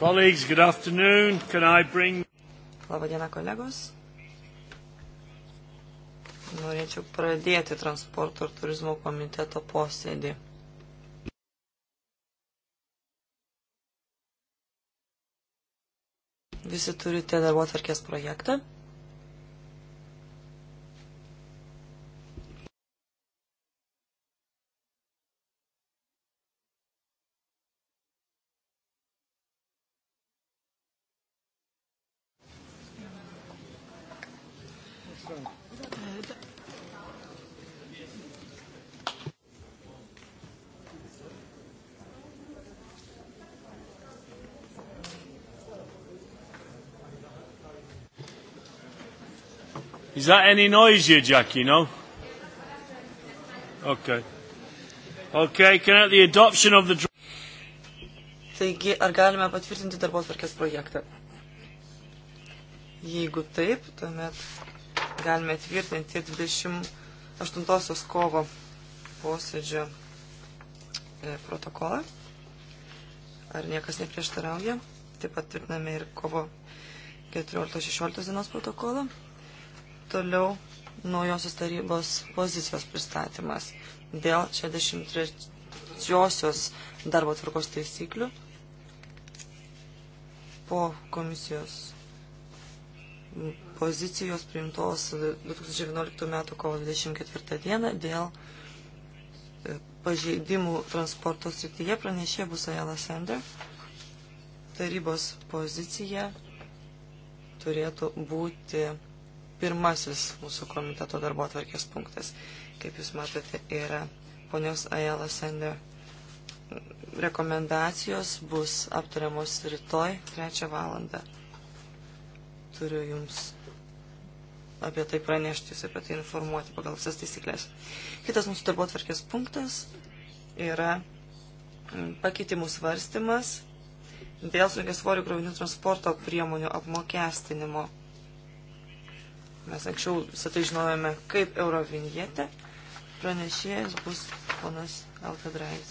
Colleagues, good afternoon. Can I bring... Labadiena, kolegos. Norėčiau pradėti transporto ir turizmo komiteto posėdį. Visi turite darbo tvarkės projektą. Is that any noisier, Jackie? No? Okay. Okay, can I the adoption of the... Taigi, ar galime patvirtinti darbos tvarkės projektą? Jeigu taip, tuomet galime tvirtinti 28 kovo posėdžio e, protokolą. Ar niekas neprieštarauja? Taip pat tvirtiname ir kovo 14-16 dienos protokolą. Toliau naujosios tarybos pozicijos pristatymas dėl 63-osios darbo tvarkos taisyklių po komisijos pozicijos priimtos 2011 m. kovo 24 d. dėl e, pažeidimų transporto srityje pranešė bus Ajala Sender. Tarybos pozicija turėtų būti pirmasis mūsų komiteto darbo atvarkės punktas. Kaip jūs matote, yra ponios Ajala Sender rekomendacijos bus aptariamos rytoj 3 valandą. Turiu jums apie tai pranešti, jūs apie tai informuoti pagal visas taisyklės. Kitas mūsų darbo atvarkės punktas yra pakeitimų svarstymas dėl sunkiasvorių krovinių transporto priemonių apmokestinimo Mes anksčiau visą tai žinojame kaip Eurovinietė. Pranešėjas bus ponas Alkadrajs.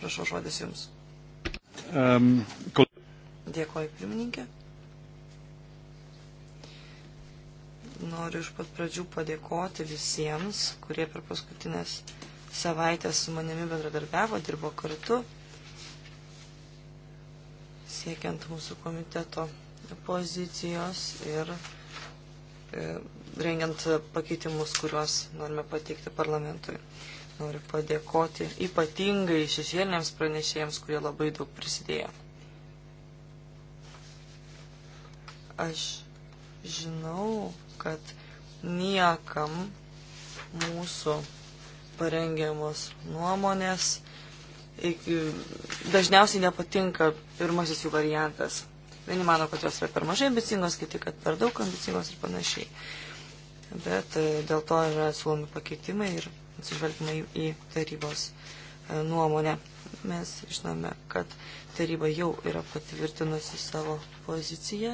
Prašau žodis jums. Um, kol... Dėkoju, pirmininkė. Noriu iš pat pradžių padėkoti visiems, kurie per paskutinės savaitės su manimi bendradarbiavo, dirbo kartu, siekiant mūsų komiteto pozicijos ir E, rengiant pakeitimus, kuriuos norime pateikti parlamentui. Noriu padėkoti ypatingai šešėliniams pranešėjams, kurie labai daug prisidėjo. Aš žinau, kad niekam mūsų parengiamos nuomonės dažniausiai nepatinka pirmasis jų variantas. Vieni mano, kad jos yra per mažai ambicingos, kiti, kad per daug ambicingos ir panašiai. Bet e, dėl to yra suomi pakeitimai ir atsižvelgimai į tarybos e, nuomonę. Mes žinome, kad taryba jau yra patvirtinusi savo poziciją,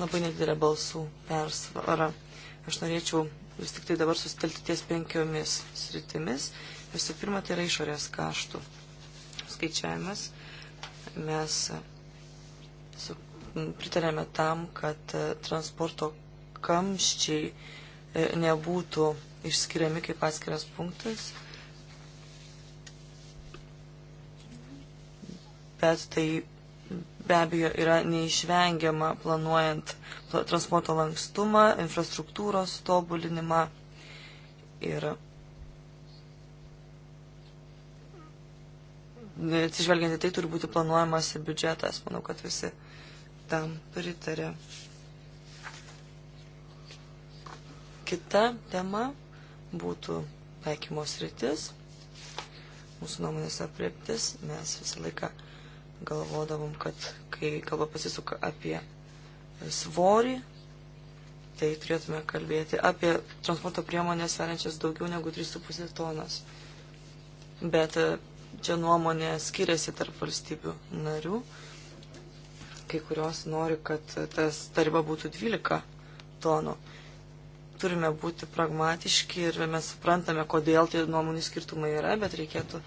labai nedidelė balsų persvara. Aš norėčiau vis tik tai dabar susitelti ties penkiomis sritimis. Visų pirma, tai yra išorės kaštų skaičiavimas. Mes su, pritarėme tam, kad e, transporto kamščiai e, nebūtų išskiriami kaip atskiras punktas, bet tai be abejo yra neišvengiama planuojant transporto lankstumą, infrastruktūros tobulinimą ir atsižvelgiant į tai turi būti planuojamas ir biudžetas. Manau, kad visi tam pritarė. Kita tema būtų taikymos rytis, mūsų nuomonės apriptis. Mes visą laiką galvodavom, kad kai kalba pasisuka apie svorį, tai turėtume kalbėti apie transporto priemonės sveriančias daugiau negu 3,5 tonas. Bet Čia nuomonė skiriasi tarp valstybių narių. Kai kurios nori, kad tas tarba būtų 12 tonų. Turime būti pragmatiški ir mes suprantame, kodėl tie nuomonių skirtumai yra, bet reikėtų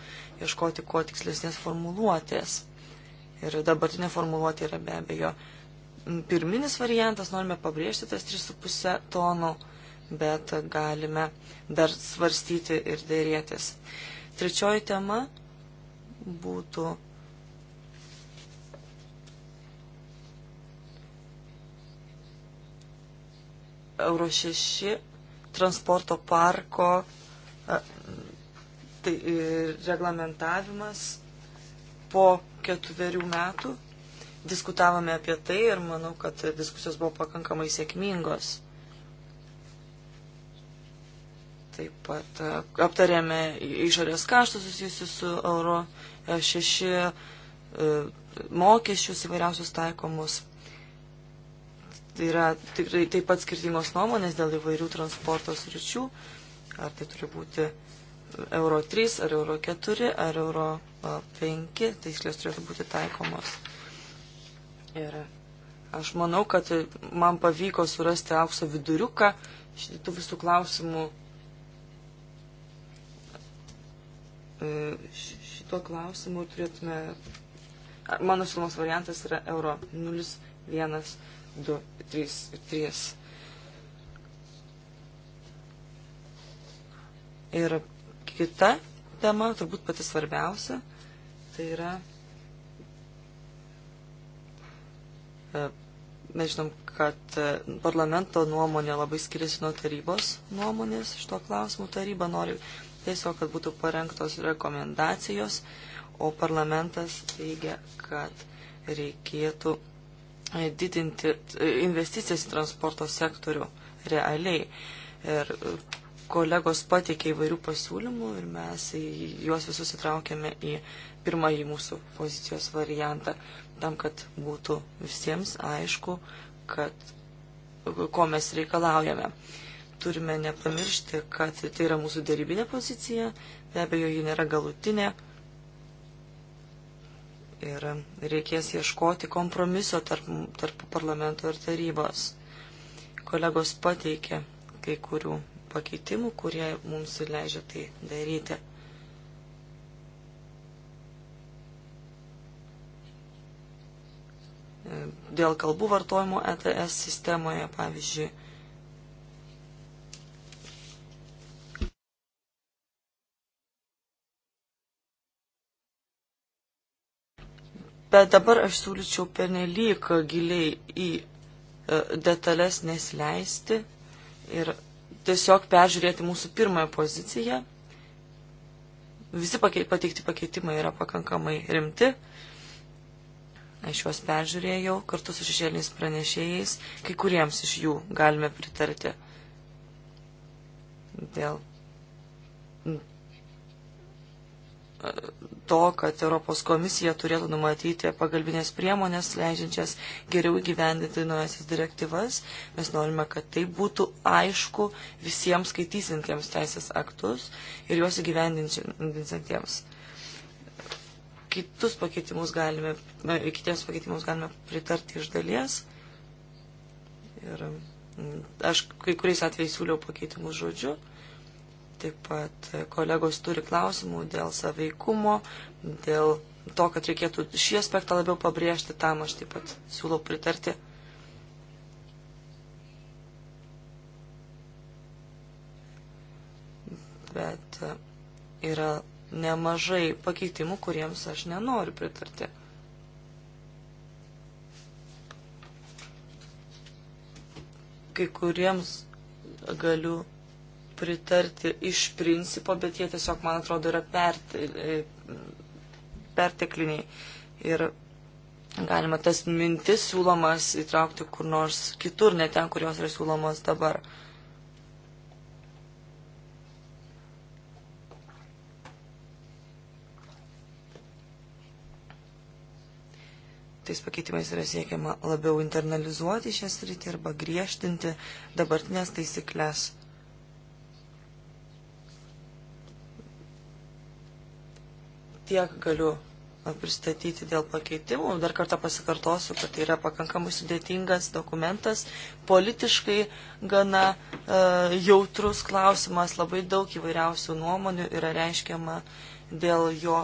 ieškoti kuo tikslesnės formuluotės. Ir dabartinė formuluotė yra be abejo pirminis variantas, norime pabrėžti tas 3,5 tonų, bet galime dar svarstyti ir dėrėtis. Trečioji tema būtų Euro 6 transporto parko tai, e, reglamentavimas po ketverių metų. Diskutavome apie tai ir manau, kad diskusijos buvo pakankamai sėkmingos. Taip pat e, aptarėme išorės kaštus susijusius su euro 6 e, e, mokesčius įvairiausius taikomus. Tai yra tikrai taip pat skirtingos nuomonės dėl įvairių transporto sričių, ar tai turi būti euro 3, ar euro 4, ar euro 5, taisyklės turėtų būti taikomos. Ir aš manau, kad man pavyko surasti aukso viduriuką šitų visų klausimų E, šito klausimu turėtume. Mano siūlomas variantas yra euro 0, 1, 2, 3 ir 3. Ir kita tema, turbūt pati svarbiausia, tai yra. E, mes žinom, kad e, parlamento nuomonė labai skiriasi nuo tarybos nuomonės šito klausimu. Taryba nori tiesiog, kad būtų parengtos rekomendacijos, o parlamentas teigia, kad reikėtų e, didinti e, investicijas į transporto sektorių realiai. Ir e, kolegos pateikė įvairių pasiūlymų ir mes juos visus įtraukėme į pirmąjį mūsų pozicijos variantą, tam, kad būtų visiems aišku, kad ko mes reikalaujame turime nepamiršti, kad tai yra mūsų dėrybinė pozicija, be abejo, ji nėra galutinė. Ir reikės ieškoti kompromiso tarp, tarp parlamento ir tarybos. Kolegos pateikė kai kurių pakeitimų, kurie mums leidžia tai daryti. Dėl kalbų vartojimo ETS sistemoje, pavyzdžiui, Bet dabar aš siūlyčiau penelyk giliai į e, detalės nesleisti ir tiesiog peržiūrėti mūsų pirmąją poziciją. Visi pateikti pakeitimai yra pakankamai rimti. Aš juos peržiūrėjau kartu su šešėliniais pranešėjais, kai kuriems iš jų galime pritarti dėl to, kad Europos komisija turėtų numatyti pagalbinės priemonės, leidžiančias geriau gyvendinti naujasias direktyvas. Mes norime, kad tai būtų aišku visiems skaitysintiems teisės aktus ir juos įgyvendinsiantiems. Kitus pakeitimus galime, kitiems pakeitimus galime pritarti iš dalies. Ir mm, aš kai kuriais atvejais siūliau pakeitimus žodžiu. Taip pat kolegos turi klausimų dėl saveikumo, dėl to, kad reikėtų šį aspektą labiau pabrėžti, tam aš taip pat siūlau pritarti. Bet yra nemažai pakeitimų, kuriems aš nenoriu pritarti. Kai kuriems galiu pritarti iš principo, bet jie tiesiog, man atrodo, yra perti, e, pertekliniai. Ir galima tas mintis siūlomas įtraukti kur nors kitur, ne ten, kur jos yra siūlomos dabar. Tais pakeitimais yra siekiama labiau internalizuoti šią sritį arba griežtinti dabartinės taisyklės. tiek galiu uh, pristatyti dėl pakeitimų. Dar kartą pasikartosiu, kad tai yra pakankamai sudėtingas dokumentas, politiškai gana e, jautrus klausimas, labai daug įvairiausių nuomonių yra reiškiama dėl jo,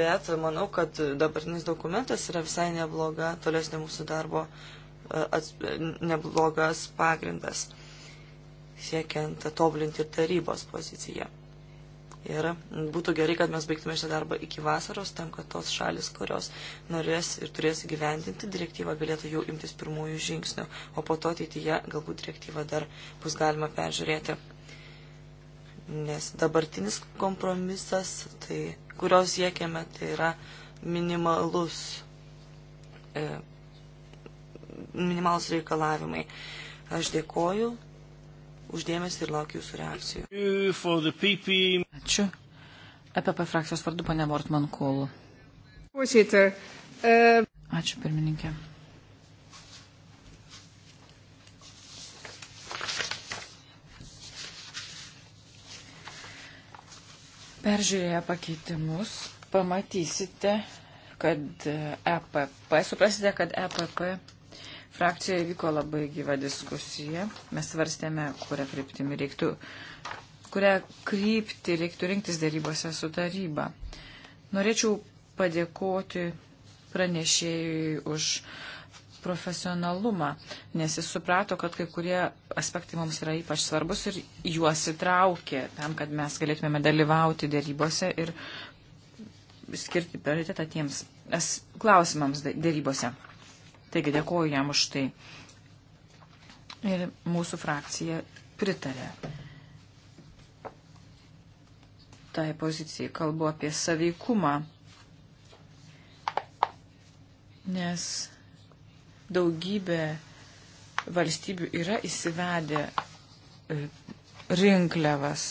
bet manau, kad dabartinis dokumentas yra visai nebloga tolesnė mūsų darbo e, neblogas pagrindas siekiant tobulinti tarybos poziciją. Ir būtų gerai, kad mes baigtume šitą darbą iki vasaros, tam, kad tos šalis, kurios norės ir turės gyventinti direktyvą, galėtų jau imtis pirmųjų žingsnių, o po to ateityje galbūt direktyvą dar bus galima peržiūrėti. Nes dabartinis kompromisas, tai, kurios siekiame, tai yra minimalus, e, minimalus reikalavimai. Aš dėkoju uždėmesi ir laukiu jūsų reakcijų. Ačiū. EPP frakcijos vardu, pane Mortman Kol. Ačiū, pirmininkė. Peržiūrėję pakeitimus, pamatysite, kad EPP, suprasite, kad EPP frakcijoje vyko labai gyva diskusija. Mes svarstėme, kurią kryptimį reiktų, kurią kryptį reiktų rinktis darybose su taryba. Norėčiau padėkoti pranešėjui už profesionalumą, nes jis suprato, kad kai kurie aspektai mums yra ypač svarbus ir juos įtraukė tam, kad mes galėtume dalyvauti darybose ir skirti prioritetą tiems klausimams darybose. Taigi dėkoju jam už tai. Ir mūsų frakcija pritarė tai pozicijai. Kalbu apie saveikumą, nes daugybė valstybių yra įsivedę e, rinkliavas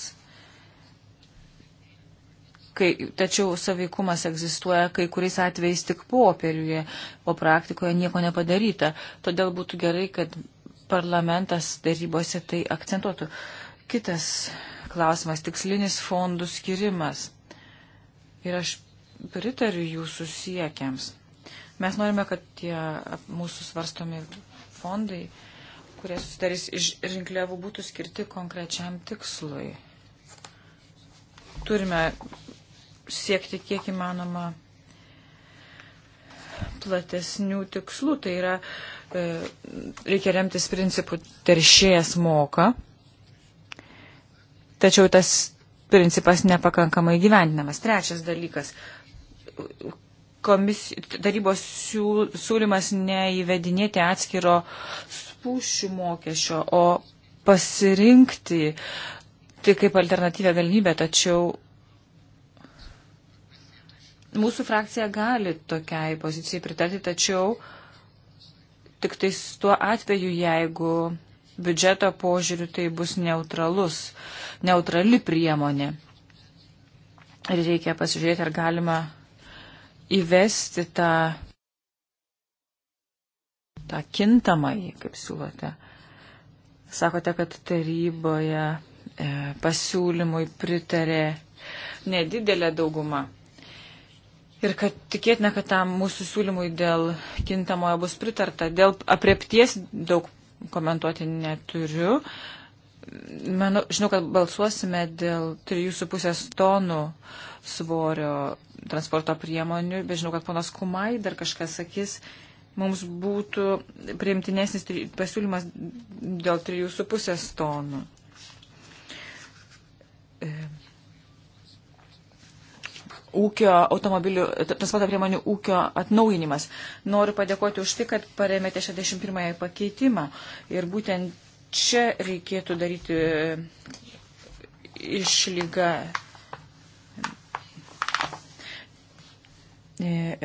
kai, tačiau saveikumas egzistuoja kai kuriais atvejais tik popieriuje, o praktikoje nieko nepadaryta. Todėl būtų gerai, kad parlamentas darybose tai akcentuotų. Kitas klausimas - tikslinis fondų skirimas. Ir aš pritariu jūsų siekiams. Mes norime, kad tie mūsų svarstomi fondai, kurie susidarys iš rinkliavų, būtų skirti konkrečiam tikslui turime siekti kiek įmanoma platesnių tikslų. Tai yra, e, reikia remtis principų teršėjas moka, tačiau tas principas nepakankamai gyvendinamas. Trečias dalykas. Komis, tarybos siūlymas neįvedinėti atskiro spūšių mokesčio, o pasirinkti tai kaip alternatyvę galimybę, tačiau Mūsų frakcija gali tokiai pozicijai pritarti, tačiau tik tais tuo atveju, jeigu biudžeto požiūriu tai bus neutralus, neutrali priemonė. Ir reikia pasižiūrėti, ar galima įvesti tą, tą kintamąjį, kaip siūlote. Sakote, kad taryboje e, pasiūlymui pritarė nedidelė dauguma. Ir kad tikėtina, kad tam mūsų siūlymui dėl kintamojo bus pritarta. Dėl apriepties daug komentuoti neturiu. Manau, žinau, kad balsuosime dėl 3,5 tonų svorio transporto priemonių, bet žinau, kad ponas Kumai dar kažkas sakys, mums būtų priimtinesnis pasiūlymas dėl 3,5 tonų. E ūkio automobilių, transporto priemonių ūkio atnaujinimas. Noriu padėkoti už tai, kad paremėte 61-ąją pakeitimą. Ir būtent čia reikėtų daryti išlygą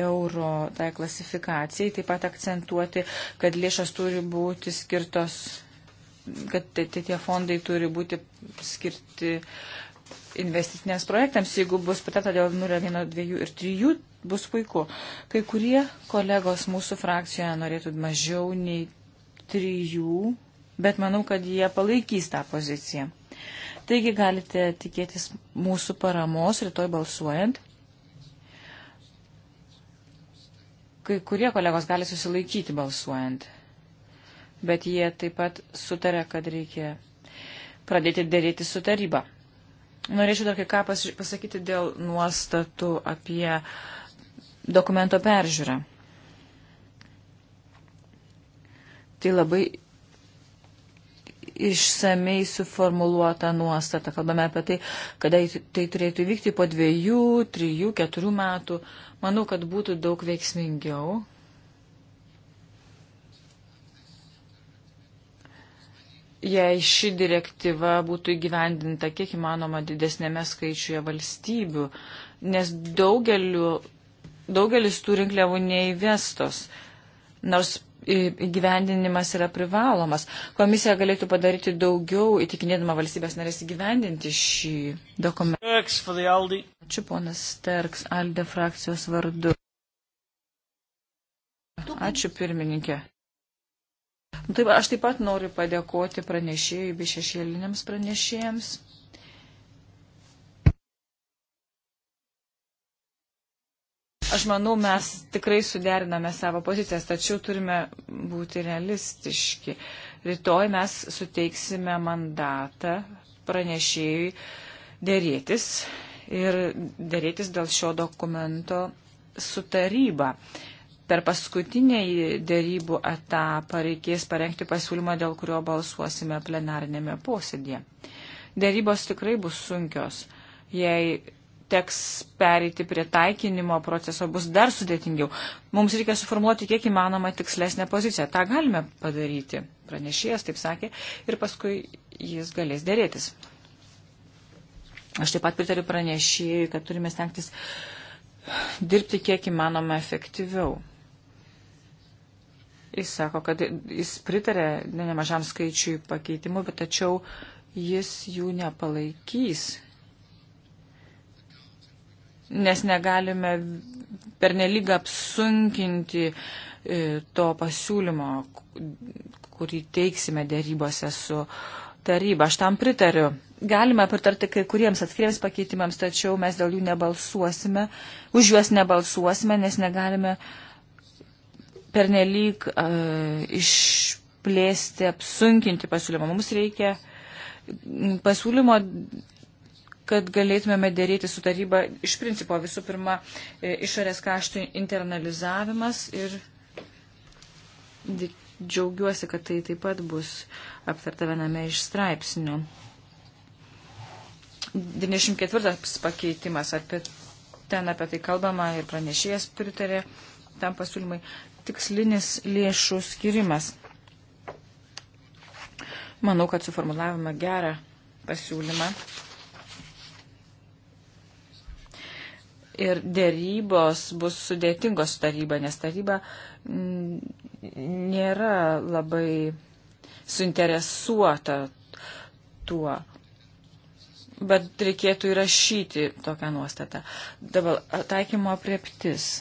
euro tai klasifikacijai, taip pat akcentuoti, kad lėšas turi būti skirtos kad tie fondai turi būti skirti investiciniams projektams, jeigu bus patarta dėl 0,1, 2 ir 3, bus puiku. Kai kurie kolegos mūsų frakcijoje norėtų mažiau nei 3, bet manau, kad jie palaikys tą poziciją. Taigi galite tikėtis mūsų paramos rytoj balsuojant. Kai kurie kolegos gali susilaikyti balsuojant, bet jie taip pat sutarė, kad reikia pradėti dėrėti su taryba. Norėčiau dar kai ką pasakyti dėl nuostatų apie dokumento peržiūrą. Tai labai išsamei suformuluota nuostata. Kalbame apie tai, kada tai turėtų vykti po dviejų, trijų, keturių metų. Manau, kad būtų daug veiksmingiau, jei ši direktyva būtų įgyvendinta kiek įmanoma didesnėme skaičiuje valstybių, nes daugeliu, daugelis tų rinkliavų neįvestos, nors įgyvendinimas yra privalomas. Komisija galėtų padaryti daugiau įtikinėdama valstybės narės įgyvendinti šį dokumentą. Ačiū ponas Sterks, Alde frakcijos vardu. Ačiū pirmininkė. Nu, taip, aš taip pat noriu padėkoti pranešėjui bei šešėliniams pranešėjams. Aš manau, mes tikrai suderiname savo pozicijas, tačiau turime būti realistiški. Rytoj mes suteiksime mandatą pranešėjui dėrėtis ir dėrėtis dėl šio dokumento su taryba per paskutinį dėrybų etapą reikės parengti pasiūlymą, dėl kurio balsuosime plenarinėme posėdėje. Dėrybos tikrai bus sunkios. Jei teks pereiti prie taikinimo proceso, bus dar sudėtingiau. Mums reikia suformuoti kiek įmanoma tikslesnę poziciją. Ta galime padaryti, pranešėjas taip sakė, ir paskui jis galės dėrėtis. Aš taip pat pritariu pranešėjui, kad turime stengtis dirbti kiek įmanoma efektyviau. Jis sako, kad jis pritarė ne nemažam skaičiui pakeitimų, bet tačiau jis jų nepalaikys, nes negalime pernelyg apsunkinti e, to pasiūlymo, kurį teiksime dėrybose su taryba. Aš tam pritariu. Galime pritarti kai kuriems atskiriems pakeitimams, tačiau mes dėl jų nebalsuosime, už juos nebalsuosime, nes negalime uh, pernelyg uh, išplėsti, apsunkinti pasiūlymą. Mums reikia pasiūlymo, kad galėtumėme dėrėti su taryba iš principo visų pirma e, išorės kaštų internalizavimas ir džiaugiuosi, kad tai taip pat bus aptarta viename iš straipsnių. 94 pakeitimas, apie, ten apie tai kalbama ir pranešėjas pritarė tam pasiūlymai tikslinis lėšų skirimas. Manau, kad suformulavome gerą pasiūlymą. Ir dėrybos bus sudėtingos taryba, nes taryba mm, nėra labai suinteresuota tuo. Bet reikėtų įrašyti tokią nuostatą. Dabar taikymo apreptis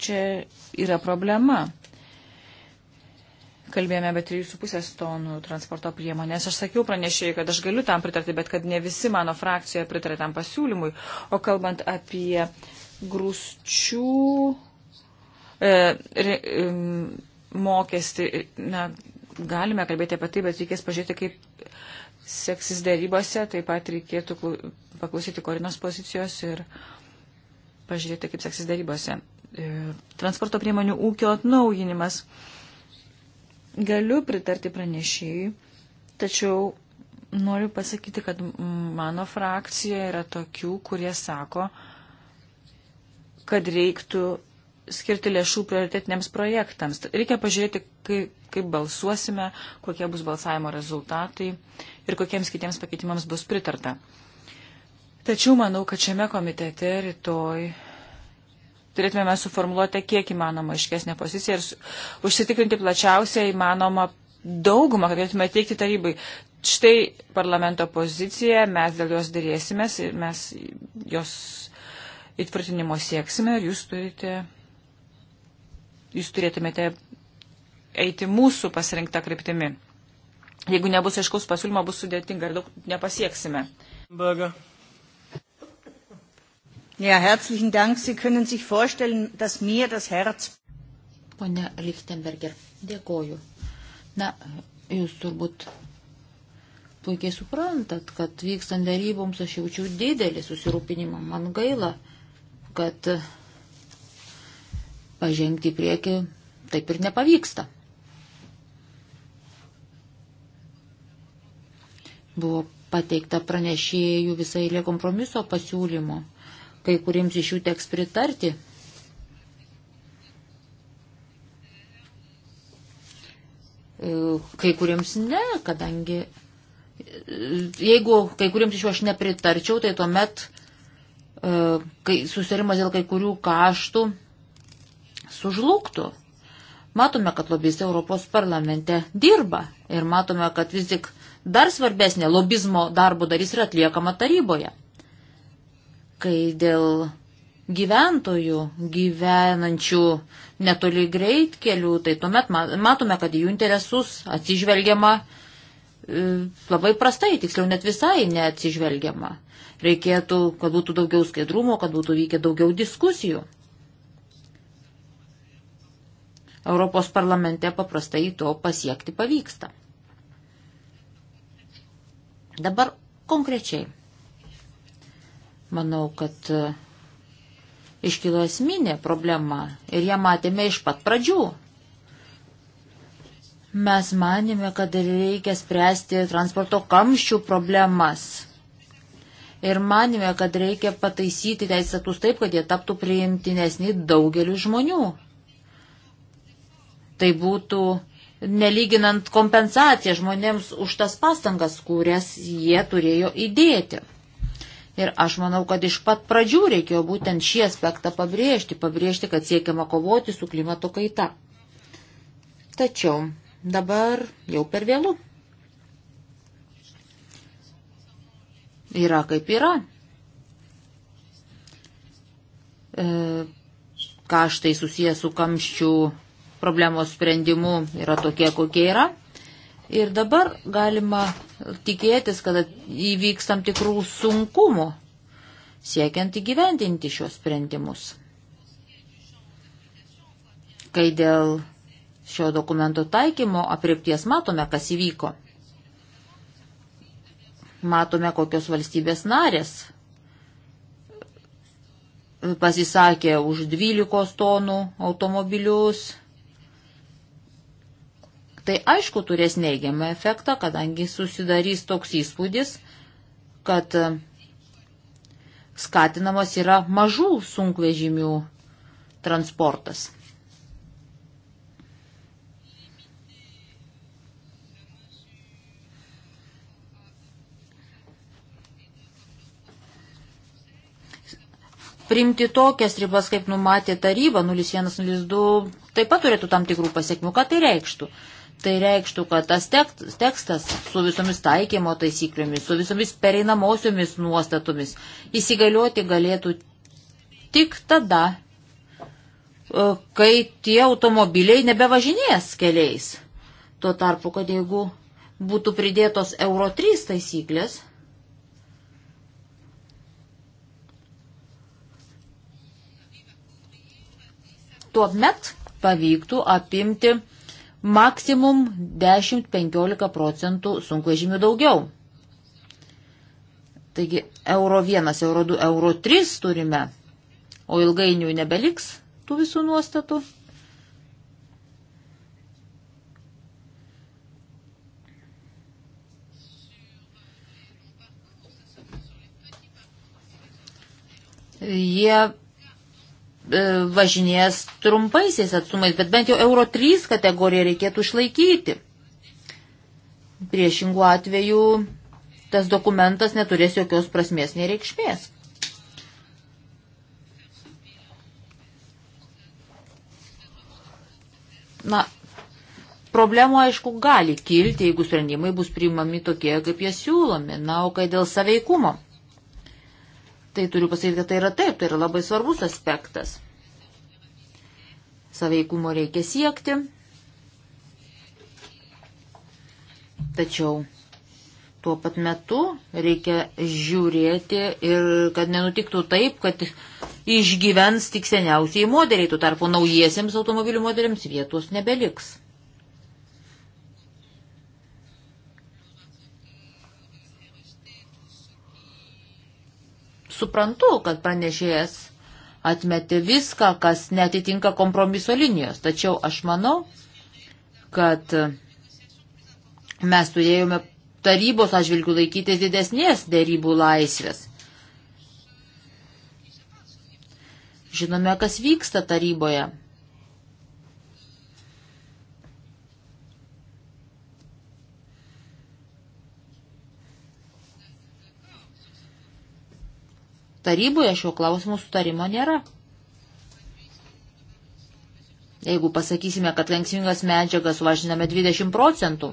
čia yra problema. Kalbėjome apie 3,5 tonų transporto priemonės. Aš sakiau pranešėjai, kad aš galiu tam pritarti, bet kad ne visi mano frakcijoje pritarė tam pasiūlymui. O kalbant apie grūsčių e, re, e, mokestį, na, galime kalbėti apie tai, bet reikės pažiūrėti, kaip seksis dėrybose, taip pat reikėtų paklausyti Korinos pozicijos ir pažiūrėti, kaip seksis dėrybose. E, transporto priemonių ūkio atnaujinimas. Galiu pritarti pranešėjui, tačiau noriu pasakyti, kad mano frakcija yra tokių, kurie sako, kad reiktų skirti lėšų prioritetiniams projektams. Reikia pažiūrėti, kaip, kaip balsuosime, kokie bus balsavimo rezultatai ir kokiems kitiems pakeitimams bus pritarta. Tačiau manau, kad šiame komitete rytoj turėtume suformuoluoti kiek įmanoma iškesnę poziciją ir užsitikrinti plačiausią įmanomą daugumą, kad galėtume teikti tarybai. Štai parlamento pozicija, mes dėl jos dėrėsimės ir mes jos įtvirtinimo sieksime ir jūs turite, jūs turėtumėte eiti mūsų pasirinktą kryptimi. Jeigu nebus aiškaus pasiūlymo, bus sudėtinga ir daug nepasieksime. Burger. Ja, herzlichen Dank. Sie können sich vorstellen, dass mir das Herz. Pone Lichtenberger, dėkoju. Na, jūs turbūt puikiai suprantat, kad vykstant daryboms aš jaučiu didelį susirūpinimą. Man gaila, kad pažengti į priekį taip ir nepavyksta. Buvo pateikta pranešėjų visai lė kompromiso pasiūlymo kai kuriems iš jų teks pritarti. E, kai kuriems ne, kadangi e, jeigu kai kuriems iš jų aš nepritarčiau, tai tuomet e, kai susirimas dėl kai kurių kaštų sužlugtų. Matome, kad lobistai Europos parlamente dirba ir matome, kad vis tik dar svarbesnė lobizmo darbo darys yra atliekama taryboje kai dėl gyventojų gyvenančių netoli greitkelių, tai tuomet matome, kad jų interesus atsižvelgiama e, labai prastai, tiksliau net visai neatsižvelgiama. Reikėtų, kad būtų daugiau skaidrumo, kad būtų vykę daugiau diskusijų. Europos parlamente paprastai to pasiekti pavyksta. Dabar konkrečiai. Manau, kad e, iškilo esminė problema ir ją matėme iš pat pradžių. Mes manėme, kad reikia spręsti transporto kamščių problemas. Ir manėme, kad reikia pataisyti teisėtus taip, kad jie taptų priimtinesni daugeliu žmonių. Tai būtų nelyginant kompensaciją žmonėms už tas pastangas, kurias jie turėjo įdėti. Ir aš manau, kad iš pat pradžių reikėjo būtent šį aspektą pabrėžti, pabrėžti, kad siekiama kovoti su klimato kaita. Tačiau dabar jau per vėlų. Yra kaip yra. E, kaštai susijęs su kamščių problemos sprendimu yra tokie, kokie yra. Ir dabar galima tikėtis, kad įvyks tam tikrų sunkumų siekiant įgyvendinti šios sprendimus. Kai dėl šio dokumento taikymo apriepties matome, kas įvyko. Matome, kokios valstybės narės pasisakė už 12 tonų automobilius, Tai aišku turės neigiamą efektą, kadangi susidarys toks įspūdis, kad e, skatinamas yra mažų sunkvežimių transportas. Primti tokias ribas, kaip numatė taryba 0102, taip pat turėtų tam tikrų pasiekmių. Ką tai reikštų? Tai reikštų, kad tas tekstas su visomis taikymo taisyklėmis, su visomis pereinamosiomis nuostatomis įsigalioti galėtų tik tada, e, kai tie automobiliai nebevažinės keliais. Tuo tarpu, kad jeigu būtų pridėtos Euro 3 taisyklės, tuomet pavyktų apimti maksimum 10-15 procentų sunkvežimių daugiau. Taigi euro 1, euro 2, euro 3 turime, o ilgainiui nebeliks tų visų nuostatų. jie E, važinės trumpaisiais atstumais, bet bent jau Euro 3 kategoriją reikėtų išlaikyti. Priešingų atveju tas dokumentas neturės jokios prasmės nei reikšmės. Na, problemų aišku gali kilti, jeigu sprendimai bus priimami tokie, kaip jie siūlomi. Na, o kai dėl saveikumo. Tai turiu pasakyti, kad tai yra taip, tai yra labai svarbus aspektas. Saveikumo reikia siekti. Tačiau tuo pat metu reikia žiūrėti ir kad nenutiktų taip, kad išgyvens tik seniausiai modeliai, tuo tarpu naujiesiems automobilių modeliams vietos nebeliks. suprantu, kad pranešėjas atmetė viską, kas netitinka kompromiso linijos. Tačiau aš manau, kad mes turėjome tarybos atžvilgių laikytis didesnės dėrybų laisvės. Žinome, kas vyksta taryboje. Taryboje šio klausimų sutarimo nėra. Jeigu pasakysime, kad kenksmingas medžiagas važiname 20 procentų,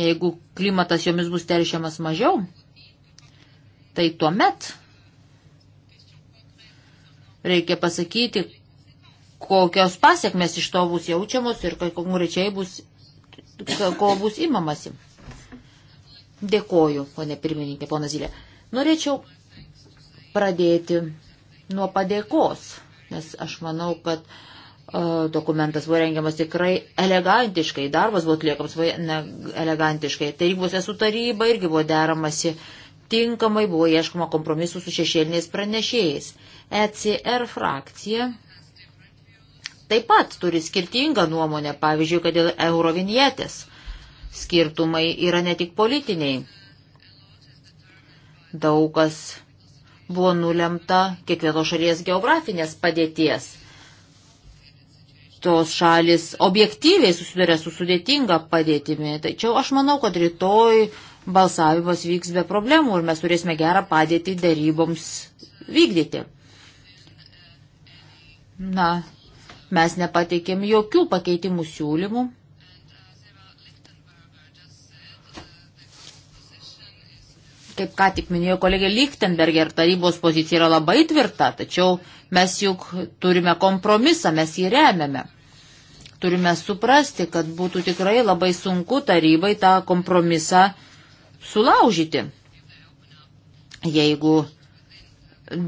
jeigu klimatas jomis bus teršiamas mažiau, tai tuomet reikia pasakyti, kokios pasiekmes iš to bus jaučiamos ir kai konkrečiai bus, ko bus imamasi. Dėkoju, ponė pirmininkė, ponas Zilė. Norėčiau pradėti nuo padėkos, nes aš manau, kad uh, dokumentas buvo rengiamas tikrai elegantiškai, darbas buvo atliekamas ne, elegantiškai. Tarybose su taryba irgi buvo deramasi tinkamai, buvo ieškoma kompromisų su šešėliniais pranešėjais. ECR frakcija taip pat turi skirtingą nuomonę, pavyzdžiui, kad dėl eurovinietės skirtumai yra ne tik politiniai. Daug kas buvo nulemta kiekvienos šalies geografinės padėties. Tos šalis objektyviai susiduria su sudėtinga padėtimi, tačiau aš manau, kad rytoj balsavimas vyks be problemų ir mes turėsime gerą padėtį daryboms vykdyti. Na, mes nepateikėm jokių pakeitimų siūlymų. Kaip ką tik minėjo kolegė Lichtenberger, tarybos pozicija yra labai tvirta, tačiau mes juk turime kompromisą, mes jį remiame. Turime suprasti, kad būtų tikrai labai sunku tarybai tą kompromisą sulaužyti. Jeigu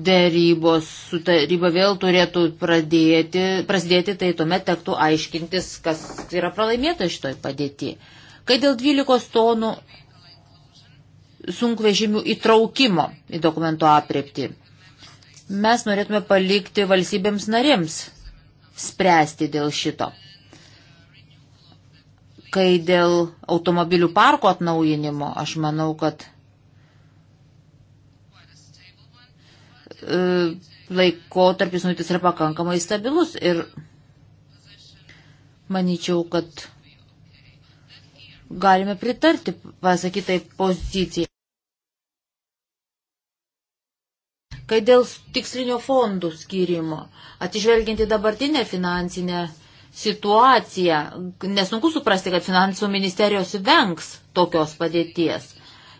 dėrybos su taryba vėl turėtų pradėti, prasidėti, tai tuomet tektų aiškintis, kas yra pralaimėta šitoj padėti. Kai dėl 12 tonų sunkvežimių įtraukimo į dokumento apriepti. Mes norėtume palikti valstybėms narėms spręsti dėl šito. Kai dėl automobilių parko atnaujinimo, aš manau, kad e, laiko tarp jis yra pakankamai stabilus ir manyčiau, kad galime pritarti pasakytai pozicijai. Kai dėl tikslinio fondų skirimo, atižvelginti dabartinę finansinę situaciją, nesunku suprasti, kad finansų ministerijos vengs tokios padėties.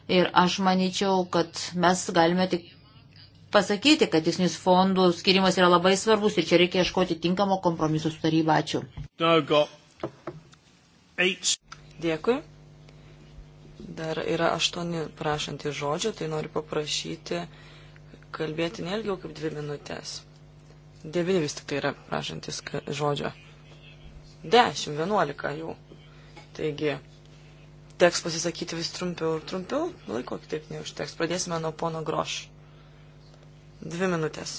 Ir aš manyčiau, kad mes galime tik pasakyti, kad tikslinis fondų skirimas yra labai svarbus ir čia reikia ieškoti tinkamo kompromiso su taryba. Ačiū. No, Dėkui. Dar yra aštuoni prašantys žodžio, tai noriu paprašyti kalbėti nelgiau kaip dvi minutės. Devini vis tik tai yra prašantis žodžio. Dešimt, vienuolika jau. Taigi, teks pasisakyti vis trumpiau ir trumpiau, laiko kitaip neužteks. Pradėsime nuo pono Groš. Dvi minutės.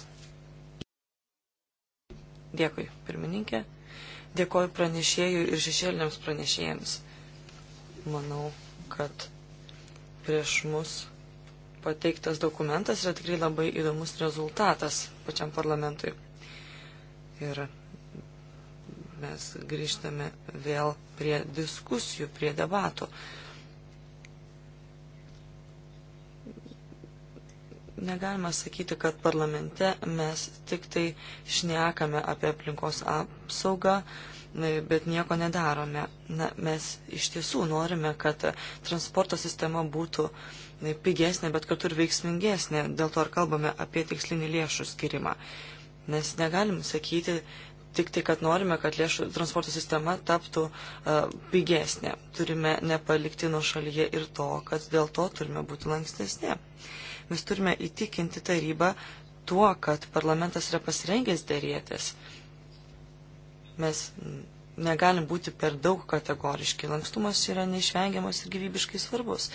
Dėkui, pirmininkė. Dėkoju pranešėjui ir šešėliniams pranešėjams. Manau, kad prieš mus pateiktas dokumentas yra tikrai labai įdomus rezultatas pačiam parlamentui. Ir mes grįžtame vėl prie diskusijų, prie debatų. Negalima sakyti, kad parlamente mes tik tai šnekame apie aplinkos apsaugą, bet nieko nedarome. Na, mes iš tiesų norime, kad transporto sistema būtų pigesnė, bet kartu ir veiksmingesnė. Dėl to ir kalbame apie tikslinį lėšų skirimą. Nes negalim sakyti tik tai, kad norime, kad lėšų transporto sistema taptų uh, pigesnė. Turime nepalikti nuo šalyje ir to, kad dėl to turime būti lankstesnė. Mes turime įtikinti tarybą tuo, kad parlamentas yra pasirengęs dėrėtis. Uh, Mes negalim būti per daug kategoriški. Lankstumas yra neišvengiamas ir gyvybiškai svarbus.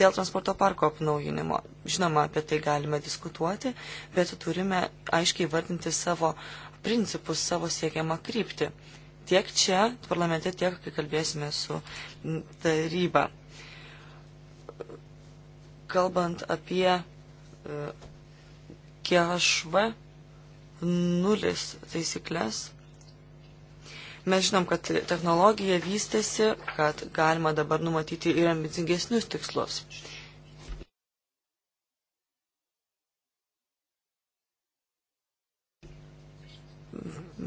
Dėl transporto parko apnaujinimo, žinoma, apie tai galime diskutuoti, bet turime aiškiai vardinti savo principus, savo siekiamą kryptį. Tiek čia, parlamente, tiek, kai kalbėsime su taryba. Kalbant apie KHV e, nulis taisyklės, Mes žinom, kad technologija vystėsi, kad galima dabar numatyti ir ambicingesnius tikslus.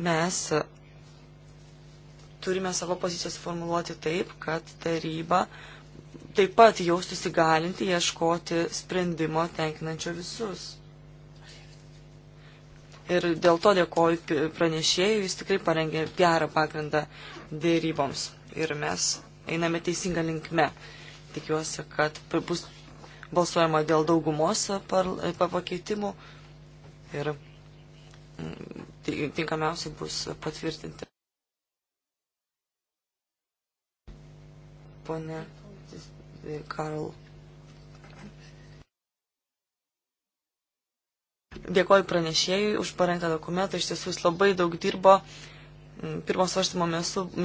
Mes turime savo pozicijas formuluoti taip, kad taryba taip pat jaustųsi galinti ieškoti sprendimo tenkinančio visus ir dėl to dėkoju pranešėjui, jis tikrai parengė gerą pagrindą dėryboms ir mes einame teisinga linkme. Tikiuosi, kad bus balsuojama dėl daugumos pakeitimų ir mm, tinkamiausiai bus patvirtinti. Pone Karl Dėkoju pranešėjui už parengtą dokumentą, iš tiesų jis labai daug dirbo. Mm, Pirmo svarstymo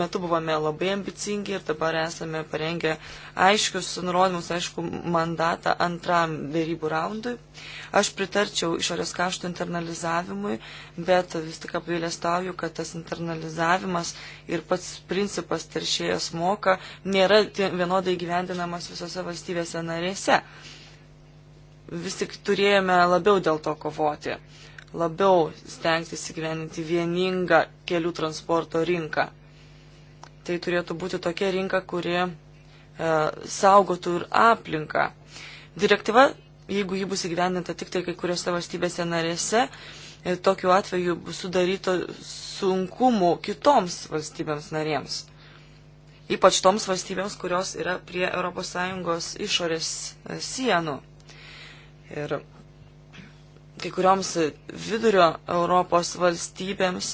metu buvome labai ambicingi ir dabar esame parengę aiškius nurodymus, aišku, mandatą antram dėrybų raundui. Aš pritarčiau išorės kaštų internalizavimui, bet vis tik apgailestauju, kad tas internalizavimas ir pats principas teršėjas moka nėra vienodai gyvendinamas visose valstybėse narėse vis tik turėjome labiau dėl to kovoti, labiau stengtis įgyveninti vieningą kelių transporto rinką. Tai turėtų būti tokia rinka, kuri e, saugotų ir aplinką. Direktyva, jeigu ji bus įgyveninta tik tai kai kuriuose valstybėse narėse, e, tokiu atveju sudaryto sunkumų kitoms valstybėms narėms. Ypač toms valstybėms, kurios yra prie ES išorės e, sienų. Ir kai kurioms vidurio Europos valstybėms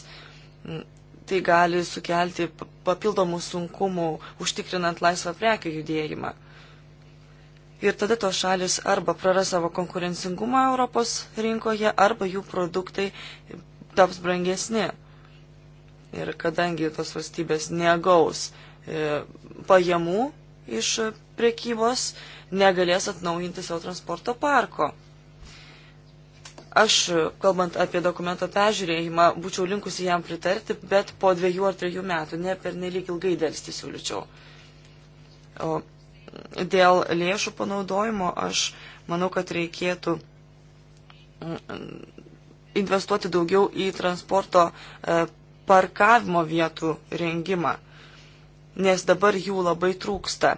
tai gali sukelti papildomų sunkumų užtikrinant laisvą prekių judėjimą. Ir tada tos šalis arba praras savo konkurencingumą Europos rinkoje, arba jų produktai taps brangesni. Ir kadangi tos valstybės negaus e, pajamų iš priekybos negalės atnaujinti savo transporto parko. Aš, kalbant apie dokumento peržiūrėjimą, būčiau linkusi jam pritarti, bet po dviejų ar trijų metų, ne per nelik ilgai dėlsti siūlyčiau. O dėl lėšų panaudojimo aš manau, kad reikėtų mm, investuoti daugiau į transporto e, parkavimo vietų rengimą, nes dabar jų labai trūksta.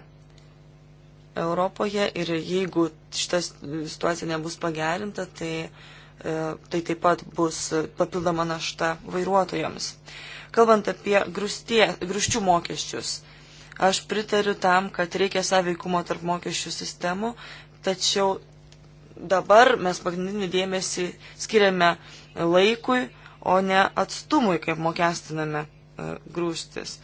Europoje ir jeigu šita situacija nebus pagerinta, tai, e, tai taip pat bus papildoma našta vairuotojams. Kalbant apie grūstie, grūščių mokesčius, aš pritariu tam, kad reikia sąveikumo tarp mokesčių sistemų, tačiau dabar mes pagrindinį dėmesį skiriame laikui, o ne atstumui, kaip mokestiname E, grūstis.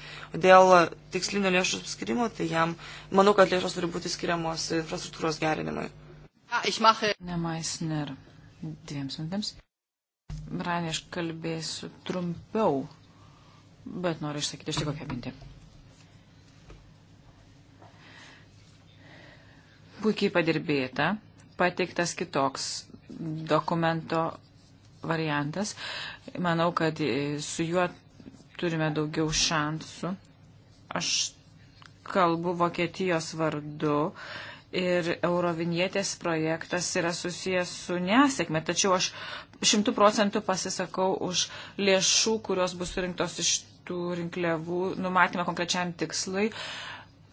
Dėl tikslinio lėšų skirimo, tai jam, manau, kad lėšos turi būti skiriamos infrastruktūros gerinimui. Nemaisner, dviems minutėms. Brian, aš kalbėsiu trumpiau, bet noriu išsakyti štai kokią mintį. Puikiai padirbėta, pateiktas kitoks dokumento variantas. Manau, kad su juo turime daugiau šansų. Aš kalbu Vokietijos vardu ir Eurovinietės projektas yra susijęs su nesėkme, tačiau aš šimtų procentų pasisakau už lėšų, kurios bus surinktos iš tų rinkliavų numatymą konkrečiam tikslui.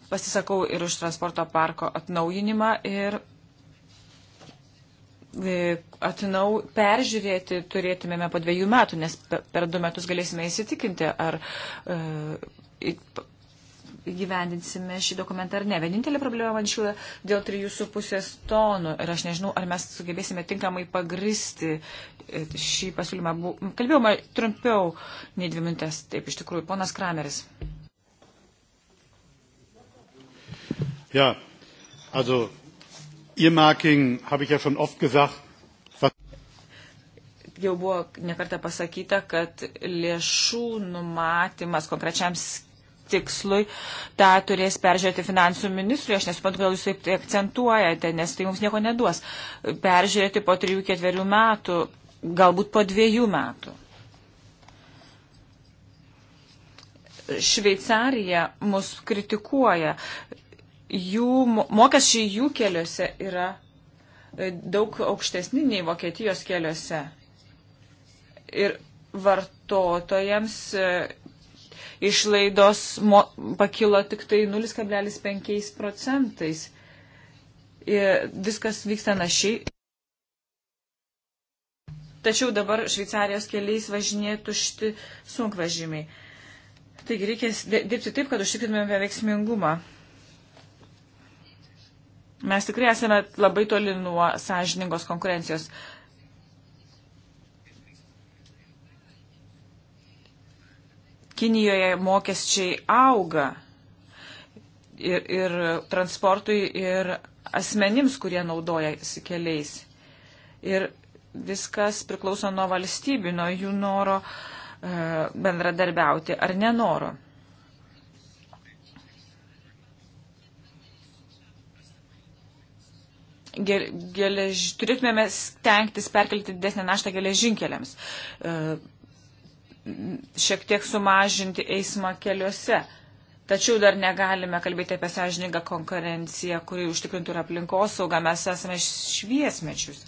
Pasisakau ir už transporto parko atnaujinimą ir E, atinau peržiūrėti turėtumėme po dviejų metų, nes per du metus galėsime įsitikinti, ar e, įgyvendinsime šį dokumentą ar ne. Vienintelė problema man šiuo dėl 3,5 tonų ir aš nežinau, ar mes sugebėsime tinkamai pagristi e, šį pasiūlymą. Kalbėjau trumpiau nei dvi minutės, taip iš tikrųjų, ponas Krameris. Ja, also Earmarking habe ich ja schon oft gesagt. Was... Jau buvo nekartą pasakyta, kad lėšų numatymas konkrečiam tikslui, tą turės peržiūrėti finansų ministrui. Aš nesuprantu, kodėl jūs taip tai akcentuojate, nes tai mums nieko neduos. Peržiūrėti po trijų, ketverių metų, galbūt po dviejų metų. Šveicarija mus kritikuoja jų mokesčiai jų keliuose yra e, daug aukštesni nei Vokietijos keliuose. Ir vartotojams e, išlaidos mo, pakilo tik tai 0,5 procentais. Ir viskas vyksta našiai. Tačiau dabar Šveicarijos keliais važinė tušti sunkvežimiai. Taigi reikia dirbti taip, kad užtikrintumėme veiksmingumą. Mes tikrai esame labai toli nuo sąžiningos konkurencijos. Kinijoje mokesčiai auga ir, ir transportui, ir asmenims, kurie naudojasi keliais. Ir viskas priklauso nuo valstybių, nuo jų noro e, bendradarbiauti ar nenoro. gelež, turėtumėme stengtis perkelti didesnę naštą geležinkeliams, e, šiek tiek sumažinti eismą keliuose. Tačiau dar negalime kalbėti apie sąžiningą konkurenciją, kuri užtikrintų ir aplinkosaugą. Mes esame šviesmečius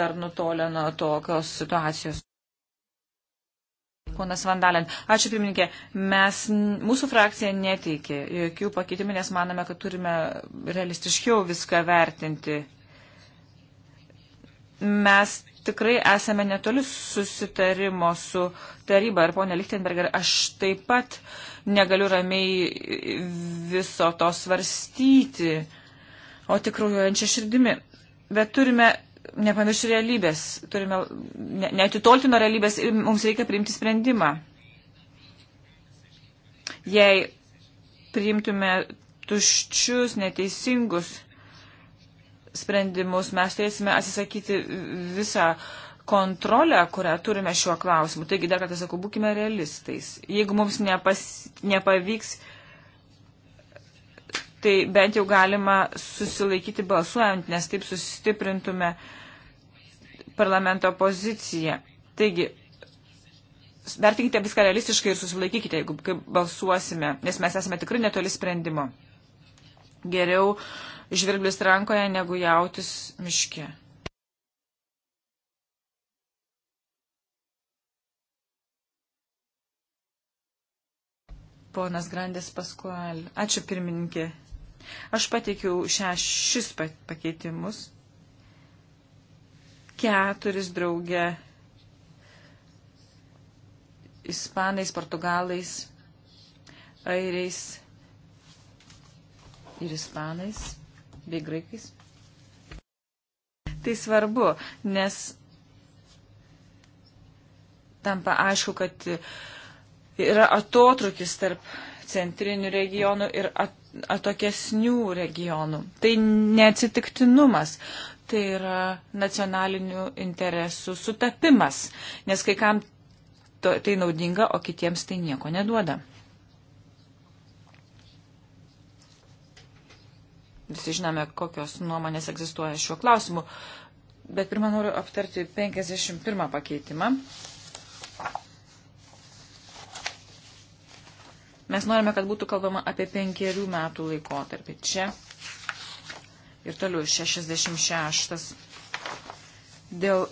dar nutolę nuo tokios situacijos. Ponas Vandalen, ačiū pirmininkė. Mes, mūsų frakcija neteikė jokių pakeitimų, nes manome, kad turime realistiškiau viską vertinti. Mes tikrai esame netoli susitarimo su taryba ir ponė Lichtenberger, aš taip pat negaliu ramiai viso to svarstyti, o tik kraujuojančia širdimi. Bet turime nepamiršti realybės, turime ne, neatitolti nuo realybės ir mums reikia priimti sprendimą. Jei priimtume tuščius, neteisingus sprendimus, mes turėsime atsisakyti visą kontrolę, kurią turime šiuo klausimu. Taigi dar kartą sakau, būkime realistais. Jeigu mums nepas, nepavyks, tai bent jau galima susilaikyti balsuojant, nes taip sustiprintume uh, parlamento poziciją. Taigi, vertinkite viską realistiškai ir susilaikykite, jeigu balsuosime, nes mes esame tikrai netoli sprendimo. Geriau žvirblis rankoje, negu jautis miške. Ponas Grandės Paskual. Ačiū pirmininkė. Aš pateikiau šešis pakeitimus keturis drauge ispanais, portugalais, airiais ir ispanais bei graikais. Tai svarbu, nes tampa aišku, kad yra atotrukis tarp centrinių regionų ir at, atokesnių regionų. Tai neatsitiktinumas tai yra nacionalinių interesų sutapimas, nes kai kam to, tai naudinga, o kitiems tai nieko neduoda. Visi žinome, kokios nuomonės egzistuoja šiuo klausimu, bet pirmą noriu aptarti 51 pakeitimą. Mes norime, kad būtų kalbama apie penkerių metų laikotarpį. Čia Ir toliau 66. Dėl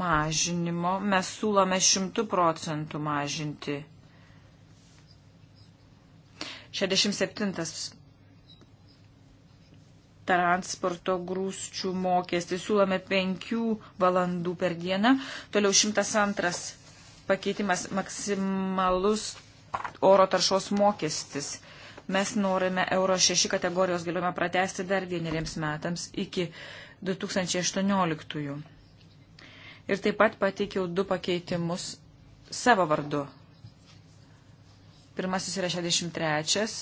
mažinimo mes siūlome 100 procentų mažinti. 67 transporto grūsčių mokestį. Siūlome 5 valandų per dieną. Toliau 102 pakeitimas maksimalus oro taršos mokestis. Mes norime Euro 6 kategorijos galime pratesti dar vieneriems metams iki 2018. Ir taip pat pateikiau du pakeitimus savo vardu. Pirmasis yra 63.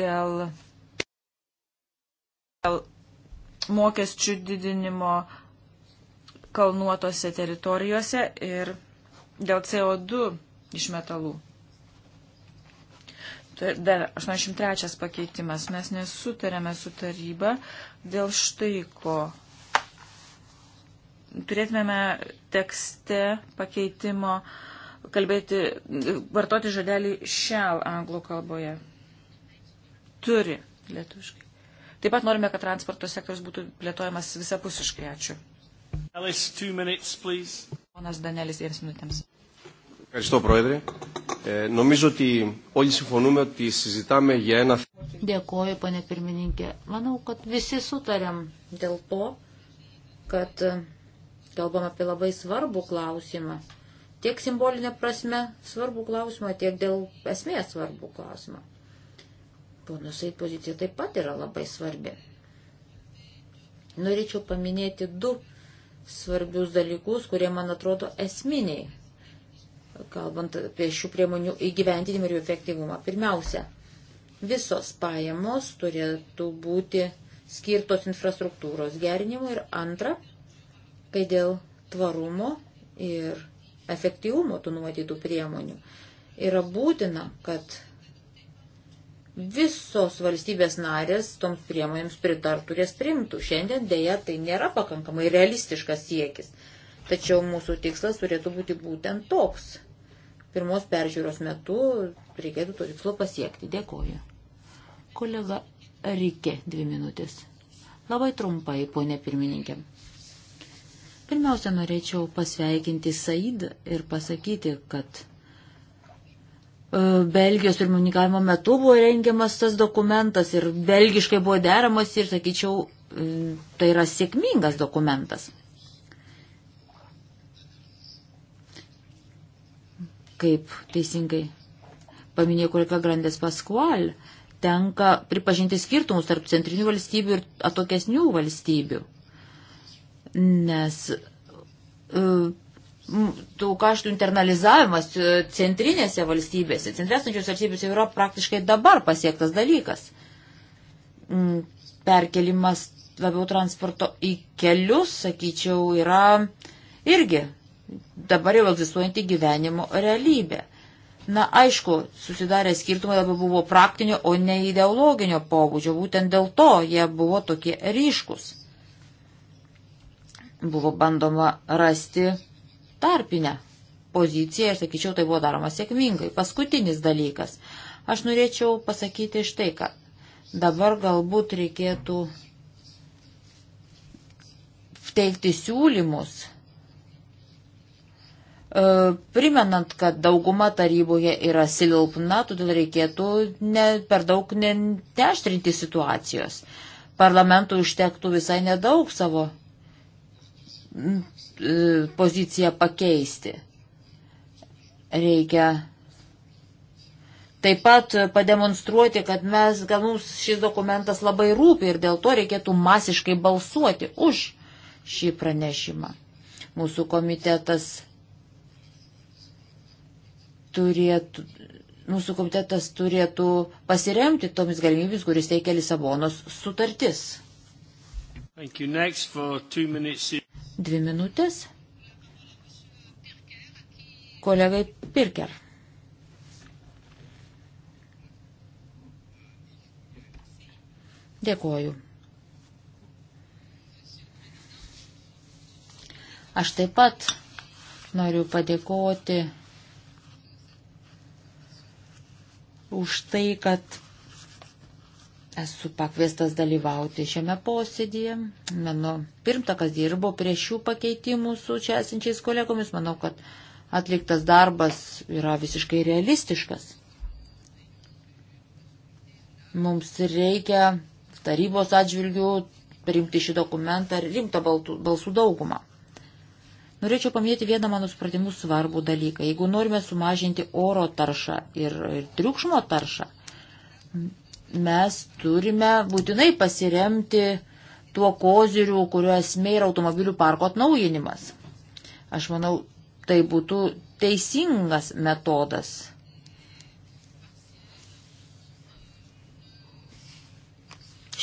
Dėl, dėl mokesčių didinimo kalnuotose teritorijose ir dėl CO2 iš metalų. Tai dar 83 pakeitimas. Mes nesutarėme su taryba dėl štai ko. Turėtumėme tekste pakeitimo kalbėti, vartoti žodelį shall anglų kalboje. Turi lietuviškai. Taip pat norime, kad transporto sektorius būtų plėtojamas visapusiškai. Ačiū. Alice, two minutes, please. Ponas Danelis, dviems minutėms. Ευχαριστώ, Πρόεδρε. Ε, νομίζω ότι όλοι συμφωνούμε ότι συζητάμε για ένα θέμα. Dėkoju, ponė pirmininkė. Manau, kad visi sutarėm dėl to, kad kalbam apie labai svarbų klausimą. Tiek simbolinė prasme svarbų klausimą, tiek dėl esmės svarbų klausimą. Ponusai pozicija taip pat yra labai svarbi. Norėčiau paminėti du svarbius dalykus, kurie man atrodo esminiai kalbant apie šių priemonių įgyventinimą ir jų efektyvumą. Pirmiausia, visos pajamos turėtų būti skirtos infrastruktūros gerinimui ir antra, kai dėl tvarumo ir efektyvumo tų numatytų priemonių yra būtina, kad visos valstybės narės toms priemonėms pritartų ir jas primtų. Šiandien dėja tai nėra pakankamai realistiškas siekis. Tačiau mūsų tikslas turėtų būti būtent toks. Pirmos peržiūros metu reikėtų to tikslo pasiekti. Dėkoju. Kolega Rikė, dvi minutės. Labai trumpai, ponė pirmininkė. Pirmiausia, norėčiau pasveikinti Saidą ir pasakyti, kad e, Belgijos pirmininkavimo metu buvo rengiamas tas dokumentas ir belgiškai buvo deramas ir, sakyčiau, e, tai yra sėkmingas dokumentas. kaip teisingai paminėjo kolega Grandės Paskual, tenka pripažinti skirtumus tarp centrinių valstybių ir atokesnių valstybių. Nes e, tų kaštų internalizavimas e, centrinėse valstybėse, centresnačios valstybėse yra praktiškai dabar pasiektas dalykas. Mm, perkelimas labiau transporto į kelius, sakyčiau, yra irgi dabar jau egzistuojantį gyvenimo realybę. Na, aišku, susidarę skirtumai labiau buvo praktinio, o ne ideologinio pobūdžio. Būtent dėl to jie buvo tokie ryškus. Buvo bandoma rasti tarpinę poziciją ir, sakyčiau, tai buvo daroma sėkmingai. Paskutinis dalykas. Aš norėčiau pasakyti štai, kad dabar galbūt reikėtų teikti siūlymus E, primenant, kad dauguma taryboje yra silpna, todėl reikėtų ne, per daug neaštrinti situacijos. Parlamentui užtektų visai nedaug savo e, poziciją pakeisti. Reikia taip pat pademonstruoti, kad mes, gal mums šis dokumentas labai rūpi ir dėl to reikėtų masiškai balsuoti už šį pranešimą. Mūsų komitetas turėtų, mūsų komitetas turėtų pasiremti tomis galimybėmis, kuris teikia Lisabonos sutartis. Dvi minutės. Kolegai Pirker. Dėkoju. Aš taip pat noriu padėkoti už tai, kad esu pakviestas dalyvauti šiame posėdėje. Mano pirmtakas dirbo prie šių pakeitimų su čia esančiais kolegomis. Manau, kad atliktas darbas yra visiškai realistiškas. Mums reikia tarybos atžvilgių priimti šį dokumentą ir rimtą balsų daugumą. Norėčiau paminėti vieną mano supratimus svarbų dalyką. Jeigu norime sumažinti oro taršą ir, ir triukšmo taršą, mes turime būtinai pasiremti tuo koziriu, kurio esmė yra automobilių parko atnaujinimas. Aš manau, tai būtų teisingas metodas.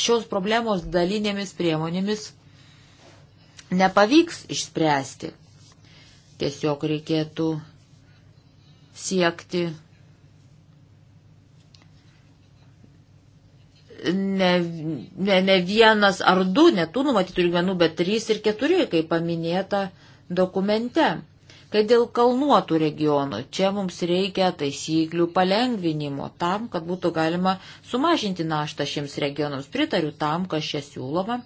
šios problemos dalinėmis priemonėmis nepavyks išspręsti. Tiesiog reikėtų siekti ne, ne, ne vienas ar du, netų numatytų lygmenų, bet trys ir keturi, kaip paminėta dokumente. Kai dėl kalnuotų regionų, čia mums reikia taisyklių palengvinimo tam, kad būtų galima sumažinti naštą šiems regionams. Pritariu tam, kas čia siūloma.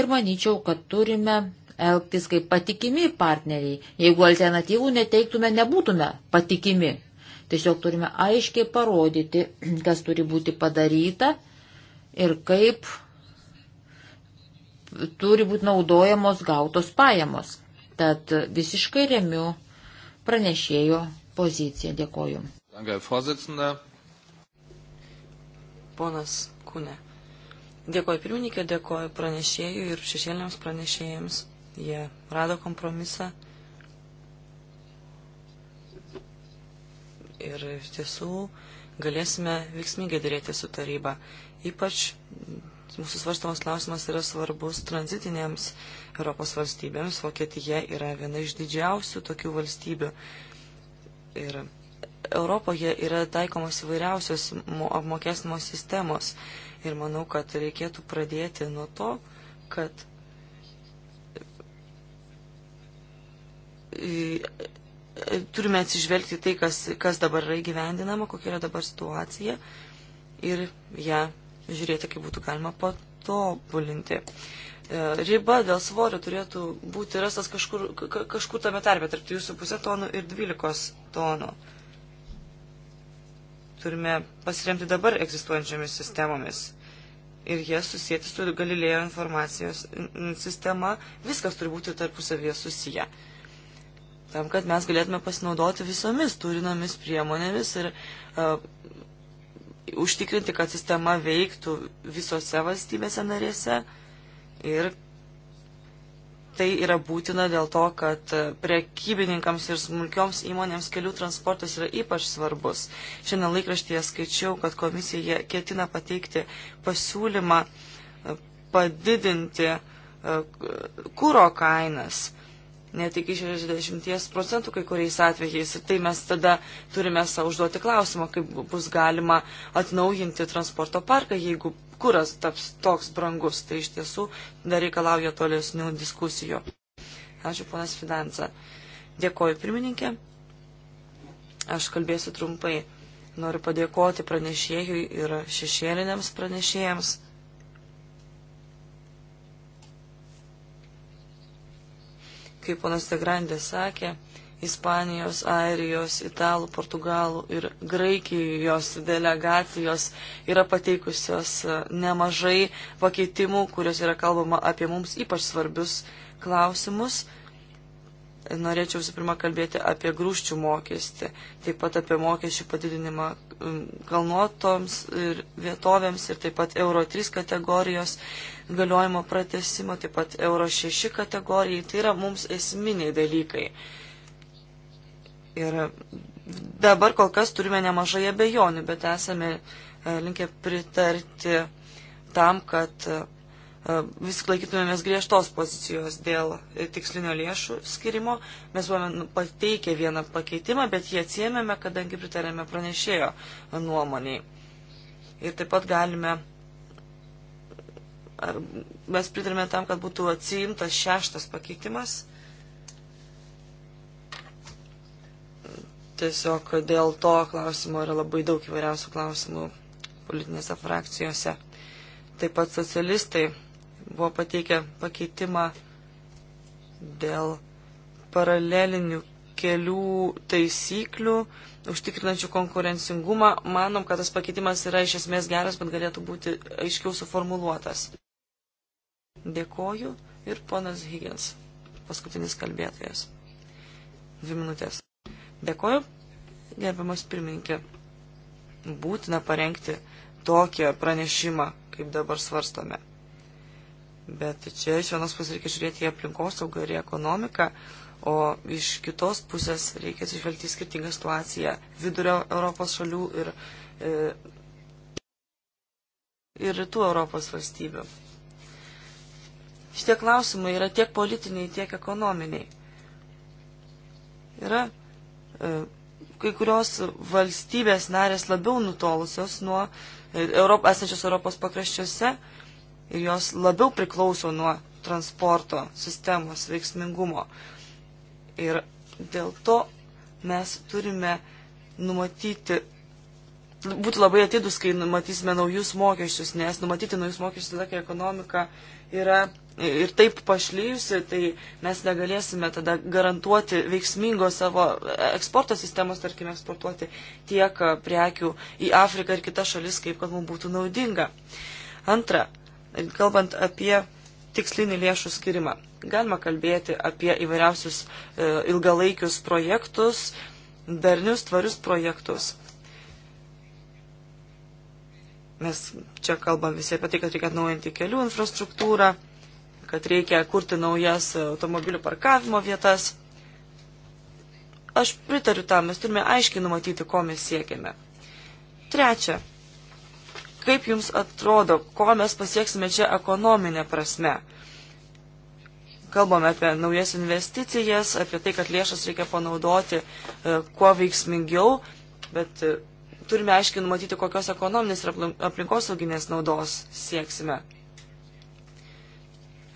Ir manyčiau, kad turime elgtis kaip patikimi partneriai. Jeigu alternatyvų neteiktume, nebūtume patikimi. Tiesiog turime aiškiai parodyti, kas turi būti padaryta ir kaip turi būti naudojamos gautos pajamos. Tad visiškai remiu pranešėjo poziciją. Dėkoju. Ponas Kūne. Dėkoju pirmininkė, dėkoju pranešėjui ir šešėliams pranešėjams jie rado kompromisą. Ir iš tiesų galėsime veiksmingai dėrėti su taryba. Ypač mūsų svarstamas klausimas yra svarbus tranzitinėms Europos valstybėms. Vokietija yra viena iš didžiausių tokių valstybių. Ir Europoje yra taikomos įvairiausios apmokestinimo sistemos. Ir manau, kad reikėtų pradėti nuo to, kad E, turime atsižvelgti tai, kas, kas dabar yra įgyvendinama, kokia yra dabar situacija ir ją žiūrėti, kaip būtų galima patobulinti. E, riba dėl svorio turėtų būti rastas kažkur, kažkur tame tarpe, tarp 3,5 tonų ir 12 tonų. Turime pasiremti dabar egzistuojančiomis sistemomis ir jas susijęti su Galilėjo informacijos sistema. Viskas turi būti tarpusavėje susiję. Uh, tam, kad mes galėtume pasinaudoti visomis turinomis priemonėmis ir uh, užtikrinti, kad sistema veiktų visose valstybėse narėse. Ir tai yra būtina dėl to, kad e, prekybininkams ir smulkioms įmonėms kelių transportas yra ypač svarbus. Šiandien laikraštyje skaičiau, kad komisija ketina pateikti pasiūlymą e, padidinti kūro kainas net iki 60 procentų kai kuriais atvejais. Ir tai mes tada turime savo užduoti klausimą, kaip bus galima atnaujinti transporto parką, jeigu kuras taps toks brangus. Tai iš tiesų dar reikalauja tolesnių diskusijų. Ačiū, ponas Finansa. Dėkoju, pirmininkė. Aš kalbėsiu trumpai. Noriu padėkoti pranešėjui ir šešėliniams pranešėjams. kaip ponas Tegrandė sakė, Ispanijos, Airijos, Italų, Portugalų ir Graikijos delegacijos yra pateikusios e, nemažai pakeitimų, kurios yra kalbama apie mums ypač svarbius klausimus. Norėčiau visų pirma kalbėti apie grūščių mokestį, taip pat apie mokesčių padidinimą kalnuotoms ir vietovėms ir taip pat Euro 3 kategorijos galiojimo pratesimo, taip pat Euro 6 kategorijai. Tai yra mums esminiai dalykai. Ir dabar kol kas turime nemažai abejonių, bet esame e, linkę pritarti tam, kad e, vis laikytumėmės griežtos pozicijos dėl tikslinio lėšų skirimo. Mes buvome nu, pateikę vieną pakeitimą, bet jį atsiemėme, kadangi pritarėme pranešėjo nuomoniai. Ir taip pat galime Ar mes pritarėme tam, kad būtų atsiimtas šeštas pakeitimas? Tiesiog dėl to klausimo yra labai daug įvairiausių klausimų politinėse frakcijose. Taip pat socialistai buvo pateikę pakeitimą dėl paralelinių kelių taisyklių, užtikrinančių konkurencingumą. Manom, kad tas pakeitimas yra iš esmės geras, bet galėtų būti aiškiau suformuluotas. Dėkoju ir ponas Higgins, paskutinis kalbėtojas. Dvi minutės. Dėkoju, gerbiamas pirmininkė. Būtina parengti tokią pranešimą, kaip dabar svarstome. Bet čia iš vienos pusės reikia žiūrėti į aplinkosaugą ir į ekonomiką, o iš kitos pusės reikia atsižvelgti į skirtingą situaciją vidurio Europos šalių ir, e, ir rytų Europos valstybių. Šitie klausimai yra tiek politiniai, tiek ekonominiai. Yra e, kai kurios valstybės narės labiau nutolusios nuo e, Europ, esančios Europos pakraščiuose ir jos labiau priklauso nuo transporto sistemos veiksmingumo. Ir dėl to mes turime numatyti, būti labai atidus, kai numatysime naujus mokesčius, nes numatyti naujus mokesčius tada, kai ekonomika yra ir taip pašlyjusi, tai mes negalėsime tada garantuoti veiksmingo savo eksporto sistemos, tarkime, eksportuoti tiek prekių į Afriką ir kitas šalis, kaip kad mums būtų naudinga. Antra, kalbant apie tikslinį lėšų skirimą, galima kalbėti apie įvairiausius e, ilgalaikius projektus, darnius, tvarius projektus mes čia kalbam visi apie tai, kad reikia atnaujinti kelių infrastruktūrą, kad reikia kurti naujas automobilių parkavimo vietas. Aš pritariu tam, mes turime aiškiai numatyti, ko mes siekiame. Trečia, kaip jums atrodo, ko mes pasieksime čia ekonominė prasme? Kalbame apie naujas investicijas, apie tai, kad lėšas reikia panaudoti e, kuo veiksmingiau, bet e, turime aiškiai numatyti, kokios ekonominės ir aplinkosauginės naudos sieksime.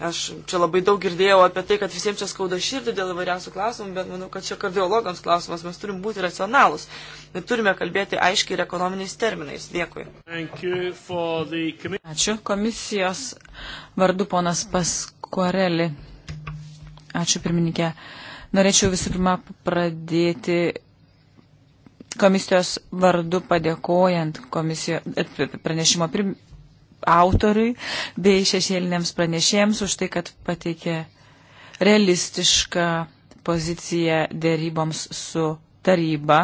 Aš čia labai daug girdėjau apie tai, kad visiems čia skauda širdį dėl įvairiausių klausimų, bet manau, kad čia kardiologams klausimas, mes turim būti racionalūs. Ir turime kalbėti aiškiai ir ekonominiais terminais. Dėkui. The... Ačiū. Komisijos vardu ponas Paskuareli. Ačiū pirmininkė. Norėčiau visų pirma pradėti komisijos vardu padėkojant komisijo, e, pranešimo pirmininkė autoriui bei šešėliniams pranešėjams už tai, kad pateikė realistišką poziciją dėryboms su taryba,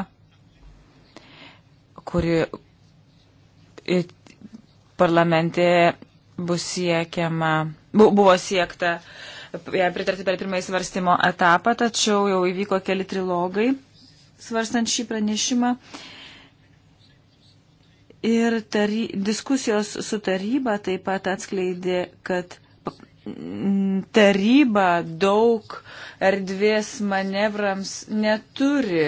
kuri parlamente bus siekiama, buvo siekta jai pritarti per pirmąjį svarstymo etapą, tačiau jau įvyko keli trilogai svarstant šį pranešimą. Uh, Ir tary, diskusijos su taryba taip pat atskleidė, kad taryba daug erdvės manevrams neturi.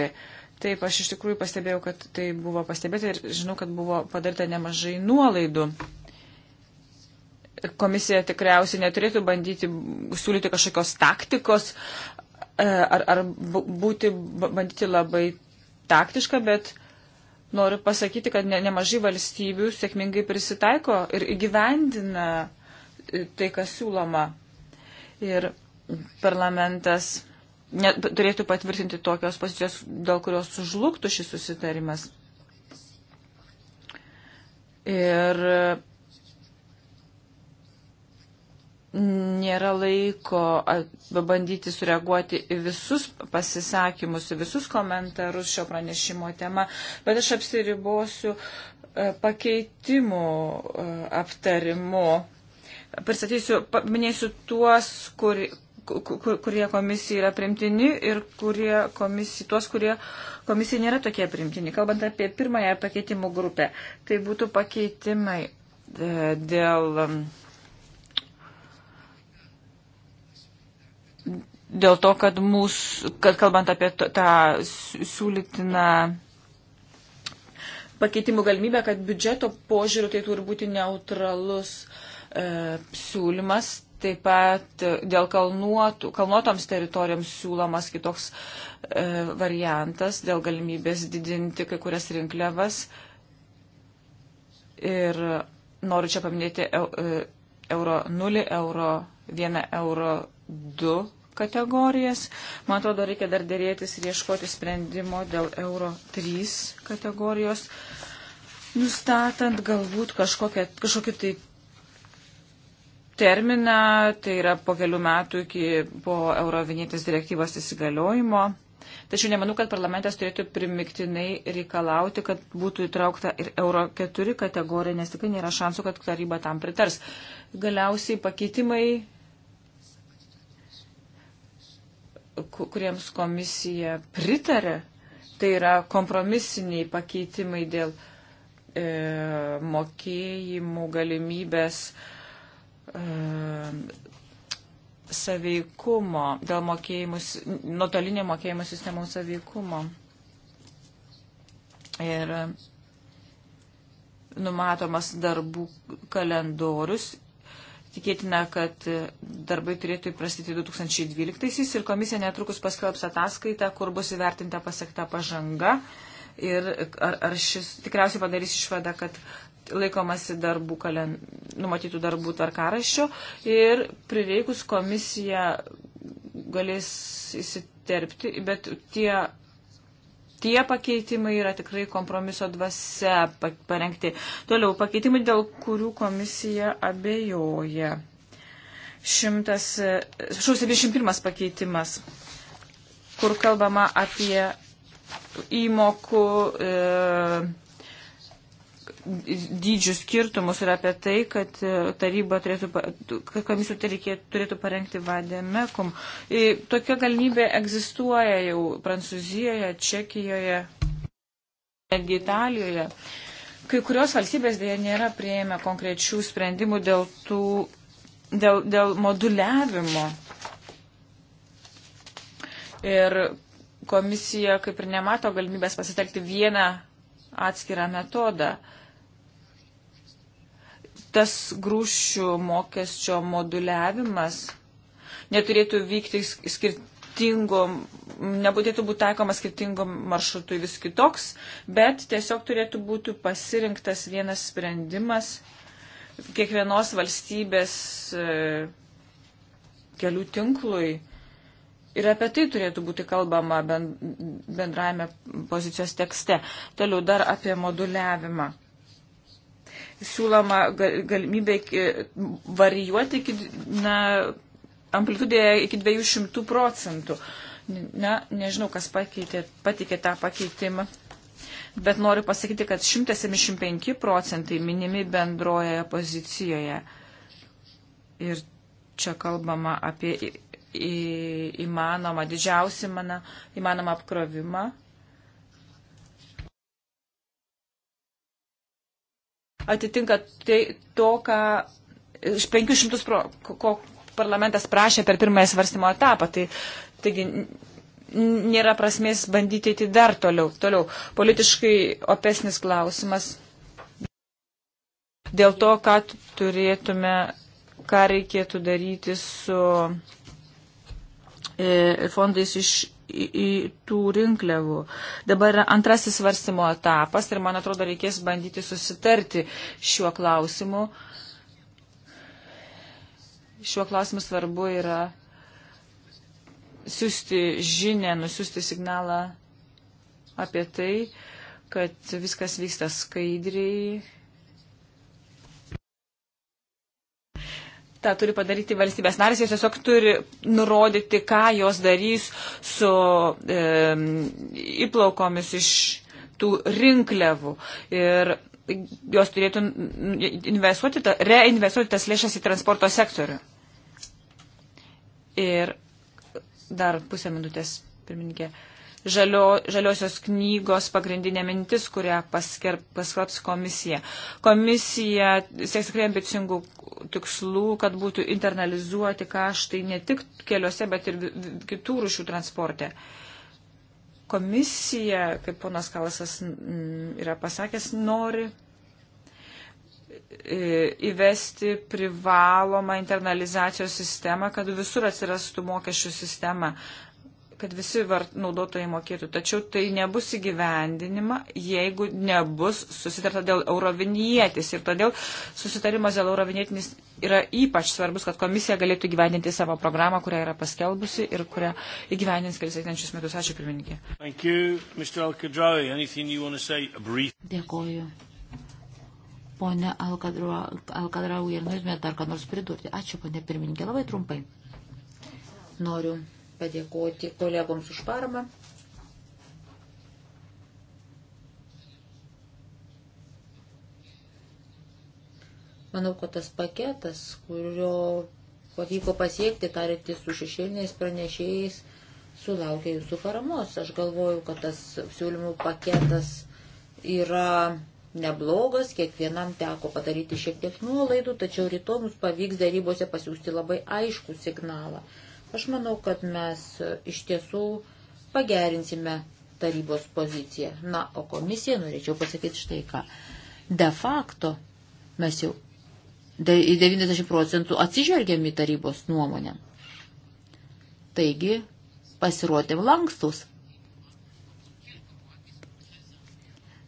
Taip, aš iš tikrųjų pastebėjau, kad tai buvo pastebėta ir žinau, kad buvo padaryta nemažai nuolaidų. Komisija tikriausiai neturėtų bandyti siūlyti kažkokios taktikos e, ar, ar būti, bandyti labai taktišką, bet noriu pasakyti, kad ne, nemažai valstybių sėkmingai prisitaiko ir įgyvendina e, tai, kas siūloma. Ir parlamentas net, turėtų patvirtinti tokios pozicijos, dėl kurios sužlugtų šis susitarimas. Ir nėra laiko bandyti sureaguoti į visus pasisakymus, į visus komentarus šio pranešimo tema, bet aš apsiribosiu e, pakeitimų e, aptarimu. Pristatysiu, paminėsiu tuos, kur, kur, kurie komisijai yra primtini ir kurie komisijai, tuos, kurie komisijai nėra tokie primtini. Kalbant apie pirmąją pakeitimų grupę, tai būtų pakeitimai e, dėl. dėl dėl to, kad mūsų, kad kalbant apie tą siūlytiną pakeitimų galimybę, kad biudžeto požiūriu tai turi būti neutralus e, siūlymas, taip pat e, dėl kalnuotų, kalnuotoms teritorijoms siūlomas kitoks e, variantas, dėl galimybės didinti kai kurias rinkliavas. Ir noriu čia paminėti e, euro 0, euro 1, euro 2 kategorijas. Man atrodo, reikia dar dėrėtis ir ieškoti sprendimo dėl euro 3 kategorijos, nustatant galbūt kažkokią, kažkokį tai terminą, tai yra po kelių metų iki po eurovinėtės direktyvos įsigaliojimo. Tačiau nemanau, kad parlamentas turėtų primiktinai reikalauti, kad būtų įtraukta ir Euro 4 kategorija, nes tikrai nėra šansų, kad taryba tam pritars. Galiausiai pakeitimai kuriems komisija pritarė, tai yra kompromisiniai pakeitimai dėl e, mokėjimų galimybės e, saveikumo, dėl mokėjimus, nuotolinio mokėjimų sistemų saveikumo. Ir numatomas darbų kalendorius Tikėtina, kad darbai turėtų įprastyti 2012 ir komisija netrukus paskelbs ataskaitą, kur bus įvertinta pasiekta pažanga ir ar, ar šis tikriausiai padarys išvadą, kad laikomasi darbų kalen, numatytų darbų tvarkaraščio ir prireikus komisija galės įsiterpti, bet tie tie pakeitimai yra tikrai kompromiso dvasia parengti. Toliau pakeitimai, dėl kurių komisija abejoja. 171 pakeitimas, kur kalbama apie įmokų. E, dydžių skirtumus ir apie tai, kad e, taryba turėtų, kad komisija turėtų, turėtų parengti vademekum. E, tokia galimybė egzistuoja jau Prancūzijoje, Čekijoje, netgi Italijoje. Kai kurios valstybės dėja nėra prieėmę konkrečių sprendimų dėl, tų, dėl, dėl moduliavimo. Ir komisija kaip ir nemato galimybės pasitelkti vieną atskirą metodą. Uh, tas grūšių mokesčio moduliavimas neturėtų vykti skirtingo, nebūtų būti taikomas skirtingo maršrutui vis kitoks, bet tiesiog turėtų būti pasirinktas vienas sprendimas kiekvienos valstybės e, kelių tinklui. Ir apie tai turėtų būti kalbama bendraime pozicijos tekste. Toliau dar apie moduliavimą siūloma galimybė varijuoti iki, na, amplitudėje iki 200 procentų. Na, nežinau, kas pakeitė, patikė tą pakeitimą, bet noriu pasakyti, kad 175 procentai minimi bendroje pozicijoje. Ir čia kalbama apie į, įmanomą didžiausią mano, įmanomą apkrovimą atitinka tai, to, ką 500 pro, ko parlamentas prašė per pirmąją svarstymo etapą. Tai, taigi, nėra prasmės bandyti eiti dar toliau. toliau. Politiškai opesnis klausimas dėl to, ką turėtume, ką reikėtų daryti su e, fondais iš tų rinkliavų. Dabar yra antrasis svarstymo etapas ir man atrodo reikės bandyti susitarti šiuo klausimu. Šiuo klausimu svarbu yra siūsti žinę, nusiųsti signalą apie tai, kad viskas vyksta skaidriai tą turi padaryti valstybės narės, jos tiesiog turi nurodyti, ką jos darys su e, įplaukomis iš tų rinkliavų. Ir jos turėtų investuoti, ta, reinvestuoti tas lėšas į transporto sektorių. Ir dar pusę minutės, pirmininkė. Žalio, žaliosios knygos pagrindinė mintis, kurią paskelbs komisija. Komisija sieks tikrai ambicingų tikslų, kad būtų internalizuoti kaštai ne tik keliuose, bet ir kitų rušių transporte. Komisija, kaip ponas Kalasas yra pasakęs, nori e, įvesti privalomą internalizacijos sistemą, kad visur atsirastų mokesčių sistema kad visi vart, naudotojai mokėtų. Tačiau tai nebus įgyvendinima, jeigu nebus susitarta dėl eurovinietis. Ir todėl susitarimas dėl eurovinietinis yra ypač svarbus, kad komisija galėtų įgyvendinti savo programą, kurią yra paskelbusi ir kurią įgyvendins kelis ateinančius metus. Ačiū, pirmininkė. Dėkoju. Pone Alkadrau, ir norėtumėte dar ką nors pridurti. Ačiū, pone pirmininkė, labai trumpai. Noriu padėkoti kolegoms už paramą. Manau, kad tas paketas, kurio pavyko pasiekti, tarėti su šešėliniais pranešėjais, sulaukė jūsų paramos. Aš galvoju, kad tas siūlymų paketas yra neblogas, kiekvienam teko padaryti šiek tiek nuolaidų, tačiau rytoj mums pavyks darybose pasiūsti labai aiškų signalą. Aš manau, kad mes e, iš tiesų pagerinsime tarybos poziciją. Na, o komisija, norėčiau pasakyti štai ką. De facto mes jau į 90 procentų atsižvelgiam į tarybos nuomonę. Taigi, pasirodėm lankstus.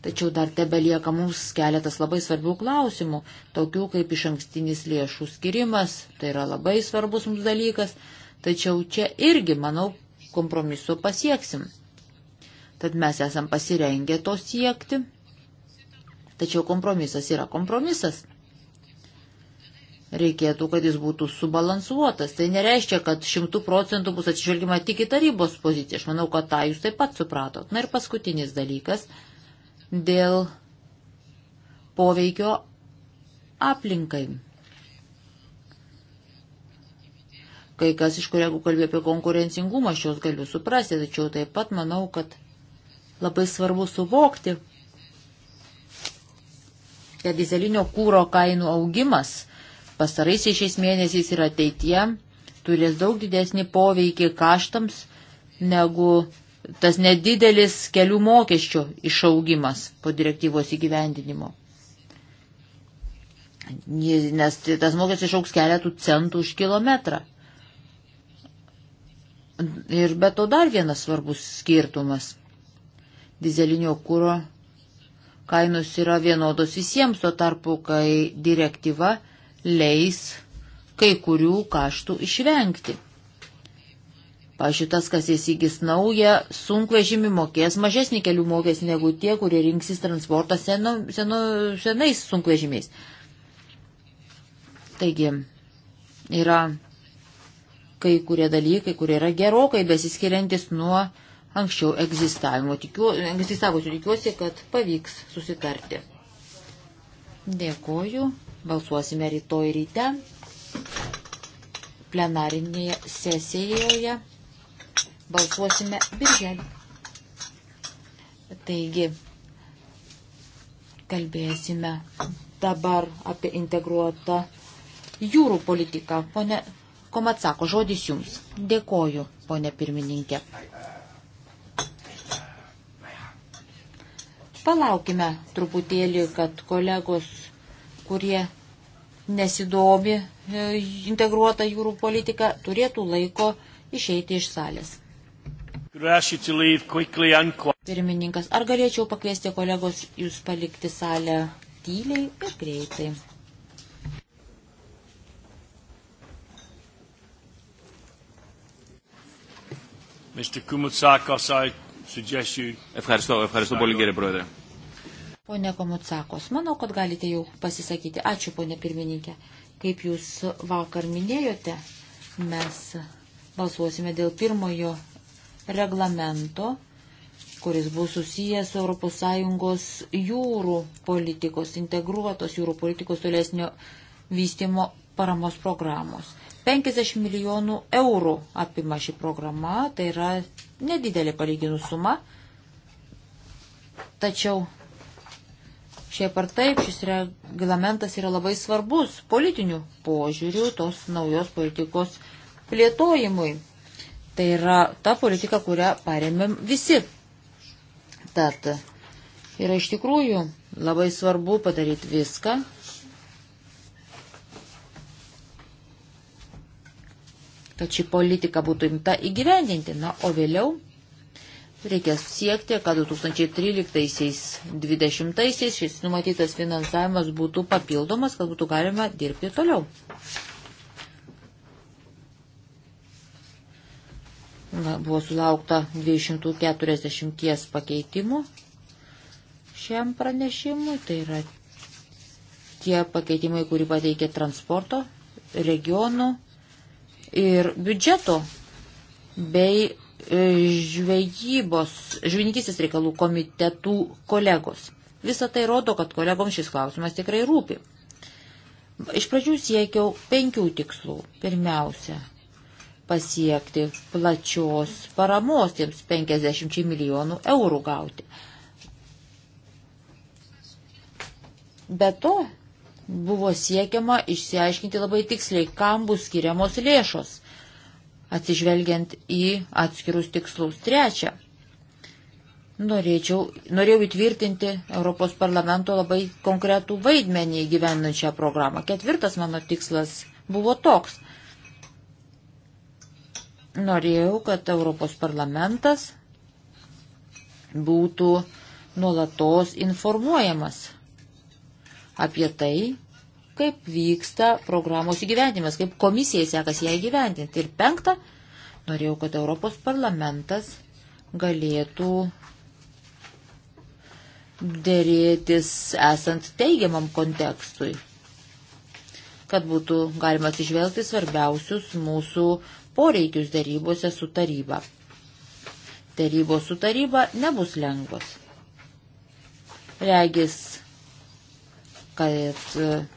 Tačiau dar tebe lieka mums keletas labai svarbių klausimų, tokių kaip iš ankstinis lėšų skirimas, tai yra labai svarbus mums dalykas, Tačiau čia irgi, manau, kompromiso pasieksim. Tad mes esam pasirengę to siekti. Tačiau kompromisas yra kompromisas. Reikėtų, kad jis būtų subalansuotas. Tai nereiškia, kad šimtų procentų bus atsižvelgima tik į tarybos poziciją. Aš manau, kad tą jūs taip pat supratot. Na ir paskutinis dalykas dėl poveikio aplinkai. Kai kas iš kolegų kalbėjo apie konkurencingumą, aš juos galiu suprasti, tačiau taip pat manau, kad labai svarbu suvokti, kad dizelinio kūro kainų augimas pastaraisiais šiais mėnesiais ir ateitie turės daug didesnį poveikį kaštams negu tas nedidelis kelių mokesčių išaugimas po direktyvos įgyvendinimo. Nes tas mokestis išauks keletų centų už kilometrą. Ir be to dar vienas svarbus skirtumas. Dizelinio kūro kainos yra vienodos visiems, tuo tarpu, kai direktyva leis kai kurių kaštų išvengti. Pažiūrėtas, kas įsigys naują sunkvežimį mokės mažesnį kelių mokestį negu tie, kurie rinksis transportą seno, seno, senais sunkvežimiais. Taigi, yra kai kurie dalykai, kurie yra gerokai besiskiriantis nuo anksčiau egzistavimo. Tikiu, egzistavusių tikiuosi, kad pavyks susitarti. Dėkoju. Balsuosime rytoj ryte plenarinėje sesijoje. Balsuosime birželį. Taigi, kalbėsime dabar apie integruotą jūrų politiką. Pone Kom atsako, žodis jums. Dėkoju, ponė pirmininkė. Palaukime truputėlį, kad kolegos, kurie nesidomi e, integruota jūrų politika, turėtų laiko išeiti iš salės. Pirmininkas, ar galėčiau pakviesti kolegos jūs palikti salę tyliai ir greitai? Mr. Kumutsakos, I suggest you... Ευχαριστώ, ευχαριστώ πολύ κύριε Πρόεδρε. Pone Komutsakos, manau, kad galite jau pasisakyti. Ačiū, ponė pirmininkė. Kaip jūs vakar minėjote, mes balsuosime dėl pirmojo reglamento, kuris bus susijęs su ES jūrų politikos, integruotos jūrų politikos tolesnio vystimo paramos programos. 50 milijonų eurų apima šį programą, tai yra nedidelė palyginų suma, tačiau šiaip ar taip šis reglamentas yra labai svarbus politinių požiūrių tos naujos politikos plėtojimui. Tai yra ta politika, kurią paremėm visi. Tad yra iš tikrųjų labai svarbu padaryti viską, kad ši politika būtų imta įgyvendinti. Na, o vėliau reikės siekti, kad 2013-2020 šis numatytas finansavimas būtų papildomas, kad būtų galima dirbti toliau. Na, buvo sulaukta 240 pakeitimų šiam pranešimui. Tai yra tie pakeitimai, kurį pateikė transporto, regionų ir biudžeto bei e, žvejybos, žvininkistės reikalų komitetų kolegos. Visą tai rodo, kad kolegoms šis klausimas tikrai rūpi. Iš pradžių siekiau penkių tikslų. Pirmiausia, pasiekti plačios paramos tiems 50 milijonų eurų gauti. Be to, buvo siekiama išsiaiškinti labai tiksliai, kam bus skiriamos lėšos, atsižvelgiant į atskirus tikslus. Trečia, norėčiau, norėjau įtvirtinti Europos parlamento labai konkretų vaidmenį gyvenančią programą. Ketvirtas mano tikslas buvo toks. Norėjau, kad Europos parlamentas būtų nuolatos informuojamas apie tai, kaip vyksta programos įgyvendimas, kaip komisijai sekasi ją įgyvendinti. Ir penkta, norėjau, kad Europos parlamentas galėtų dėrėtis esant teigiamam kontekstui, kad būtų galima atsižvelgti svarbiausius mūsų poreikius dėrybose su taryba. Dėrybos su taryba nebus lengvos. Regis kad e,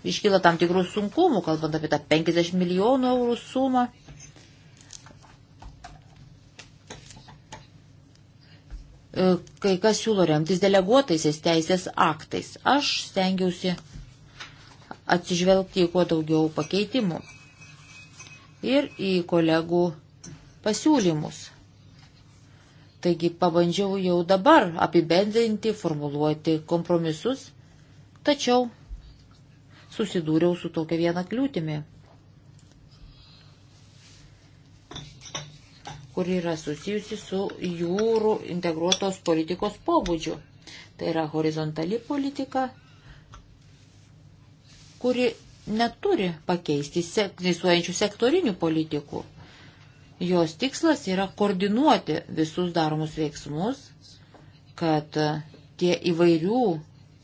iškyla tam tikrų sunkumų, kalbant apie tą 50 milijonų eurų sumą. E, kai kas siūlo remtis deleguotaisiais teisės aktais. Aš stengiausi atsižvelgti į kuo daugiau pakeitimų ir į kolegų pasiūlymus. Taigi pabandžiau jau dabar apibendrinti, formuluoti kompromisus, tačiau susidūriau su tokia viena kliūtimi, kuri yra susijusi su jūrų integruotos politikos pobūdžiu. Tai yra horizontali politika, kuri neturi pakeisti egzistuojančių sektorinių politikų. Jos tikslas yra koordinuoti visus daromus veiksmus, kad tie įvairių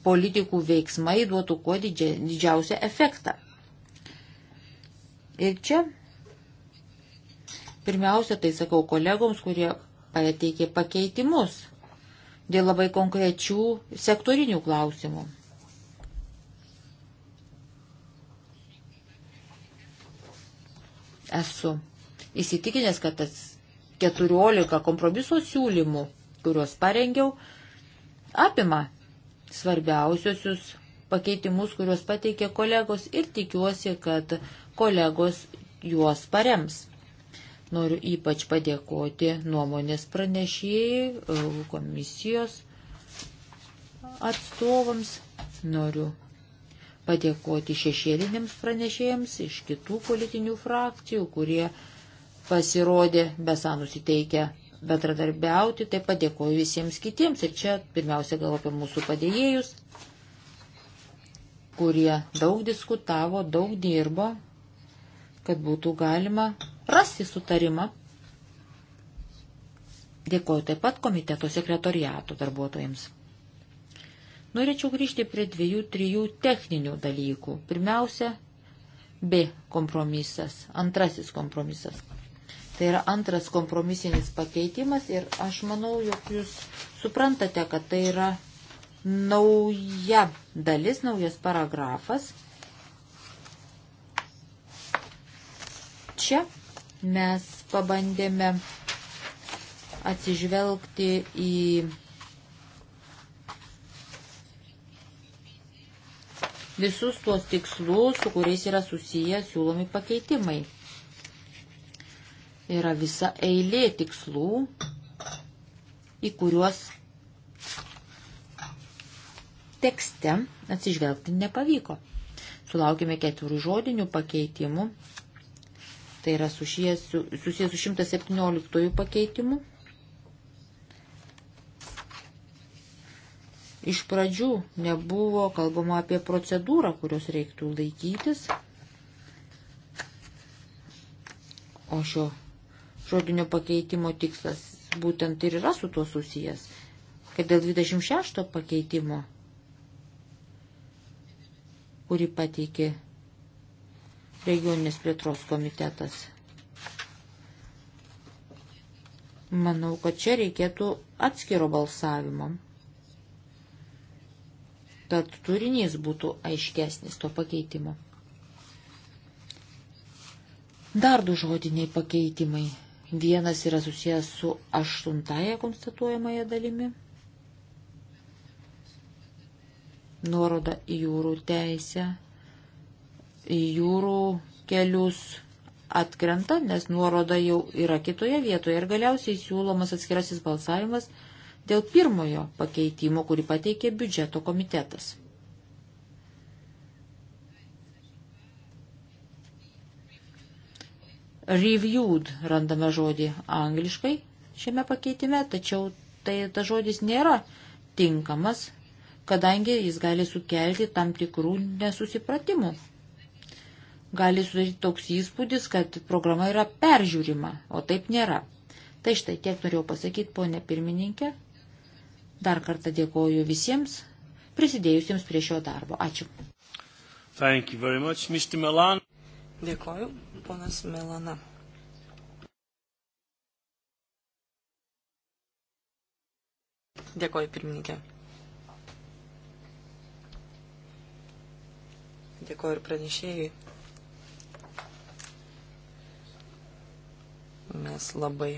politikų veiksmai duotų kuo didžia, didžiausią efektą. Ir čia pirmiausia, tai sakau kolegoms, kurie pateikė pakeitimus dėl labai konkrečių sektorinių klausimų. Esu įsitikinęs, kad tas 14 kompromiso siūlymų, kuriuos parengiau, apima svarbiausiosius pakeitimus, kuriuos pateikė kolegos ir tikiuosi, kad kolegos juos parems. Noriu ypač padėkoti nuomonės pranešėjai, e, komisijos atstovams. Noriu padėkoti šešėlinėms pranešėjams iš kitų politinių frakcijų, kurie pasirodė besą nusiteikę bendradarbiauti, taip pat dėkoju visiems kitiems ir čia pirmiausia gal apie mūsų padėjėjus, kurie daug diskutavo, daug dirbo, kad būtų galima rasti sutarimą. Dėkoju taip pat komiteto sekretoriato darbuotojams. Norėčiau grįžti prie dviejų, trijų techninių dalykų. Pirmiausia, B kompromisas, antrasis kompromisas. Tai yra antras kompromisinis pakeitimas ir aš manau, jog jūs suprantate, kad tai yra nauja dalis, naujas paragrafas. Čia mes pabandėme atsižvelgti į visus tuos tikslus, su kuriais yra susiję siūlomi pakeitimai yra visa eilė tikslų, į kuriuos tekste atsižvelgti nepavyko. Sulaukime keturių žodinių pakeitimų, tai yra susijęs su, susijęs su 117 pakeitimu. Iš pradžių nebuvo kalbama apie procedūrą, kurios reiktų laikytis, o šio žodinio pakeitimo tikslas būtent ir yra su tuo susijęs, kad dėl 26 pakeitimo, kurį pateikė regioninės plėtros komitetas. Manau, kad čia reikėtų atskiro balsavimo, kad turinys būtų aiškesnis to pakeitimo. Dar du žodiniai pakeitimai – Vienas yra susijęs su aštuntąją konstatuojamąją dalimi. Nuoroda į jūrų teisę, į jūrų kelius atkrenta, nes nuoroda jau yra kitoje vietoje ir galiausiai siūlomas atskirasis balsavimas dėl pirmojo pakeitimo, kurį pateikė biudžeto komitetas. reviewed randame žodį angliškai šiame pakeitime, tačiau tai ta žodis nėra tinkamas, kadangi jis gali sukelti tam tikrų nesusipratimų. Gali sudaryti toks įspūdis, kad programa yra peržiūrima, o taip nėra. Tai štai tiek norėjau pasakyti, ponė pirmininkė. Dar kartą dėkoju visiems prisidėjusiems prie šio darbo. Ačiū. Thank you very much, Mr. Milan. Dėkoju, ponas Melana. Dėkoju, pirmininkė. Dėkoju ir pranešėjai. Mes labai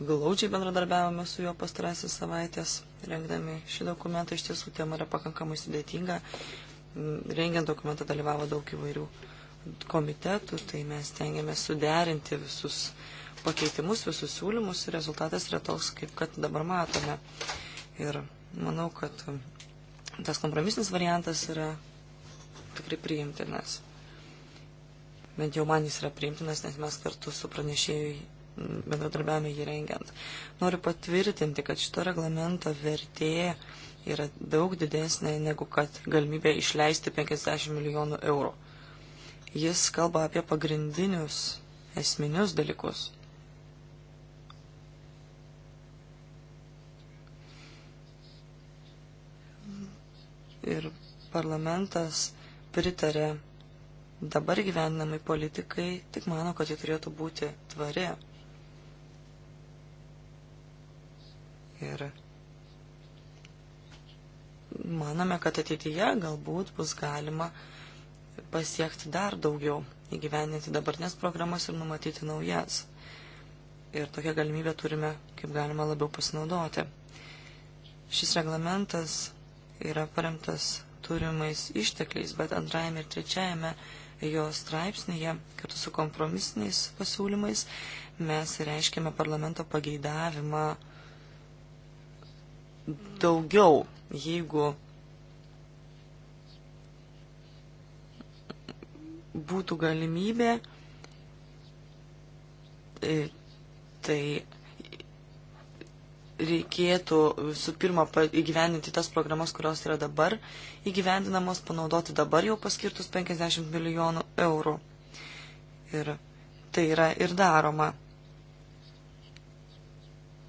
glaudžiai bendradarbiavome su juo pastarasis savaitės, rengdami šį dokumentą. Iš tiesų, tema yra pakankamai sudėtinga. Rengiant dokumentą dalyvavo daug įvairių komitetų, tai mes tengiamės suderinti visus pakeitimus, visus siūlymus ir rezultatas yra toks, kaip kad dabar matome. Ir manau, kad tas kompromisinis variantas yra tikrai priimtinas. Bent jau man jis yra priimtinas, nes mes kartu su pranešėjui bendradarbiavimą jį rengiant. Noriu patvirtinti, kad šito reglamento vertė yra daug didesnė negu kad galimybė išleisti 50 milijonų eurų. Jis kalba apie pagrindinius esminius dalykus. Ir parlamentas pritarė dabar gyvenamai politikai, tik mano, kad ji turėtų būti tvari. Ir manome, kad ateityje galbūt bus galima uh, pasiekti dar daugiau, įgyveninti dabartinės programas ir numatyti naujas. Ir tokią galimybę turime, kaip galima labiau pasinaudoti. Šis reglamentas yra paremtas turimais ištekliais, bet antrajame ir trečiajame jo straipsnėje, kartu su kompromisiniais pasiūlymais, mes reiškiame parlamento pageidavimą daugiau, jeigu būtų galimybė, e, tai reikėtų su pirma įgyvendinti tas programas, kurios yra dabar įgyvendinamos, panaudoti dabar jau paskirtus 50 milijonų eurų. Ir tai yra ir daroma.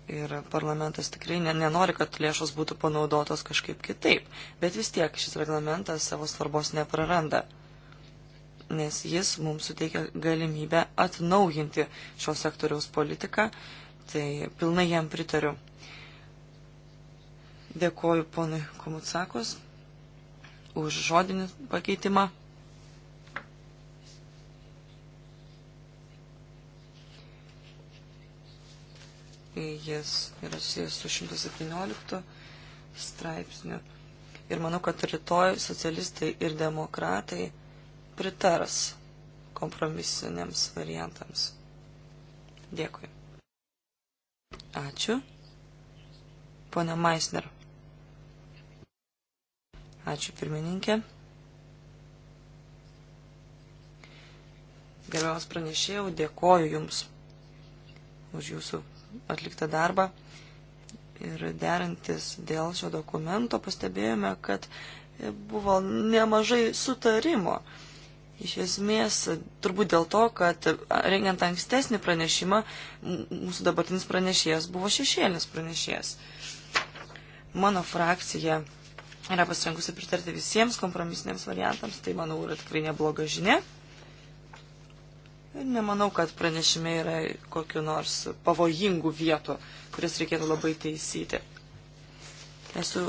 Ir parlamentas tikrai nenori, kad lėšos būtų panaudotos kažkaip kitaip, bet vis tiek šis reglamentas savo svarbos nepraranda nes jis mums suteikia galimybę atnaujinti šio sektoriaus politiką, tai pilnai jam pritariu. Dėkoju ponui Komutsakos už žodinį pakeitimą. Jis yra susijęs su 117 straipsniu. Ir manau, kad rytoj socialistai ir demokratai pritars kompromisiniams variantams. Dėkui. Ačiū. Pone Maisner. Ačiū pirmininkė. Gerbiamas pranešėjau, dėkoju Jums už Jūsų atliktą darbą. Ir derintis dėl šio dokumento pastebėjome, kad buvo nemažai sutarimo. Iš esmės, turbūt dėl to, kad rengiant ankstesnį pranešimą, mūsų dabartinis pranešėjas buvo šešėlinis pranešėjas. Mano frakcija yra pasirengusi pritarti visiems kompromisiniams variantams, tai manau yra tikrai nebloga žinia. Ir nemanau, kad pranešime yra kokiu nors pavojingų vietų, kurias reikėtų labai taisyti. Esu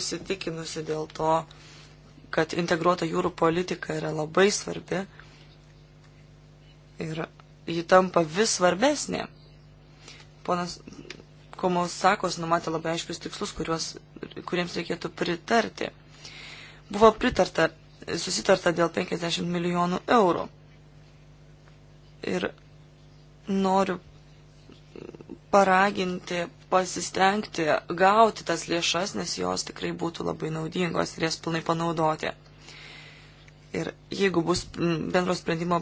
įsitikinusi dėl to, kad integruota jūrų politika yra labai svarbi ir ji tampa vis svarbesnė. Ponas Komos sakos numatė labai aiškius tikslus, kuriuos, kuriems reikėtų pritarti. Buvo pritarta, susitarta dėl 50 milijonų eurų. Ir noriu paraginti, pasistengti gauti tas lėšas, nes jos tikrai būtų labai naudingos ir jas pilnai panaudoti. Ir jeigu bus bendro sprendimo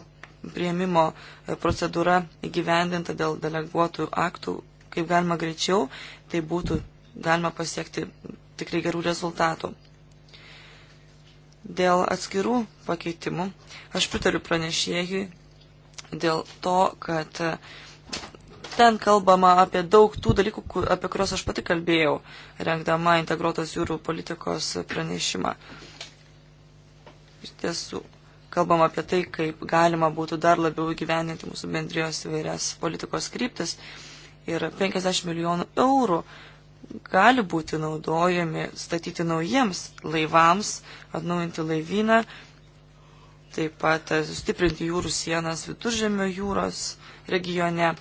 prieimimo e, procedūra įgyvendinta dėl deleguotų aktų, kaip galima greičiau, tai būtų galima pasiekti tikrai gerų rezultatų. Dėl atskirų pakeitimų aš pritariu pranešėjui dėl to, kad Ten kalbama apie daug tų dalykų, apie kuriuos aš pati kalbėjau, rengdama integruotos jūrų politikos pranešimą. Iš tiesų, kalbam apie tai, kaip galima būtų dar labiau gyveninti mūsų bendrijos įvairias politikos kryptis. Ir 50 milijonų eurų gali būti naudojami statyti naujiems laivams, atnaujinti laivyną, taip pat sustiprinti jūrų sienas viduržėmio jūros regione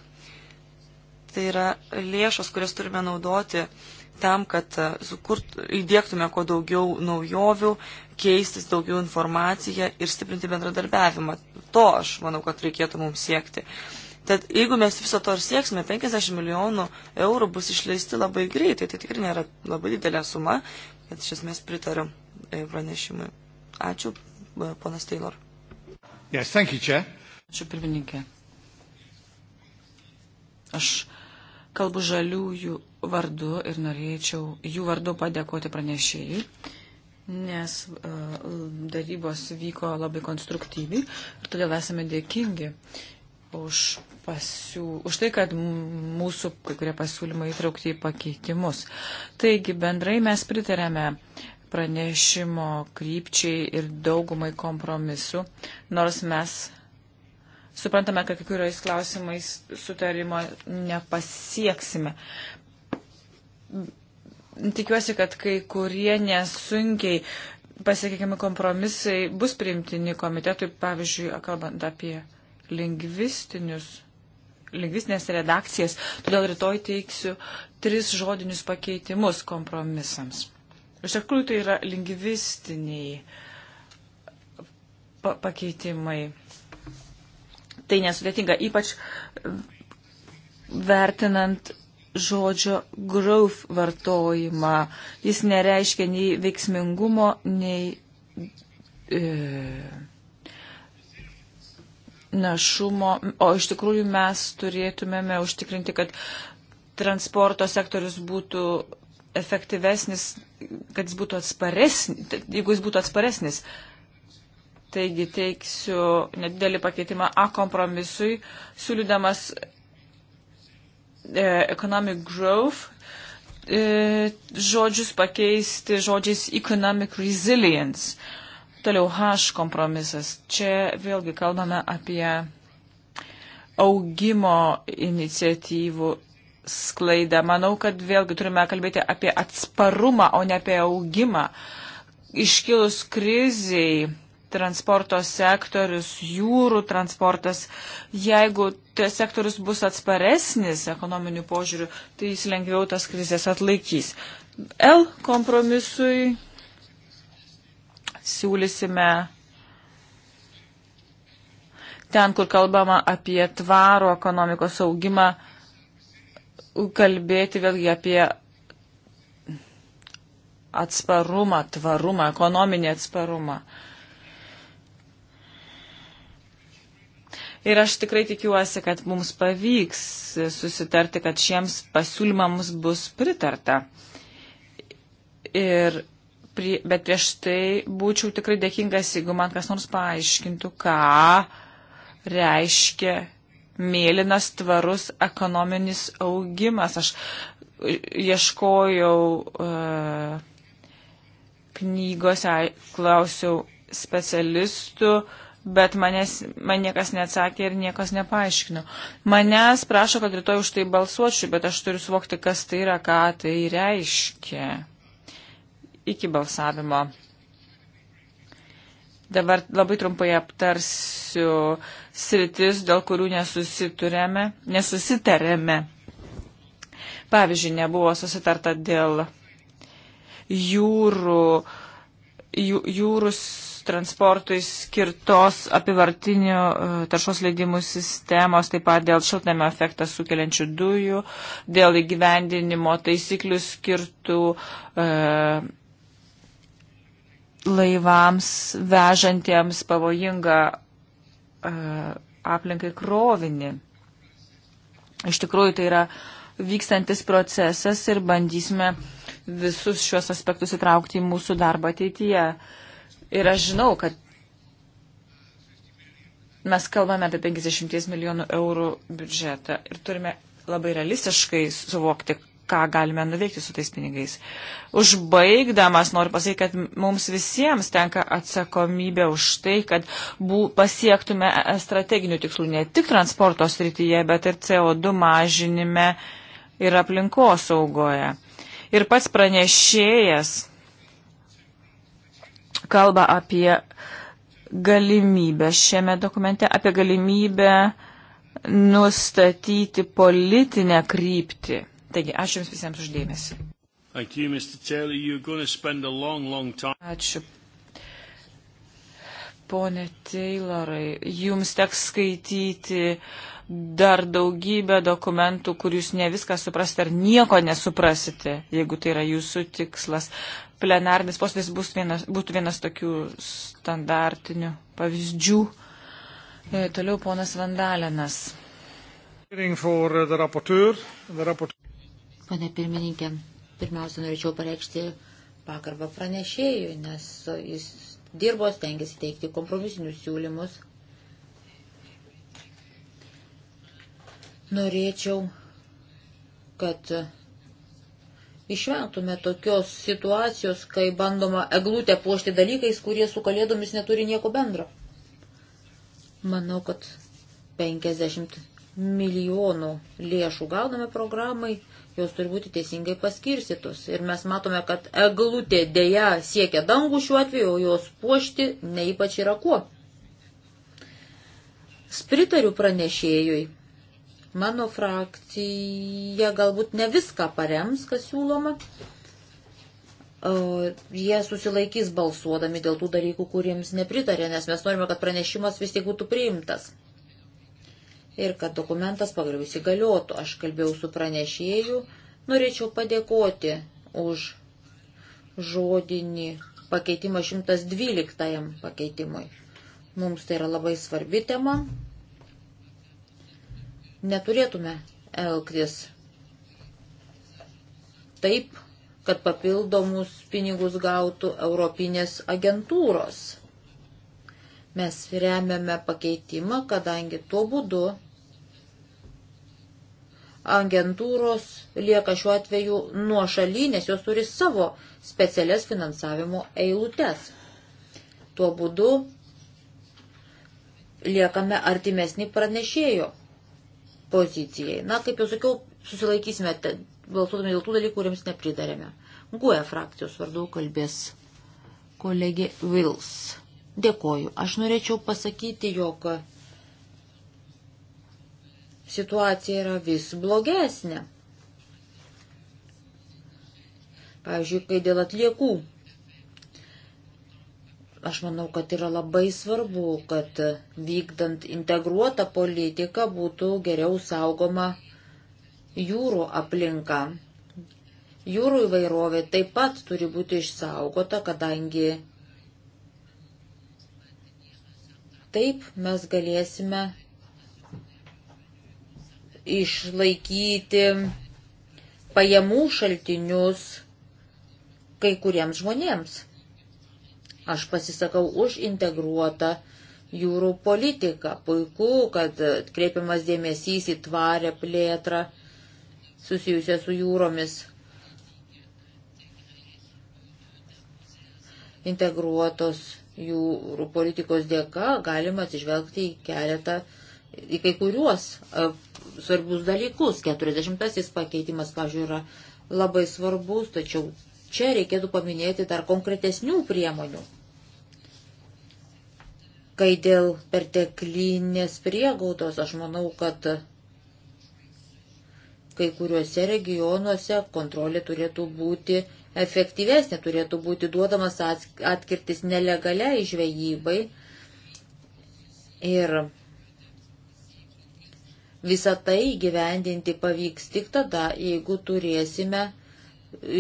tai yra lėšos, kurias turime naudoti tam, kad e, sukurt, įdėktume kuo daugiau naujovių, keistis daugiau informaciją ir stiprinti bendradarbiavimą. To aš manau, kad reikėtų mums siekti. Tad jeigu mes viso to ir sieksime, 50 milijonų eurų bus išleisti labai greitai, tai tikrai nėra labai didelė suma, bet iš esmės pritariu e, pranešimui. Ačiū, e, ponas Taylor. Yes, thank you, Chair. Ačiū, pirmininkė. Aš kalbu žaliųjų vardu ir norėčiau jų vardu padėkoti pranešėjai, nes uh, darybos vyko labai konstruktyviai ir todėl esame dėkingi už, pasiū... už tai, kad mūsų kai kurie pasiūlymai įtraukti į pakeitimus. Taigi bendrai mes pritarėme pranešimo krypčiai ir daugumai kompromisų, nors mes Suprantame, kad kiekvienais klausimais sutarimo nepasieksime. Tikiuosi, kad kai kurie nesunkiai pasiekėkime kompromisai bus priimtini komitetui, pavyzdžiui, kalbant apie lingvistinius lingvistinės redakcijas, todėl rytoj teiksiu tris žodinius pakeitimus kompromisams. Iš tikrųjų tai yra lingvistiniai pa pakeitimai tai nesudėtinga, ypač vertinant žodžio growth vartojimą. Jis nereiškia nei veiksmingumo, nei e, našumo, o iš tikrųjų mes turėtumėme užtikrinti, kad transporto sektorius būtų efektyvesnis, kad jis būtų atsparesnis, jeigu jis būtų atsparesnis Taigi teiksiu nedidelį pakeitimą A kompromisui, siūlydamas e, economic growth e, žodžius pakeisti žodžiais economic resilience. Toliau H kompromisas. Čia vėlgi kalbame apie augimo iniciatyvų sklaidą. Manau, kad vėlgi turime kalbėti apie atsparumą, o ne apie augimą. Iškilus kriziai transporto sektorius, jūrų transportas, jeigu tas sektorius bus atsparesnis ekonominių požiūrių, tai jis lengviau tas krizės atlaikys. L kompromisui siūlysime ten, kur kalbama apie tvarų ekonomikos augimą, kalbėti vėlgi apie atsparumą, tvarumą, ekonominį atsparumą. Ir aš tikrai tikiuosi, kad mums pavyks susitarti, kad šiems pasiūlymams bus pritarta. Ir, prie, bet prieš tai būčiau tikrai dėkingas, jeigu man kas nors paaiškintų, ką reiškia mėlynas tvarus ekonominis augimas. Aš ieškojau uh, knygose, klausiau specialistų, uh, bet manęs, man niekas neatsakė ir niekas nepaaiškino. Manęs prašo, kad rytoj už tai balsuočiau, bet aš turiu suvokti, kas tai yra, ką tai reiškia iki balsavimo. Dabar labai trumpai aptarsiu sritis, dėl kurių nesusitarėme. Pavyzdžiui, nebuvo susitarta dėl jūrų, jūrus transportui skirtos apivartinių e, taršos leidimų sistemos, taip pat dėl šiltnamio efektą sukeliančių dujų, dėl įgyvendinimo taisyklių skirtų e, laivams vežantiems pavojingą e, aplinkai krovinį. Iš tikrųjų, tai yra vykstantis procesas ir bandysime visus šios aspektus įtraukti į mūsų darbą ateityje. E, Ir aš žinau, kad mes kalbame apie 50 milijonų eurų biudžetą ir turime labai realistiškai suvokti, ką galime nuveikti su tais pinigais. Užbaigdamas noriu pasakyti, kad mums visiems tenka atsakomybė už tai, kad bū, pasiektume strateginių tikslų ne tik transporto srityje, bet ir CO2 mažinime ir aplinkosaugoje. Ir pats pranešėjas kalba apie galimybę šiame dokumente, apie galimybę nustatyti politinę kryptį. Taigi, ačiū Jums visiems uždėmesi. Ačiū. Pone Taylorai, Jums teks skaityti dar daugybę dokumentų, kur Jūs ne viską suprasite ar nieko nesuprasite, jeigu tai yra Jūsų tikslas plenarnis posėdis vienas, būtų vienas tokių standartinių pavyzdžių. E, toliau ponas Vandalinas. Pane pirmininkė, pirmiausia, norėčiau pareikšti pagarbą pranešėjui, nes jis dirbo, stengiasi teikti kompromisinius siūlymus. Norėčiau, kad išvengtume tokios situacijos, kai bandoma eglutę puošti dalykais, kurie su kalėdomis neturi nieko bendro. Manau, kad 50 milijonų lėšų gauname programai, jos turi būti teisingai paskirstytos. Ir mes matome, kad eglutė dėja siekia dangų šiuo atveju, o jos puošti ne ypač yra kuo. Spritariu pranešėjui Mano frakcija galbūt ne viską parems, kas siūloma. Uh, jie susilaikys balsuodami dėl tų dalykų, kuriems nepritarė, nes mes norime, kad pranešimas vis tik būtų priimtas. Ir kad dokumentas pagaliau įsigaliotų. Aš kalbėjau su pranešėju, norėčiau padėkoti už žodinį pakeitimą 112 pakeitimui. Mums tai yra labai svarbi tema, neturėtume elgtis taip, kad papildomus pinigus gautų Europinės agentūros. Mes remiame pakeitimą, kadangi tuo būdu agentūros lieka šiuo atveju nuo šaly, nes jos turi savo specialias finansavimo eilutes. Tuo būdu liekame artimesni pranešėjo pozicijai. Na, kaip jau sakiau, susilaikysime balsuodami dėl tų dalykų, kuriems nepridarėme. Guoja frakcijos vardu kalbės kolegė Vils. Dėkoju. Aš norėčiau pasakyti, jog situacija yra vis blogesnė. Pavyzdžiui, kai dėl atliekų Aš manau, kad yra labai svarbu, kad vykdant integruotą politiką būtų geriau saugoma jūrų aplinka. Jūrų įvairovė taip pat turi būti išsaugota, kadangi taip mes galėsime išlaikyti pajamų šaltinius kai kuriems žmonėms. Aš pasisakau už integruotą jūrų politiką. Puiku, kad kreipiamas dėmesys į tvarę plėtrą susijusią su jūromis. Integruotos jūrų politikos dėka galima atsižvelgti į keletą, į kai kuriuos e, svarbus dalykus. 40-asis pakeitimas, pavyzdžiui, yra labai svarbus, tačiau čia reikėtų paminėti dar konkretesnių priemonių Kai dėl perteklinės priegaudos, aš manau, kad kai kuriuose regionuose kontrolė turėtų būti efektyvesnė, turėtų būti duodamas atkirtis nelegaliai žvejybai. Ir visą tai gyvendinti pavyks tik tada, jeigu turėsime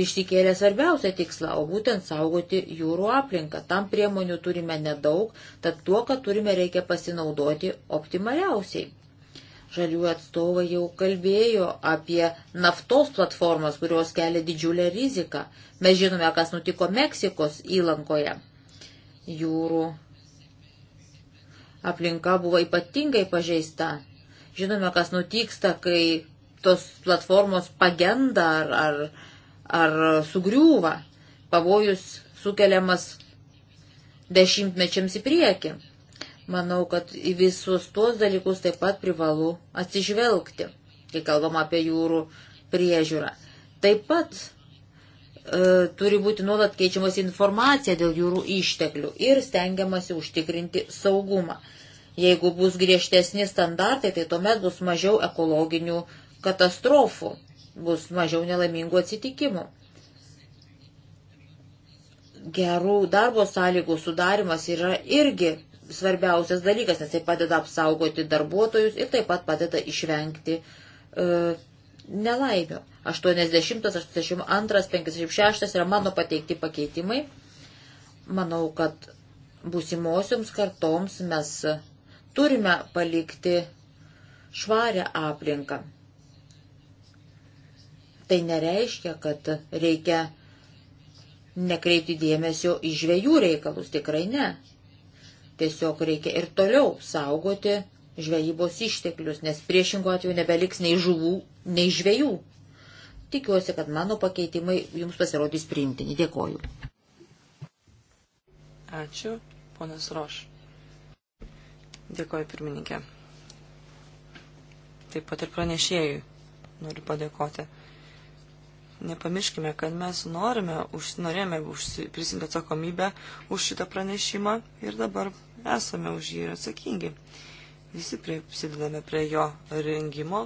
išsikėlė svarbiausią tikslą, o būtent saugoti jūrų aplinką. Tam priemonių turime nedaug, tad tuo, kad turime, reikia pasinaudoti optimaliausiai. Žalių atstovai jau kalbėjo apie naftos platformas, kurios kelia didžiulę riziką. Mes žinome, kas nutiko Meksikos įlankoje. Jūrų aplinka buvo ypatingai pažeista. Žinome, kas nutiksta, kai tos platformos pagenda ar, ar ar sugriūva, pavojus sukeliamas dešimtmečiams į priekį. Manau, kad į visus tuos dalykus taip pat privalu atsižvelgti, kai kalbam apie jūrų priežiūrą. Taip pat e, turi būti nuolat keičiamas informacija dėl jūrų išteklių ir stengiamasi užtikrinti saugumą. Jeigu bus griežtesni standartai, tai tuomet bus mažiau ekologinių katastrofų bus mažiau nelaimingų atsitikimų. Gerų darbo sąlygų sudarimas yra irgi svarbiausias dalykas, nes tai padeda apsaugoti darbuotojus ir taip pat padeda išvengti e, nelaimio. 80, 82, 56 yra mano pateikti pakeitimai. Manau, kad būsimosioms kartoms mes turime palikti švarę aplinką tai nereiškia, kad reikia nekreipti dėmesio į žvėjų reikalus, tikrai ne. Tiesiog reikia ir toliau saugoti žvejybos išteklius, nes priešingo atveju nebeliks nei žuvų, nei žvėjų. Tikiuosi, kad mano pakeitimai jums pasirodys priimtini. Dėkoju. Ačiū, ponas Roš. Dėkoju, pirmininkė. Taip pat ir pranešėjui noriu padėkoti. Nepamirškime, kad mes norime, už, norėjome už, prisimti atsakomybę už šitą pranešimą ir dabar esame už jį ir atsakingi. Visi prisidedame prie jo rengimo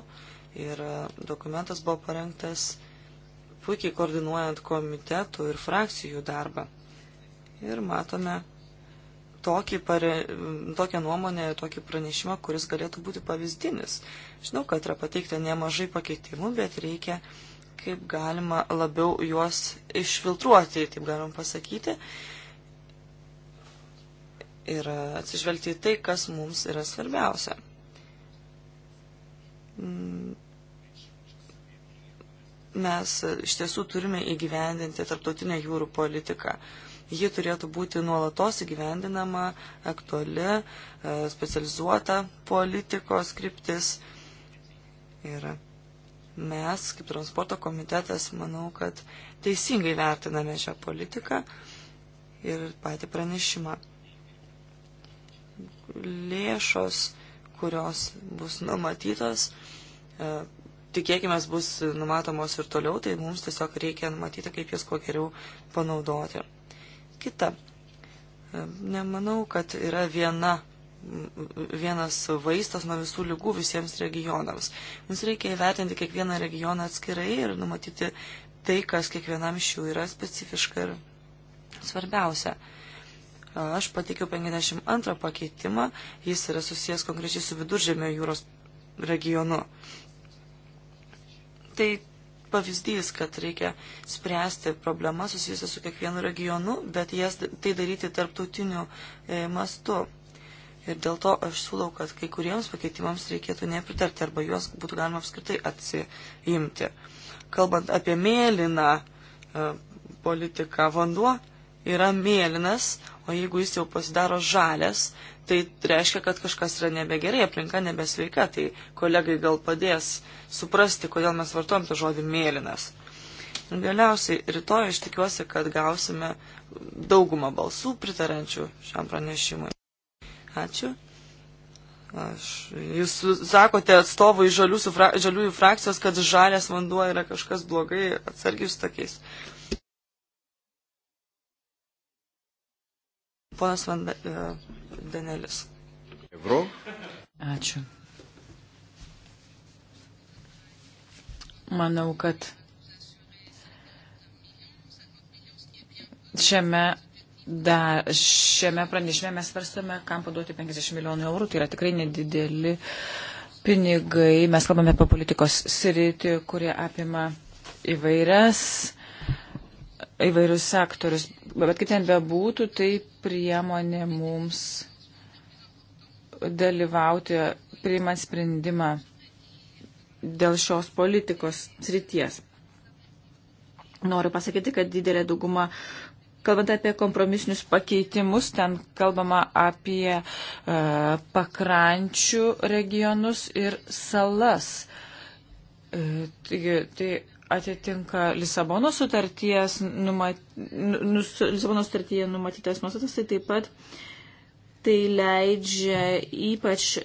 ir e, dokumentas buvo parengtas puikiai koordinuojant komitetų ir frakcijų darbą. Ir matome tokį pare, tokią nuomonę, tokį pranešimą, kuris galėtų būti pavyzdinis. Žinau, kad yra pateikta nemažai pakeitimų, bet reikia kaip galima labiau juos išfiltruoti, taip galim pasakyti, ir atsižvelgti į tai, kas mums yra svarbiausia. Mes iš tiesų turime įgyvendinti tarptautinę jūrų politiką. Ji turėtų būti nuolatos įgyvendinama, aktuali, e, specializuota politikos kryptis. Ir mes, kaip transporto komitetas, manau, kad teisingai vertiname šią politiką ir patį pranešimą. Lėšos, kurios bus numatytos, e, tikėkime, bus numatomos ir toliau, tai mums tiesiog reikia numatyti, kaip jas kuo geriau panaudoti. Kita. E, nemanau, kad yra viena vienas vaistas nuo visų lygų visiems regionams. Mums reikia įvertinti kiekvieną regioną atskirai ir numatyti tai, kas kiekvienam iš jų yra specifiška ir svarbiausia. Aš pateikiau 52 pakeitimą, jis yra susijęs konkrečiai su viduržėmio jūros regionu. Tai pavyzdys, kad reikia spręsti problemas susijusias su kiekvienu regionu, bet jas tai daryti tarptautiniu e, mastu. Ir dėl to aš siūlau, kad kai kuriems pakeitimams reikėtų nepritarti arba juos būtų galima apskritai atsiimti. Kalbant apie mėlyną e, politiką, vanduo yra mėlynas, o jeigu jis jau pasidaro žalias, tai reiškia, kad kažkas yra nebegerai, aplinka nebesveika, tai kolegai gal padės suprasti, kodėl mes vartojam tą žodį mėlynas. Galiausiai rytoj aš tikiuosi, kad gausime daugumą balsų pritarančių šiam pranešimui. Ačiū. Aš, jūs sakote atstovui žalių, fra, žaliųjų frakcijos, kad žalės vanduo yra kažkas blogai, atsargiai su tokiais. Ponas Vandenelis. E, Evro. Ačiū. Manau, kad šiame Da, šiame pranešime mes svarstame, kam paduoti 50 milijonų eurų, tai yra tikrai nedideli pinigai. Mes kalbame apie politikos sritį, kurie apima įvairias, įvairius sektorius. Bet kaip ten bebūtų, tai priemonė mums dalyvauti, priimant sprendimą dėl šios politikos srities. Noriu pasakyti, kad didelė dauguma Kalbant apie kompromisinius pakeitimus, ten kalbama apie e, pakrančių regionus ir salas. E, taigi, tai atitinka Lisabono sutarties, numat, nus, nu, Lisabono sutartyje numatytas nuostatas, tai taip pat tai leidžia ypač e,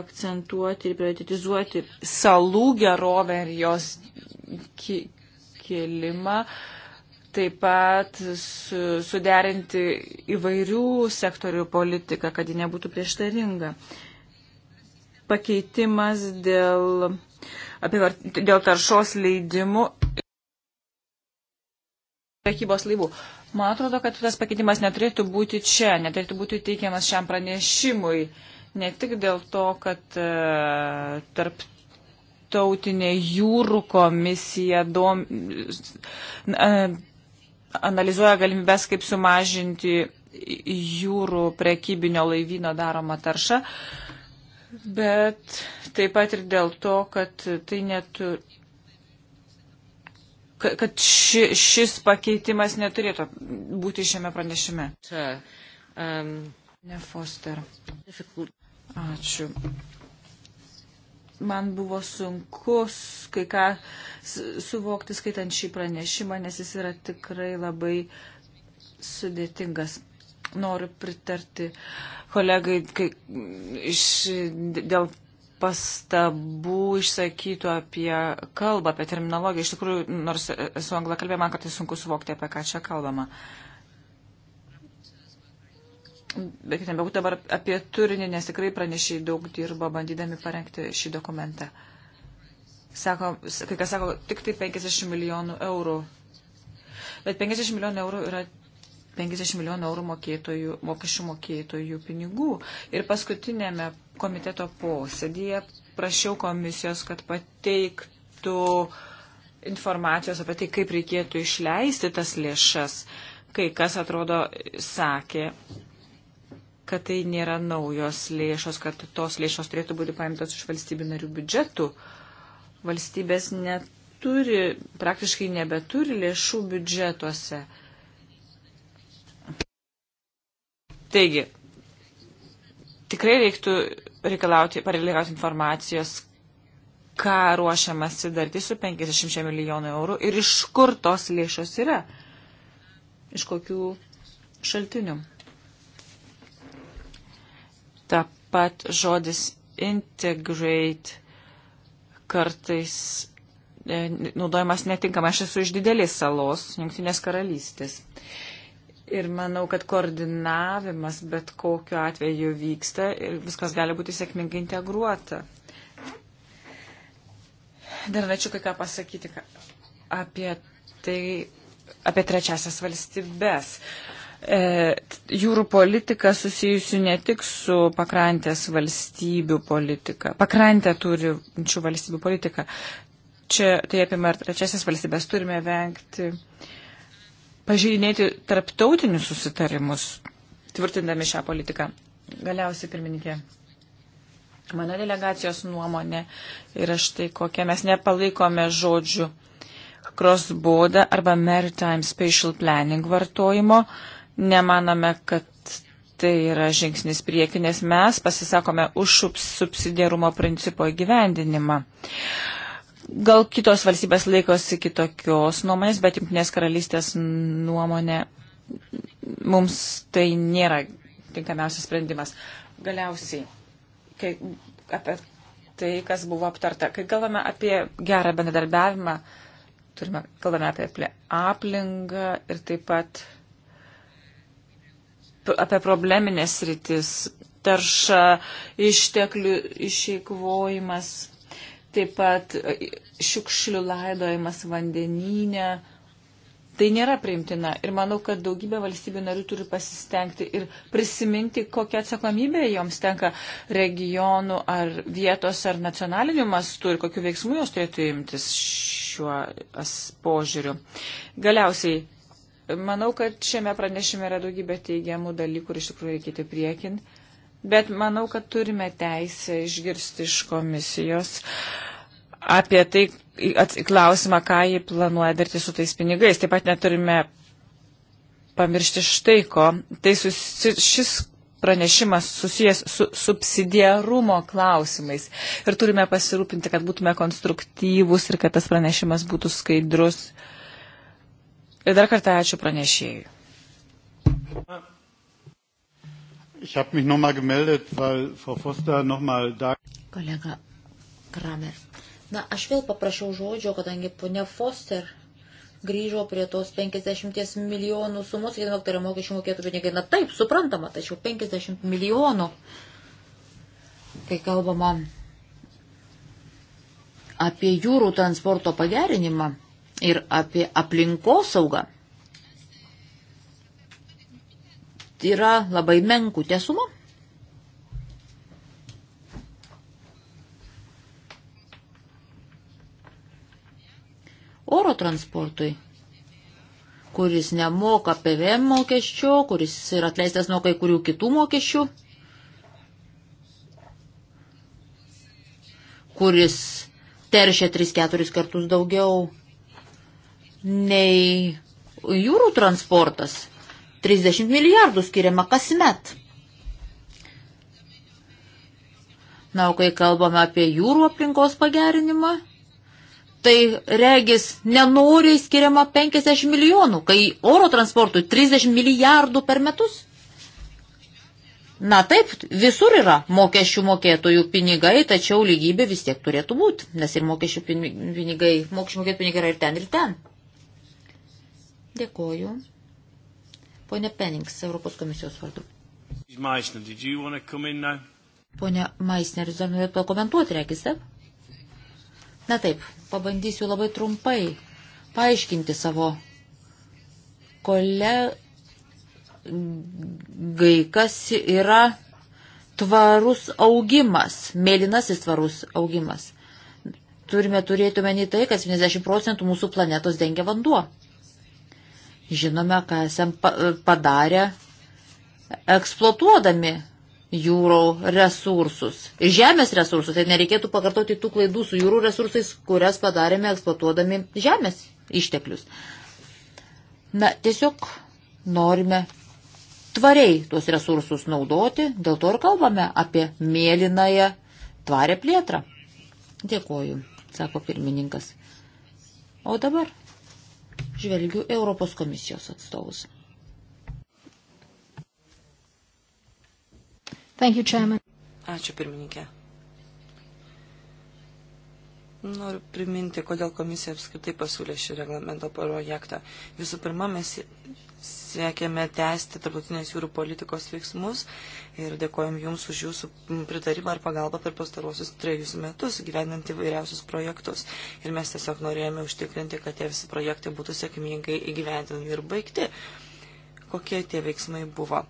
akcentuoti ir prioritizuoti salų gerovę ir jos ki, kilimą. Ki taip pat su, suderinti įvairių sektorių politiką, kad ji nebūtų prieštaringa. Pakeitimas dėl, apie, dėl taršos leidimų prekybos laivų. Man atrodo, kad tas pakeitimas neturėtų būti čia, neturėtų būti teikiamas šiam pranešimui, ne tik dėl to, kad uh, tarptautinė jūrų komisija dom, uh, analizuoja galimybės, kaip sumažinti jūrų prekybinio laivyno daromą taršą, bet taip pat ir dėl to, kad tai netu, kad ši, šis pakeitimas neturėtų būti šiame pranešime. Um, ne Foster. Ačiū man buvo sunkus kai ką suvokti skaitant šį pranešimą, nes jis yra tikrai labai sudėtingas. Noriu pritarti kolegai kai, iš, dėl pastabų išsakytų apie kalbą, apie terminologiją. Iš tikrųjų, nors esu anglakalbė, man kartais sunku suvokti, apie ką čia kalbama. Uh, Bet nebebūtų dabar apie turinį, nes tikrai pranešiai daug dirbo bandydami parengti šį dokumentą. Sako, kai kas sako, tik tai 50 milijonų eurų. Bet 50 milijonų eurų yra 50 milijonų eurų mokėtojų, mokesčių mokėtojų pinigų. Ir paskutinėme komiteto posėdėje prašiau komisijos, kad pateiktų informacijos apie tai, kaip reikėtų išleisti tas lėšas. Kai kas atrodo sakė, kad tai nėra naujos lėšos, kad tos lėšos turėtų būti paimtos iš valstybių narių biudžetų. Valstybės neturi, praktiškai nebeturi lėšų biudžetuose. Taigi, tikrai reiktų reikalauti, pareikalauti informacijos, ką ruošiamasi daryti su 50 milijonų eurų ir iš kur tos lėšos yra, iš kokių šaltinių. Ta pat žodis integrate kartais e, naudojamas netinkamai. Aš esu iš didelės salos, Junktinės karalystės. Ir manau, kad koordinavimas bet kokiu atveju vyksta ir viskas gali būti sėkmingai integruota. Dar norėčiau kai ką pasakyti apie tai, apie trečiasias valstybės. Uh, E, jūrų politika susijusi ne tik su pakrantės valstybių politika, pakrantę turinčių valstybių politika. Čia tai apima ir trečiasis valstybės turime vengti pažeidinėti tarptautinius susitarimus, tvirtindami šią politiką. Galiausiai, pirmininkė, mano delegacijos nuomonė yra štai kokia. Mes nepalaikome žodžių cross-border arba maritime spatial planning vartojimo. Uh, Nemanome, kad tai yra žingsnis prieki, nes mes pasisakome už subsidiarumo principo įgyvendinimą. Gal kitos valstybės laikosi kitokios nuomonės, bet Junktinės karalystės nuomonė mums tai nėra tinkamiausias sprendimas. Galiausiai, kai, apie tai, kas buvo aptarta, kai galvame apie gerą bendradarbiavimą, turime, kalbame apie aplinką ir taip pat apie probleminės rytis, tarša, išteklių išeikvojimas, taip pat e, šiukšlių laidojimas vandenyne. Tai nėra priimtina ir manau, kad daugybė valstybių narių turi pasistengti ir prisiminti, kokia atsakomybė joms tenka regionų ar vietos ar nacionalinių mastų ir kokiu veiksmu jos turėtų imtis šiuo požiūriu. Galiausiai Manau, kad šiame pranešime yra daugybė teigiamų dalykų ir iš tikrųjų reikėtų priekin, bet manau, kad turime teisę išgirsti iš komisijos apie tai klausimą, ką jį planuoja daryti su tais pinigais. Taip pat neturime pamiršti štai ko. Tai susi, šis pranešimas susijęs su subsidiarumo klausimais. Ir turime pasirūpinti, kad būtume konstruktyvus ir kad tas pranešimas būtų skaidrus. Uh, Ir dar kartą ačiū pranešėjui. Kolega Kramer. Na, aš vėl paprašau žodžio, kadangi ponia Foster grįžo prie tos 50 milijonų sumos, sakydama, kad tai yra mokesčių mokėtų pinigai. Na taip, suprantama, tačiau 50 milijonų, kai kalbama apie jūrų transporto pagerinimą, ir apie aplinkosaugą yra labai menkų tiesumo. Oro transportui, kuris nemoka PVM mokesčio, kuris yra atleistas nuo kai kurių kitų mokesčių, kuris teršia 3-4 kartus daugiau nei jūrų transportas. 30 milijardų skiriama kasmet. Na, o kai kalbame apie jūrų aplinkos pagerinimą, tai regis nenoriai skiriama 50 milijonų, kai oro transportui 30 milijardų per metus. Na taip, visur yra mokesčių mokėtojų pinigai, tačiau lygybė vis tiek turėtų būti, nes ir mokesčių pinigai, mokesčių mokėtojų pinigai yra ir ten, ir ten. Dėkoju. Pone Penings, Europos komisijos vardu. Meisner, did you want to come in now? Pone Maisner, jūs dar norėtumėte pakomentuoti, reikis, taip? Na taip, pabandysiu labai trumpai paaiškinti savo kolegai, kas yra tvarus augimas, mėlynasis tvarus augimas. Turime turėti omeny tai, kad 70 procentų mūsų planetos dengia vanduo. Žinome, ką esame padarę eksploatuodami jūrų resursus ir žemės resursus. Tai nereikėtų pakartoti tų klaidų su jūrų resursais, kurias padarėme eksploatuodami žemės išteklius. Na, tiesiog norime tvariai tuos resursus naudoti, dėl to ir kalbame apie mėlynąją tvarę plėtrą. Dėkoju, sako pirmininkas. O dabar žvelgiu Europos komisijos atstovus. Thank you, Chairman. Ačiū pirmininkė. Noriu priminti, kodėl komisija apskritai pasiūlė šį reglamento projektą. Visų pirma, mes siekiame tęsti tarptautinės jūrų politikos veiksmus ir dėkojom Jums už Jūsų pritarimą ir pagalbą per pastaruosius trejus metus gyvenant įvairiausius projektus. Ir mes tiesiog norėjome užtikrinti, kad tie visi projektai būtų sėkmingai įgyvendinami ir baigti. Kokie tie veiksmai buvo?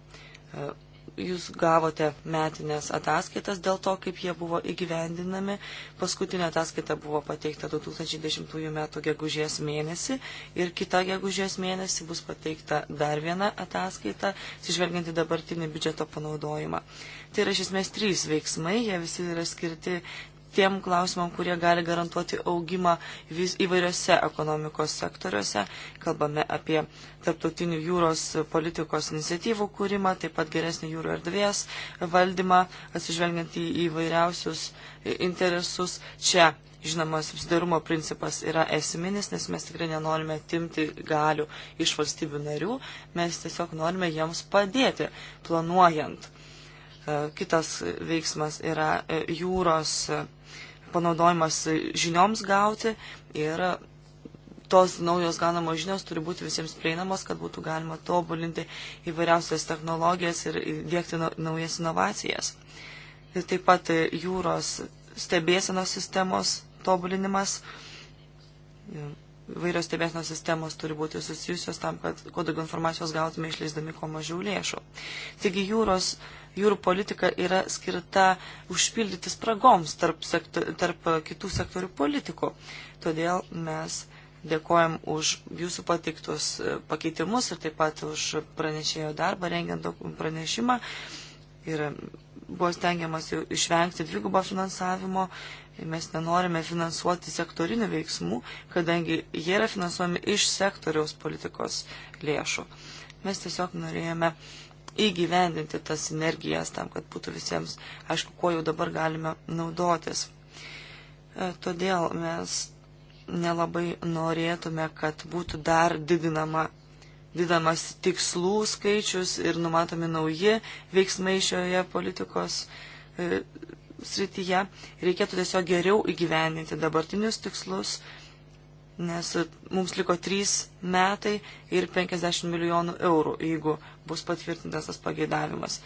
jūs gavote metinės ataskaitas dėl to, kaip jie buvo įgyvendinami. Paskutinė ataskaita buvo pateikta 2010 m. gegužės mėnesį ir kita gegužės mėnesį bus pateikta dar viena ataskaita, sižvelgianti dabartinį biudžeto panaudojimą. Tai yra iš esmės trys veiksmai, jie visi yra skirti tiem klausimam, kurie gali garantuoti augimą vis įvairiose ekonomikos sektoriuose. Kalbame apie tarptautinių jūros politikos iniciatyvų kūrimą, taip pat geresnį jūrų erdvės valdymą, atsižvelgiant į įvairiausius interesus. Čia, žinoma, subsidarumo principas yra esminis, nes mes tikrai nenorime timti galių iš valstybių narių, mes tiesiog norime jiems padėti planuojant. Kitas veiksmas yra jūros panaudojimas žinioms gauti ir tos naujos gaunamos žinios turi būti visiems prieinamos, kad būtų galima tobulinti įvairiausias technologijas ir dėkti naujas inovacijas. Ir taip pat jūros stebėsenos sistemos tobulinimas, vairios stebėsnos sistemos turi būti susijusios tam, kad kuo daugiau informacijos gautume išleisdami kuo mažiau lėšų. Taigi jūros, jūrų politika yra skirta užpildyti spragoms tarp, sektor, tarp kitų sektorių politikų. Todėl mes dėkojam už jūsų patiktus e, pakeitimus ir taip pat už pranešėjo darbą rengiant pranešimą. Ir buvo stengiamas jau išvengti dvigubo finansavimo Mes nenorime finansuoti sektorinių veiksmų, kadangi jie yra finansuojami iš sektoriaus politikos lėšų. Mes tiesiog norėjome įgyvendinti tas energijas tam, kad būtų visiems aišku, kuo jau dabar galime naudotis. E, todėl mes nelabai norėtume, kad būtų dar didinama, didinamas tikslų skaičius ir numatomi nauji veiksmai šioje politikos e, srityje. Reikėtų tiesiog geriau įgyvendinti dabartinius tikslus, nes mums liko 3 metai ir 50 milijonų eurų, jeigu bus patvirtintas tas pageidavimas.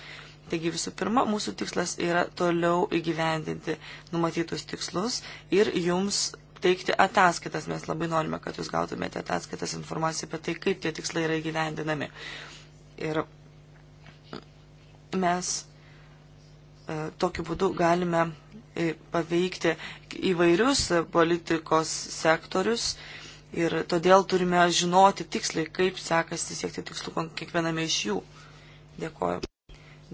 Taigi visų pirma, mūsų tikslas yra toliau įgyvendinti numatytus tikslus ir jums teikti ataskaitas. Mes labai norime, kad jūs gautumėte ataskaitas informaciją apie tai, kaip tie tikslai yra įgyvendinami. Ir mes E, tokiu būdu galime e, paveikti įvairius politikos sektorius ir todėl turime žinoti tiksliai, kaip sekasi siekti tikslų kiekviename iš jų. Dėkoju.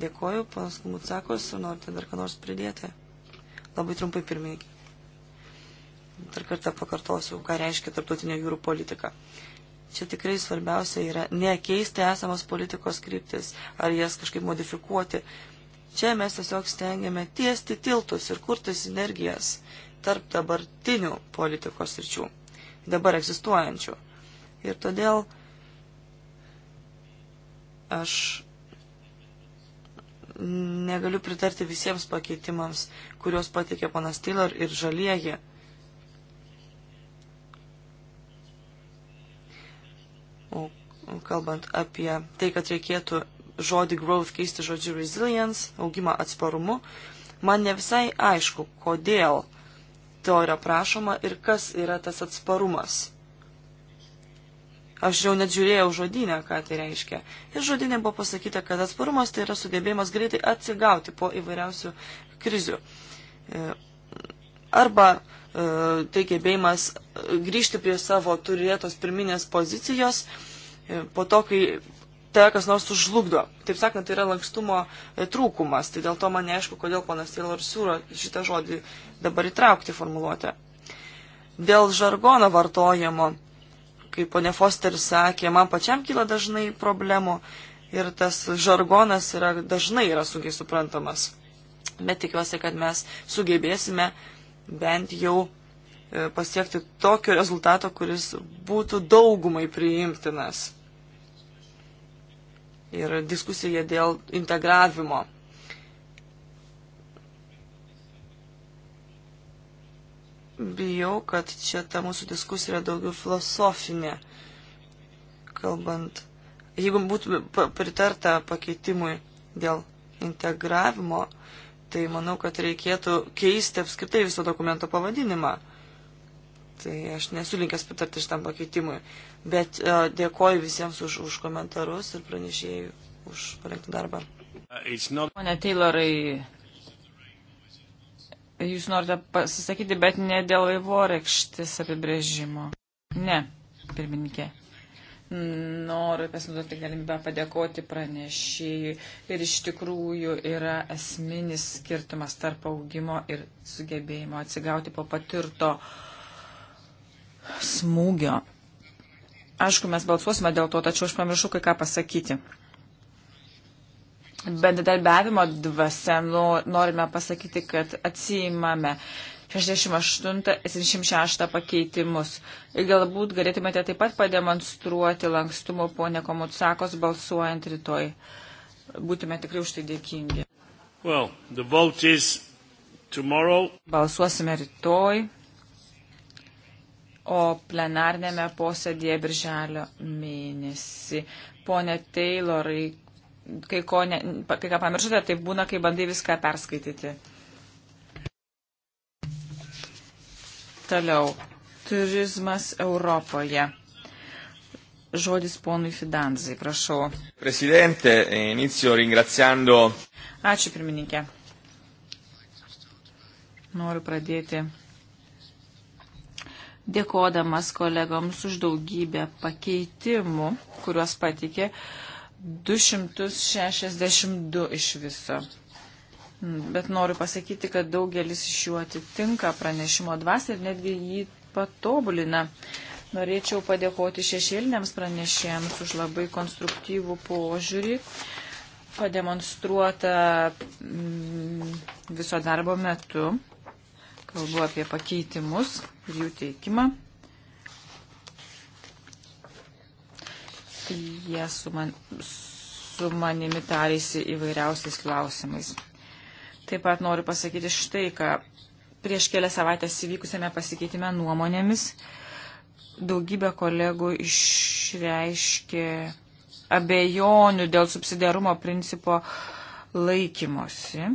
Dėkoju, panas Kumutsakos, ar norite dar ką nors pridėti? Labai trumpai pirmininkai. Dar kartą pakartosiu, ką reiškia tarptautinė jūrų politika. Čia tikrai svarbiausia yra nekeisti esamos politikos kryptis, ar jas kažkaip modifikuoti, Čia mes tiesiog stengiame tiesti tiltus ir kurti sinergijas tarp dabartinių politikos ryčių, dabar egzistuojančių. Ir todėl aš negaliu pritarti visiems pakeitimams, kuriuos patikė panas Taylor ir žalieji. O kalbant apie tai, kad reikėtų žodį growth keisti žodžiu resilience, augimą atsparumu, man ne visai aišku, kodėl to yra prašoma ir kas yra tas atsparumas. Aš jau net žiūrėjau žodinę, ką tai reiškia. Ir žodinė buvo pasakyta, kad atsparumas tai yra sugebėjimas greitai atsigauti po įvairiausių krizių. E, arba e, tai gebėjimas e, grįžti prie savo turėtos pirminės pozicijos po to, kai tave kas nors užlugdo. Taip sakant, tai yra lankstumo e, trūkumas. Tai dėl to man neaišku, kodėl ponas Taylor siūlo šitą žodį dabar įtraukti formuluotę. Dėl žargono vartojimo, kaip ponė Foster sakė, man pačiam kyla dažnai problemų ir tas žargonas yra, dažnai yra sunkiai suprantamas. Bet tikiuosi, kad mes sugebėsime bent jau e, pasiekti tokio rezultato, kuris būtų daugumai priimtinas ir diskusija dėl integravimo. Bijau, kad čia ta mūsų diskusija yra daugiau filosofinė, kalbant. Jeigu būtų pritarta pakeitimui dėl integravimo, tai manau, kad reikėtų keisti apskritai viso dokumento pavadinimą. Tai aš nesu linkęs pritarti šitam pakeitimui. Bet uh, dėkoju visiems už, už komentarus ir pranešėjų už parengtą darbą. Uh, not... Pone Taylorai, jūs norite pasisakyti, bet ne dėl vaivorykštės apibrėžimo. Ne, pirmininkė. Noriu pasinaudoti galimybę padėkoti pranešėjui ir iš tikrųjų yra esminis skirtumas tarp augimo ir sugebėjimo atsigauti po patirto uh, smūgio. Aišku, mes balsuosime dėl to, tačiau aš pamiršau kai ką pasakyti. Bendradarbiavimo dvasia nu, norime pasakyti, kad atsijimame 68-76 pakeitimus. Ir galbūt galėtumėte taip pat pademonstruoti lankstumo ponė Komutsakos balsuojant rytoj. Būtume tikrai už tai dėkingi. Well, Balsuosime rytoj o plenarnėme posėdėje birželio mėnesį. Pone Taylorai, kai, ko ne, kai ką pamiršote, tai būna, kai bandai viską perskaityti. Toliau. Turizmas Europoje. Žodis ponui Fidanzai, prašau. Presidente, inizio ringraziando. Ačiū, pirmininkė. Noriu pradėti dėkodamas kolegoms už daugybę pakeitimų, kuriuos patikė 262 iš viso. Bet noriu pasakyti, kad daugelis iš jų atitinka pranešimo dvasę ir netgi jį patobulina. Norėčiau padėkoti šešėliniams pranešėjams už labai konstruktyvų požiūrį, pademonstruotą mm, viso darbo metu. Kalbu apie pakeitimus ir jų teikimą. Jie su, man, su manimi tarėsi įvairiausiais klausimais. Taip pat noriu pasakyti štai, ką prieš kelias savaitės įvykusiame pasikeitime nuomonėmis daugybė kolegų išreiškė abejonių dėl subsidiarumo principo laikymosi.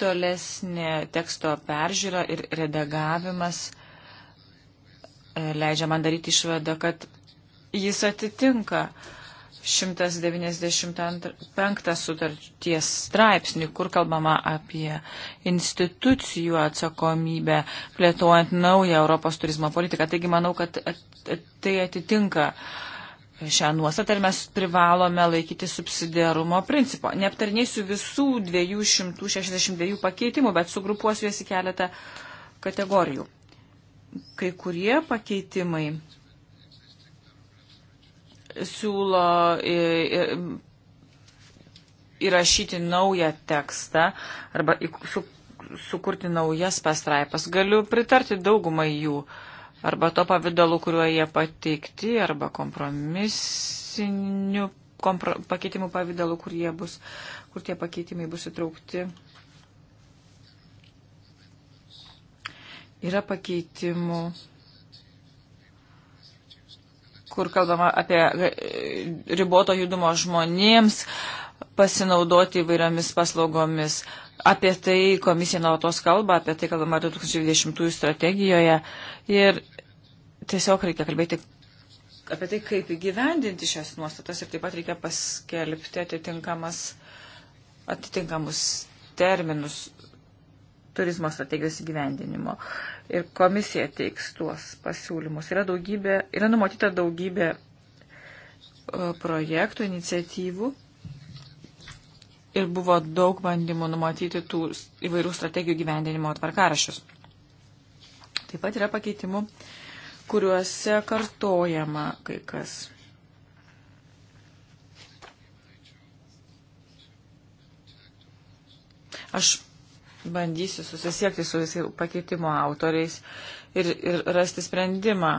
Tolesnė teksto peržiūra ir redagavimas e, leidžia man daryti išvadą, kad jis atitinka 195 sutarties straipsnį, kur kalbama apie institucijų atsakomybę, plėtojant naują Europos turizmo politiką. Taigi manau, kad tai atitinka uh, šią nuostatą ir mes privalome laikyti subsidiarumo principo. Neaptarnėsiu visų 262 pakeitimų, bet sugrupuosiu jas į keletą kategorijų. Kai kurie pakeitimai siūlo e, e, įrašyti naują tekstą arba sukurti naujas pastraipas. Galiu pritarti daugumai jų. Uh, arba to pavydalu, kuriuo jie pateikti, arba kompromisinių kompro, pakeitimų pavydalu, kur, bus, kur tie pakeitimai bus įtraukti. Yra pakeitimų, kur kalbama apie e, riboto judumo žmonėms pasinaudoti įvairiomis paslaugomis. Apie tai komisija nuolatos kalba, apie tai kalbama 2020 strategijoje. Ir tiesiog reikia kalbėti apie tai, kaip įgyvendinti šias nuostatas ir taip pat reikia paskelbti atitinkamas, atitinkamus terminus turizmo strategijos įgyvendinimo. Ir komisija teiks tuos pasiūlymus. Yra, daugybė, yra numatyta daugybė projektų, iniciatyvų. Ir buvo daug bandymų numatyti tų įvairių strategijų gyvendinimo tvarkarašius. Taip pat yra pakeitimų uh, kuriuose kartojama kai kas. Aš bandysiu susisiekti su visais pakeitimo autoriais ir, ir rasti sprendimą.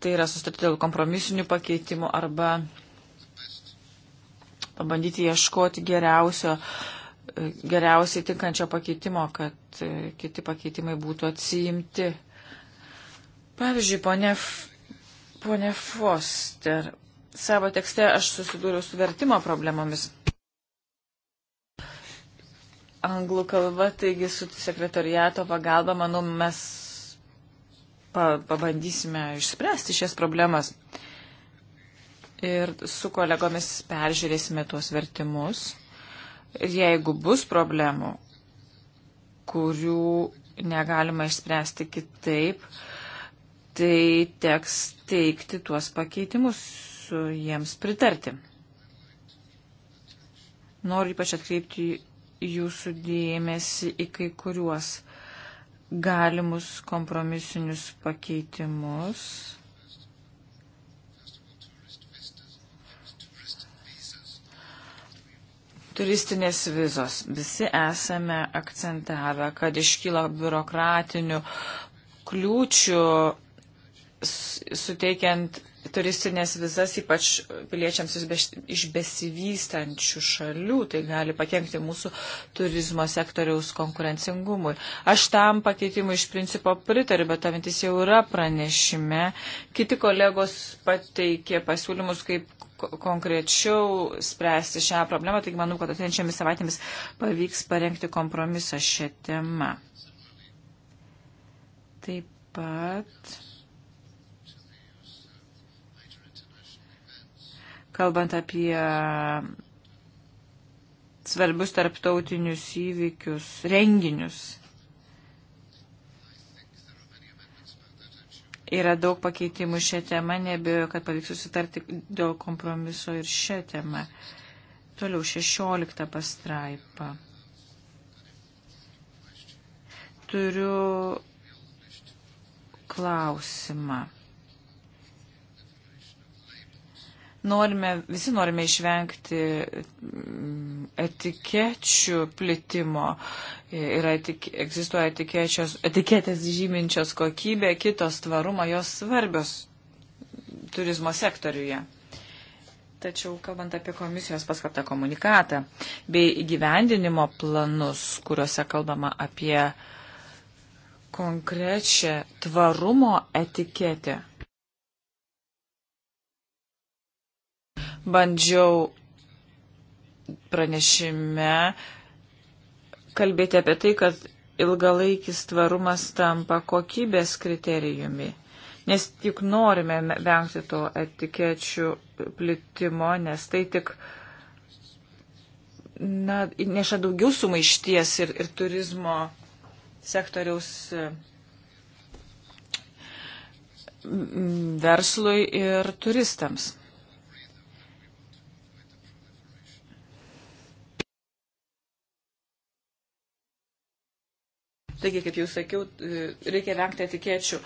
Tai yra sustatyti dėl kompromisinių pakeitimų arba pabandyti ieškoti geriausio, geriausiai tinkančio pakeitimo, kad e, kiti pakeitimai būtų atsiimti. Pavyzdžiui, ponė, ponė Foster, savo tekste aš susidūriau su vertimo problemomis. Anglų kalba, taigi su sekretariato pagalba, manau, mes pa, pabandysime išspręsti šias problemas. Ir su kolegomis peržiūrėsime tuos vertimus. Ir jeigu bus problemų, kurių negalima išspręsti kitaip, uh, tai teks teikti tuos pakeitimus, jiems pritarti. Noriu ypač atkreipti jūsų dėmesį į kai kuriuos galimus kompromisinius pakeitimus. Turistinės vizos. Visi esame akcentavę, kad iškyla biurokratinių kliūčių suteikiant turistinės vizas, ypač piliečiams iš besivystančių šalių, tai gali pakengti mūsų turizmo sektoriaus konkurencingumui. Aš tam pakeitimui iš principo pritariu, bet ta mintis jau yra pranešime. Kiti kolegos pateikė pasiūlymus, kaip konkrečiau spręsti šią problemą, taigi manau, kad atėjančiamis savaitėmis pavyks parengti kompromisą šią temą. Taip pat kalbant apie svarbius tarptautinius įvykius, renginius. Yra daug pakeitimų šią temą, nebejoju, kad pavyks susitarti dėl kompromiso ir šią temą. Toliau 16 pastraipa. Turiu klausimą. norime, visi norime išvengti mm, etikečių plitimo. Yra etik, egzistuoja etiketės žyminčios kokybę, kitos tvarumą, jos svarbios turizmo sektoriuje. Tačiau, kalbant apie komisijos paskartą komunikatą bei įgyvendinimo planus, kuriuose kalbama apie konkrečią tvarumo etiketę, bandžiau pranešime kalbėti apie tai, kad ilgalaikis tvarumas tampa kokybės kriterijumi. Nes tik norime vengti to etikečių plitimo, nes tai tik na, neša daugiau sumaišties ir, ir turizmo sektoriaus verslui ir turistams. Taigi, kaip jau sakiau, e, reikia vengti etikėčių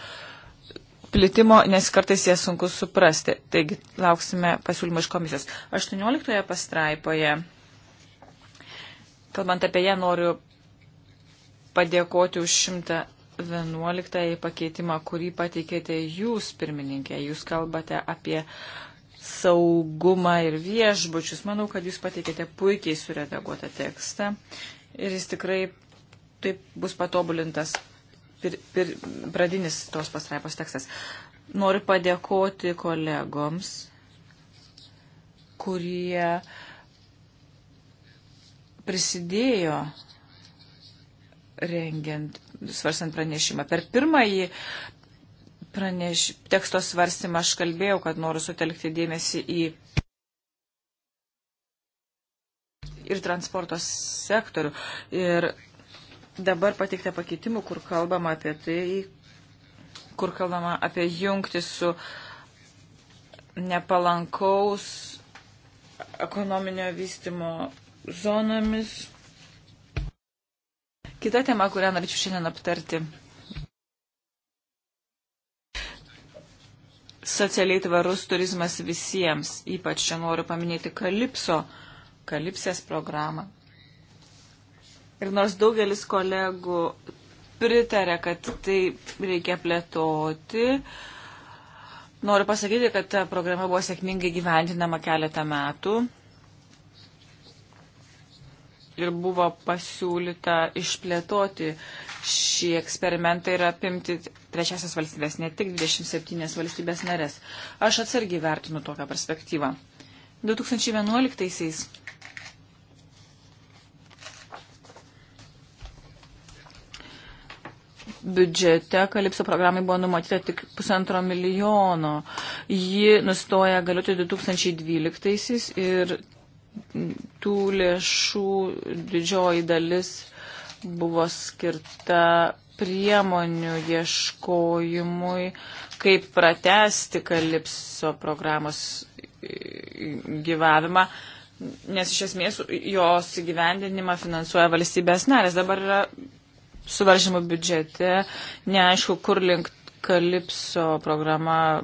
plitimo, nes kartais jie sunku suprasti. Taigi, lauksime pasiūlymų iš komisijos. 18 pastraipoje, kalbant apie ją, noriu padėkoti už 111 pakeitimą, kurį pateikėte jūs, pirmininkė. Jūs kalbate apie saugumą ir viešbučius. Manau, kad jūs pateikėte puikiai suredaguotą tekstą ir jis tikrai taip bus patobulintas pir, pir, pradinis tos pastraipos tekstas. Noriu padėkoti kolegoms, kurie prisidėjo rengiant, svarstant pranešimą. Per pirmąjį praneš, teksto svarstymą aš kalbėjau, kad noriu sutelkti dėmesį į ir transporto sektorių. Ir dabar pateikta pakeitimų, kur kalbama apie tai, kur kalbama apie jungti su nepalankaus ekonominio vystimo zonomis. Kita tema, kurią norėčiau šiandien aptarti. Socialiai tvarus turizmas visiems, ypač čia noriu paminėti Kalipso, Kalipsės programą. Ir nors daugelis kolegų pritarė, kad tai reikia plėtoti, noriu pasakyti, kad ta programa buvo sėkmingai gyventinama keletą metų. Ir buvo pasiūlyta išplėtoti šį eksperimentą ir apimti trečiasias valstybės, ne tik 27 valstybės narės. Aš atsargiai vertinu tokią perspektyvą. 2011-aisiais biudžete Kalipso programai buvo numatyta tik pusantro milijono. Ji nustoja galioti 2012 ir tų lėšų didžioji dalis buvo skirta priemonių ieškojimui, kaip pratesti Kalipso programos gyvavimą, nes iš esmės jos gyvendinimą finansuoja valstybės narės. Dabar yra suvaržymų biudžete, neaišku, kur link Kalipso programa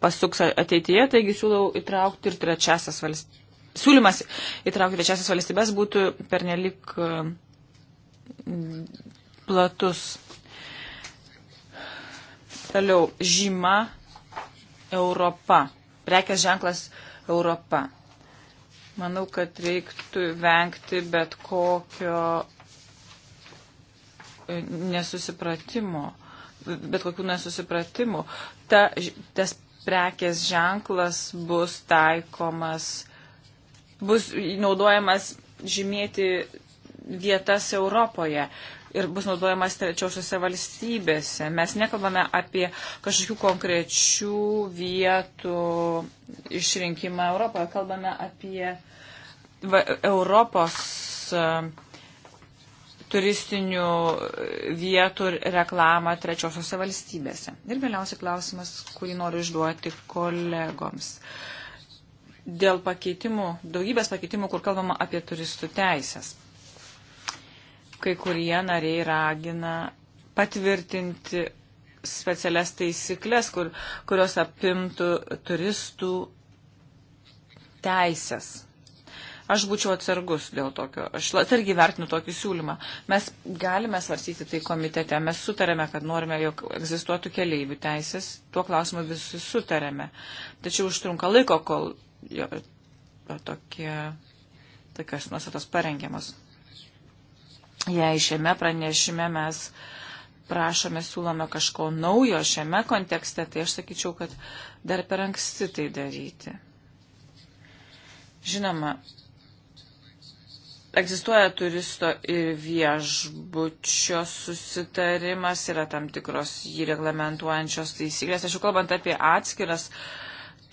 pasuks ateityje, taigi siūlau įtraukti ir trečiasias valstybės. Siūlymas įtraukti trečiasias valstybės būtų pernelik e, platus. Toliau, žyma Europa. Prekės ženklas Europa. Manau, kad reiktų vengti bet kokio nesusipratimo, bet kokių nesusipratimų. Ta, tas prekės ženklas bus taikomas, bus naudojamas žymėti vietas Europoje ir bus naudojamas trečiosiuose valstybėse. Mes nekalbame apie kažkokių konkrečių vietų išrinkimą Europoje, kalbame apie va, Europos turistinių vietų reklamą trečiosiose valstybėse. Ir galiausiai klausimas, kurį noriu išduoti kolegoms. Dėl pakeitimų, daugybės pakeitimų, kur kalbama apie turistų teisės. Kai kurie nariai ragina patvirtinti specialias taisyklės, kur, kurios apimtų turistų teisės. Aš būčiau atsargus dėl tokio, aš atsargiai vertinu tokį siūlymą. Mes galime svarstyti tai komitete, mes sutarėme, kad norime, jog egzistuotų keleivių teisės, tuo klausimu visi sutarėme. Tačiau užtrunka laiko, kol jo, tokie, tokios nuostatos parengiamos. Jei šiame pranešime mes prašome, siūlome kažko naujo šiame kontekste, tai aš sakyčiau, kad dar per anksti tai daryti. Žinoma, egzistuoja turisto ir viešbučio susitarimas, yra tam tikros jį reglamentuojančios taisyklės. Aš jau kalbant apie atskiras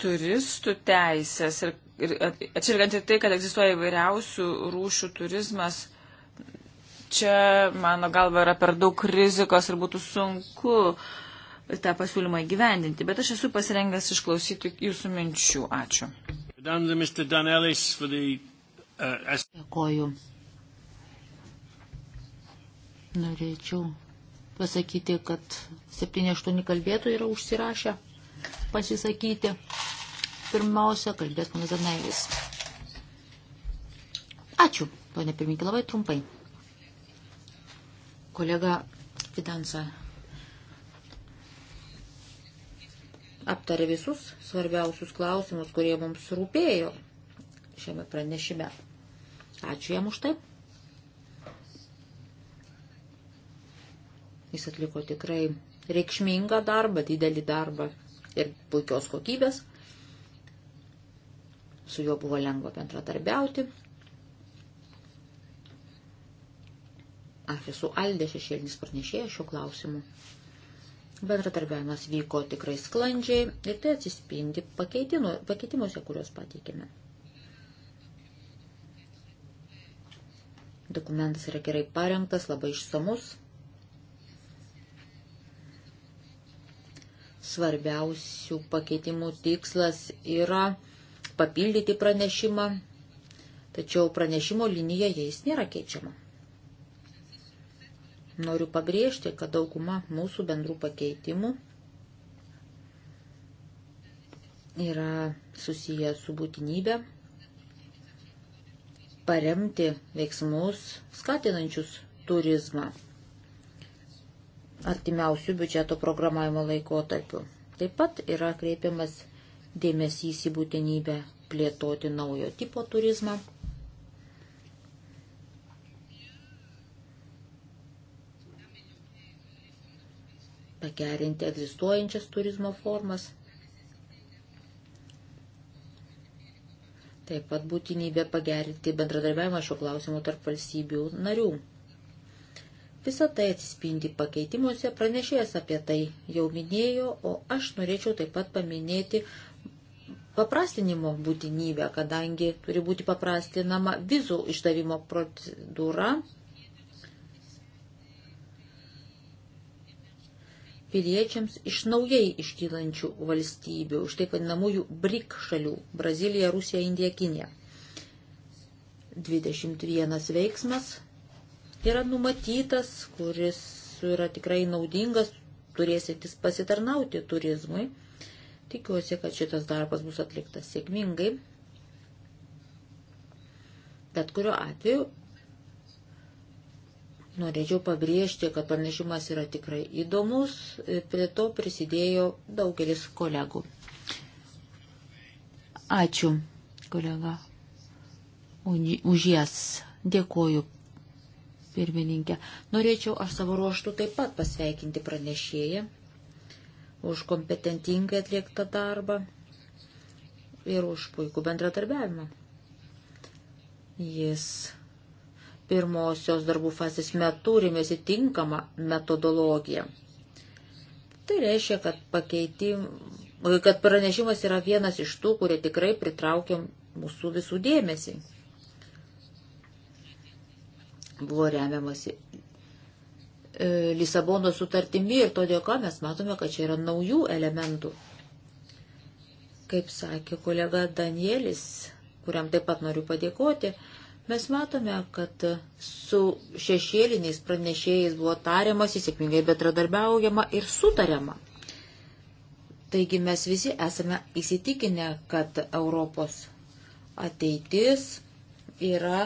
turistų teisės ir, ir atsižvelgiant į tai, kad egzistuoja įvairiausių rūšių turizmas, čia, mano galva, yra per daug rizikos ir būtų sunku tą pasiūlymą įgyvendinti. Bet aš esu pasirengęs išklausyti jūsų minčių. Ačiū. Done, Uh, Dėkoju. Norėčiau pasakyti, kad 7-8 kalbėtojų yra užsirašę pasisakyti. Pirmiausia, kalbės panas Arnaivis. Ačiū, ponė pirminkė, labai trumpai. Kolega Fidansa aptarė visus svarbiausius klausimus, kurie mums rūpėjo šiame pranešime. Ačiū jam už tai. Jis atliko tikrai reikšmingą darbą, didelį darbą ir puikios kokybės. Su juo buvo lengva bendradarbiauti. Aš esu Aldė šešėlinis pranešėjas šiuo klausimu. Bendradarbiavimas vyko tikrai sklandžiai ir tai atsispindi pakeitimuose, kuriuos pateikėme. Dokumentas yra gerai parengtas, labai išsamus. Svarbiausių pakeitimų tikslas yra papildyti pranešimą, tačiau pranešimo linija jais nėra keičiama. Noriu pabrėžti, kad dauguma mūsų bendrų pakeitimų yra susiję su būtinybė paremti veiksmus skatinančius turizmą artimiausių biudžeto programavimo laikotarpių. Taip pat yra kreipiamas dėmesys į būtinybę plėtoti naujo tipo turizmą. Pagerinti egzistuojančias turizmo formas. Taip pat būtinybė pagerinti bendradarbiavimą šio klausimo tarp valstybių narių. Visą tai atsispindi pakeitimuose, pranešėjas apie tai jau minėjo, o aš norėčiau taip pat paminėti paprastinimo būtinybę, kadangi turi būti paprastinama vizų išdavimo procedūra piliečiams iš naujai iškylančių valstybių, iš taip vadinamųjų BRIC šalių - Brazilija, Rusija, Indija, Kinija. 21 veiksmas yra numatytas, kuris yra tikrai naudingas, turėsintis pasitarnauti turizmui. Tikiuosi, kad šitas darbas bus atliktas sėkmingai. Bet kuriuo atveju Norėčiau pabrėžti, kad pranešimas yra tikrai įdomus, prie to prisidėjo daugelis kolegų. Ačiū, kolega, už jas. Dėkoju, pirmininkė. Norėčiau aš savo ruoštų taip pat pasveikinti pranešėją už kompetentingai atliektą darbą ir už puikų bendradarbiavimą. Jis pirmosios darbų fazės metu rėmėsi tinkama metodologija. Tai reiškia, kad, pakeitim, kad pranešimas yra vienas iš tų, kurie tikrai pritraukia mūsų visų dėmesį. Buvo remiamasi e, Lisabono sutartimi ir todėl, ką mes matome, kad čia yra naujų elementų. Kaip sakė kolega Danielis, kuriam taip pat noriu padėkoti, e, Mes matome, kad su šešėliniais pranešėjais buvo tariamas, įsėkmingai betradarbiaujama ir sutariama. Taigi mes visi esame įsitikinę, kad Europos ateitis yra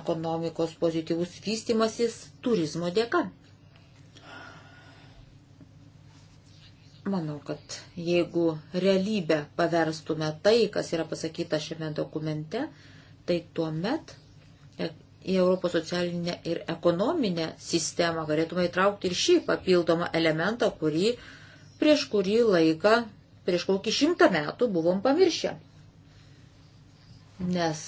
ekonomikos pozityvus vystimasis turizmo dėka. manau, kad jeigu realybę paverstume tai, kas yra pasakyta šiame dokumente, tai tuo met į Europos socialinę ir ekonominę sistemą galėtume įtraukti ir šį papildomą elementą, kurį prieš kurį laiką, prieš kokį šimtą metų buvom pamiršę. Nes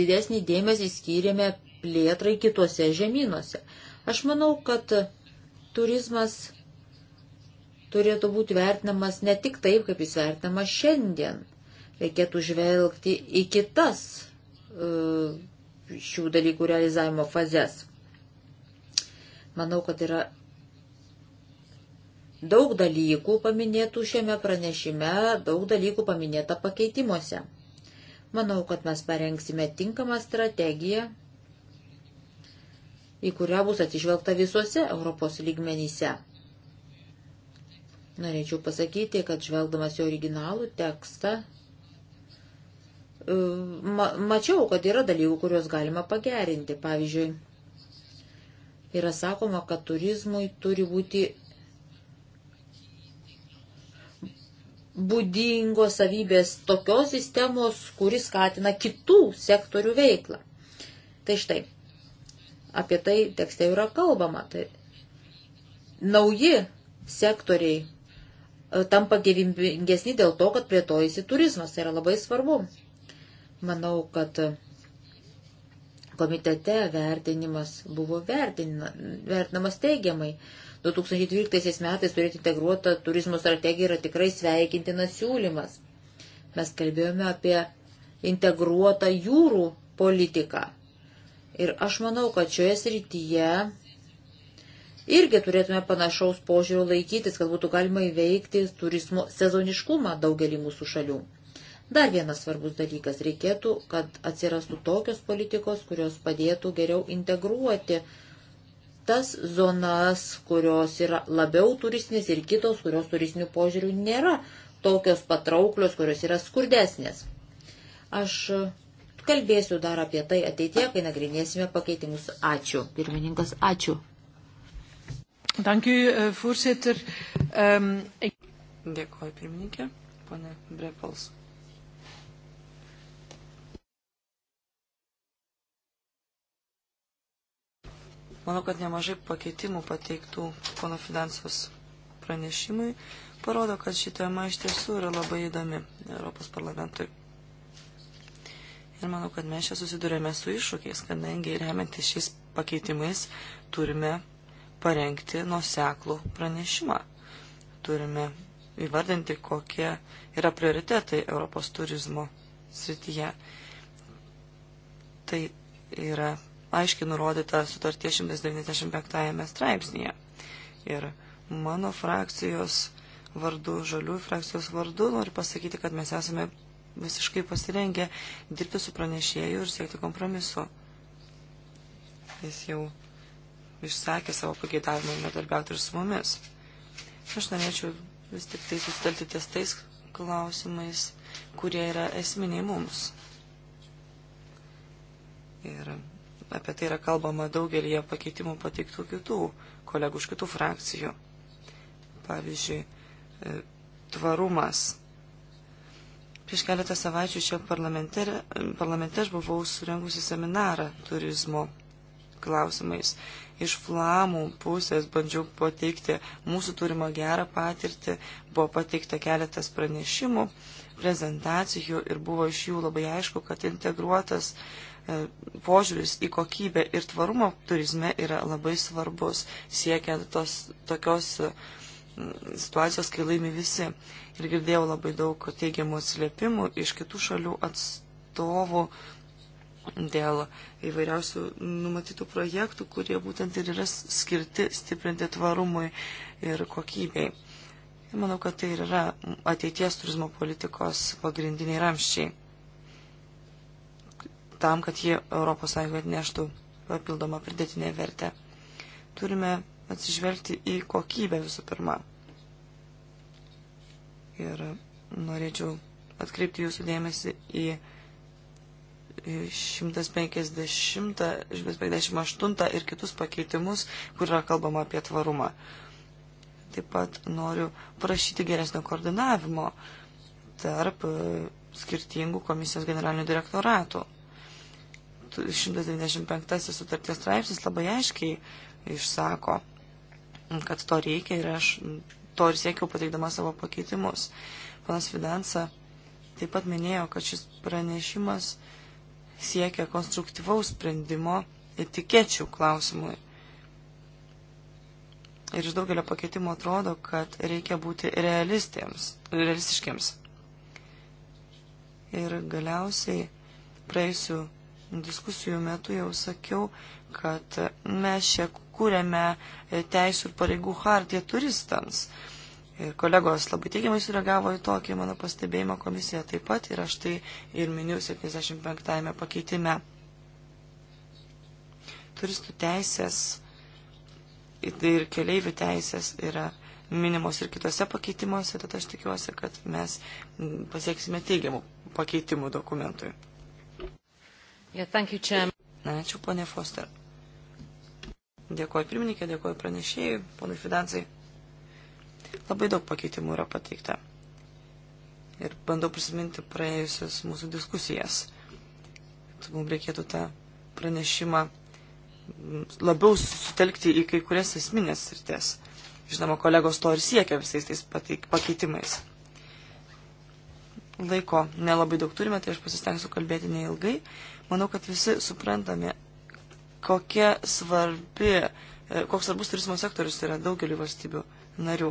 didesnį dėmesį skyrėme plėtrai kitose žemynuose. Aš manau, kad turizmas turėtų būti vertinamas ne tik taip, kaip jis vertinamas šiandien. Reikėtų žvelgti į kitas. Uh, e, šių dalykų realizavimo fazes. Manau, kad yra daug dalykų paminėtų šiame pranešime, daug dalykų paminėta pakeitimuose. Manau, kad mes parengsime tinkamą strategiją, į kurią bus atsižvelgta visuose Europos lygmenyse. Norėčiau pasakyti, kad žvelgdamas į originalų tekstą, ma mačiau, kad yra dalykų, kuriuos galima pagerinti. Pavyzdžiui, yra sakoma, kad turizmui turi būti būdingos savybės tokios sistemos, kuris skatina kitų sektorių veiklą. Tai štai, apie tai tekste yra kalbama. Tai nauji sektoriai e, tampa gyvybingesni dėl to, kad plėtojasi turizmas. Tai yra labai svarbu. Manau, kad komitete vertinimas buvo vertinamas teigiamai. 2012 metais turėti integruotą turizmo strategiją yra tikrai sveikintinas siūlymas. Mes kalbėjome apie integruotą jūrų politiką. Ir aš manau, kad šioje srityje irgi turėtume panašaus požiūrio laikytis, kad būtų galima įveikti turizmo sezoniškumą daugelį mūsų šalių. Dar vienas svarbus dalykas - reikėtų, kad atsirastų tokios politikos, kurios padėtų geriau integruoti tas zonas, kurios yra labiau turistinės ir kitos, kurios turistinių požiūrių nėra tokios patrauklios, kurios yra skurdesnės. Aš kalbėsiu dar apie tai ateitie, kai nagrinėsime pakeitimus. Ačiū. Pirmininkas, ačiū. Dank u, uh, voorzitter. Um, ik... Dėkuoju, pirmininkė, pane Brepals. Manau, kad nemažai pakeitimų pateiktų pono finansos pranešimui parodo, kad ši tema iš tiesų yra labai įdomi Europos parlamentui. Ir manau, kad mes čia susidurėme su iššūkiais, kadangi remiantis šiais pakeitimais turime parengti nuseklų pranešimą. Turime įvardinti, kokie yra prioritetai Europos turizmo srityje. Tai yra aiškiai nurodyta sutarties 195 straipsnėje. Ir mano frakcijos vardu, žalių frakcijos vardu noriu pasakyti, kad mes esame visiškai pasirengę dirbti su pranešėju ir siekti kompromisu. Jis jau išsakė savo pageidavimą bendradarbiauti ir su mumis. Aš norėčiau vis tik tai susitarti ties tais klausimais, kurie yra esminiai mums. Ir apie tai yra kalbama daugelį pakeitimų pateiktų kitų kolegų iš kitų frakcijų. Pavyzdžiui, e, tvarumas. Prieš keletą savaičių čia parlamente, parlamente aš buvau surengusi seminarą turizmo klausimais. Iš flamų pusės bandžiau pateikti mūsų turimą gerą patirtį, buvo pateikta keletas pranešimų, prezentacijų ir buvo iš jų labai aišku, kad integruotas E, požiūris į kokybę ir tvarumą turizme yra labai svarbus, siekiant tos tokios e, situacijos, kai laimi visi. Ir girdėjau labai daug teigiamų atsiliepimų iš kitų šalių atstovų dėl įvairiausių numatytų projektų, kurie būtent ir yra skirti stiprinti tvarumui ir kokybei. Ir manau, kad tai ir yra ateities turizmo politikos pagrindiniai ramščiai tam, kad jie ES atneštų papildomą pridėtinę vertę. Turime atsižvelgti į kokybę visų pirma. Ir norėčiau atkreipti jūsų dėmesį į 150, 158 ir kitus pakeitimus, kur yra kalbama apie tvarumą. Taip pat noriu prašyti geresnio koordinavimo tarp skirtingų komisijos generalinių direktoratų. 195 sutarties straipsnis labai aiškiai išsako, kad to reikia ir aš to ir siekiau pateikdama savo pakeitimus. Panas Fidansa taip pat minėjo, kad šis pranešimas siekia konstruktyvaus sprendimo etikečių klausimui. Ir iš daugelio pakeitimų atrodo, kad reikia būti realistiškiams. Ir galiausiai praėjusiu diskusijų metu jau sakiau, kad mes čia kūrėme teisų ir pareigų hartiją turistams. Ir kolegos labai teigiamai sureagavo į tokį mano pastebėjimą komisiją taip pat ir aš tai ir miniu 75-ame pakeitime. Turistų teisės ir keleivių teisės yra minimos ir kitose pakeitimuose, tad aš tikiuosi, kad mes pasieksime teigiamų pakeitimų dokumentui. Yeah, thank you, Chair. Ačiū, ponė Foster. Dėkuoju pirmininkė, dėkuoju pranešėjui, ponui Fidansai. Labai daug pakeitimų yra pateikta. Ir bandau prisiminti praėjusias mūsų diskusijas. Tai mums reikėtų tą pranešimą labiau sutelkti į kai kurias esminės sritis. Žinoma, kolegos to ir siekia visais tais pateik, pakeitimais. Laiko nelabai daug turime, tai aš pasistengsiu kalbėti neilgai. Manau, kad visi suprantame, kokia svarbi, e, koks svarbus turizmo sektorius yra daugeliu valstybių narių.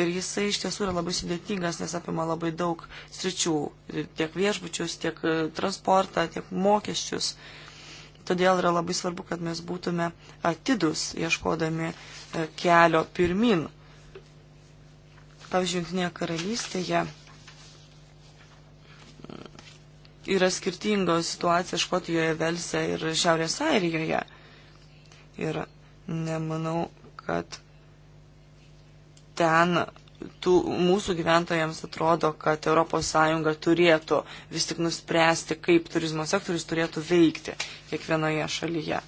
Ir jisai iš tiesų yra labai sudėtingas, nes apima labai daug sričių, tiek viešbučius, tiek e, transportą, tiek mokesčius. Todėl yra labai svarbu, kad mes būtume atidus, ieškodami e, kelio pirmin. Pavyzdžiui, Junktinėje karalystėje yra skirtingos situacijos Škotijoje, Velse ir Šiaurės Airijoje. Ir nemanau, kad ten tų, mūsų gyventojams atrodo, kad ES turėtų vis tik nuspręsti, kaip turizmo sektorius turėtų veikti kiekvienoje šalyje.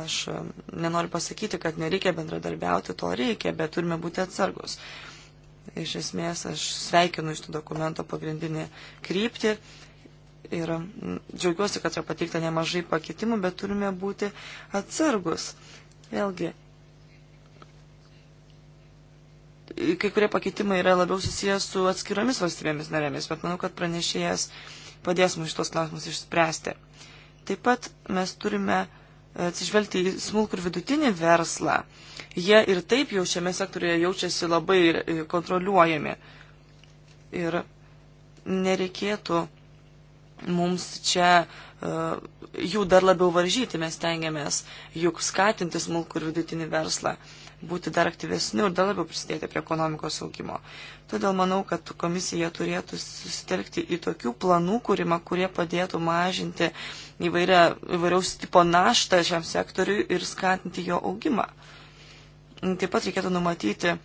Aš um, nenoriu pasakyti, kad nereikia bendradarbiauti, to reikia, bet turime būti atsargus. Uh, Iš esmės aš sveikinu iš to dokumento pagrindinį kryptį ir mm, džiaugiuosi, kad yra pateikta nemažai pakeitimų, bet turime būti atsargus. Vėlgi, kai kurie pakeitimai yra labiau susijęs su atskiromis valstybėmis narėmis, bet manau, kad pranešėjas padės mums šitos klausimus išspręsti. Taip pat mes turime atsižvelgti į smulkų ir vidutinį verslą. Jie ir taip jau šiame sektorėje jaučiasi labai e, kontroliuojami. Ir nereikėtų mums čia uh, jų dar labiau varžyti, mes tengiamės juk skatinti smulkų ir vidutinį verslą. Uh, būti dar aktyvesniu ir dar labiau prisidėti prie ekonomikos augimo. Todėl manau, kad komisija turėtų susitelkti į tokių planų kūrimą, kurie padėtų mažinti įvairia, įvairiaus tipo naštą šiam sektoriui ir skatinti jo augimą. Taip pat reikėtų numatyti e,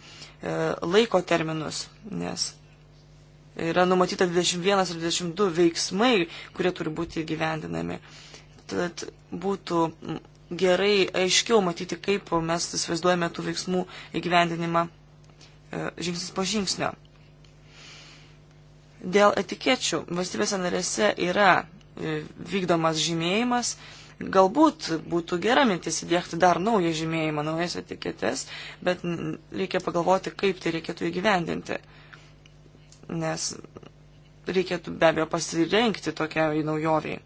laiko terminus, nes yra numatyta 21 ir 22 veiksmai, kurie turi būti gyvendinami. Tad būtų gerai, aiškiau matyti, kaip mes įsivaizduojame tų veiksmų įgyvendinimą e, žingsnis po žingsnio. Dėl etikečių valstybėse narėse yra e, vykdomas žymėjimas. Galbūt būtų gera mintis įdėkti dar naują žymėjimą, naujas etiketes, bet reikia pagalvoti, kaip tai reikėtų įgyvendinti. Nes reikėtų be abejo pasirenkti tokiai naujoviai.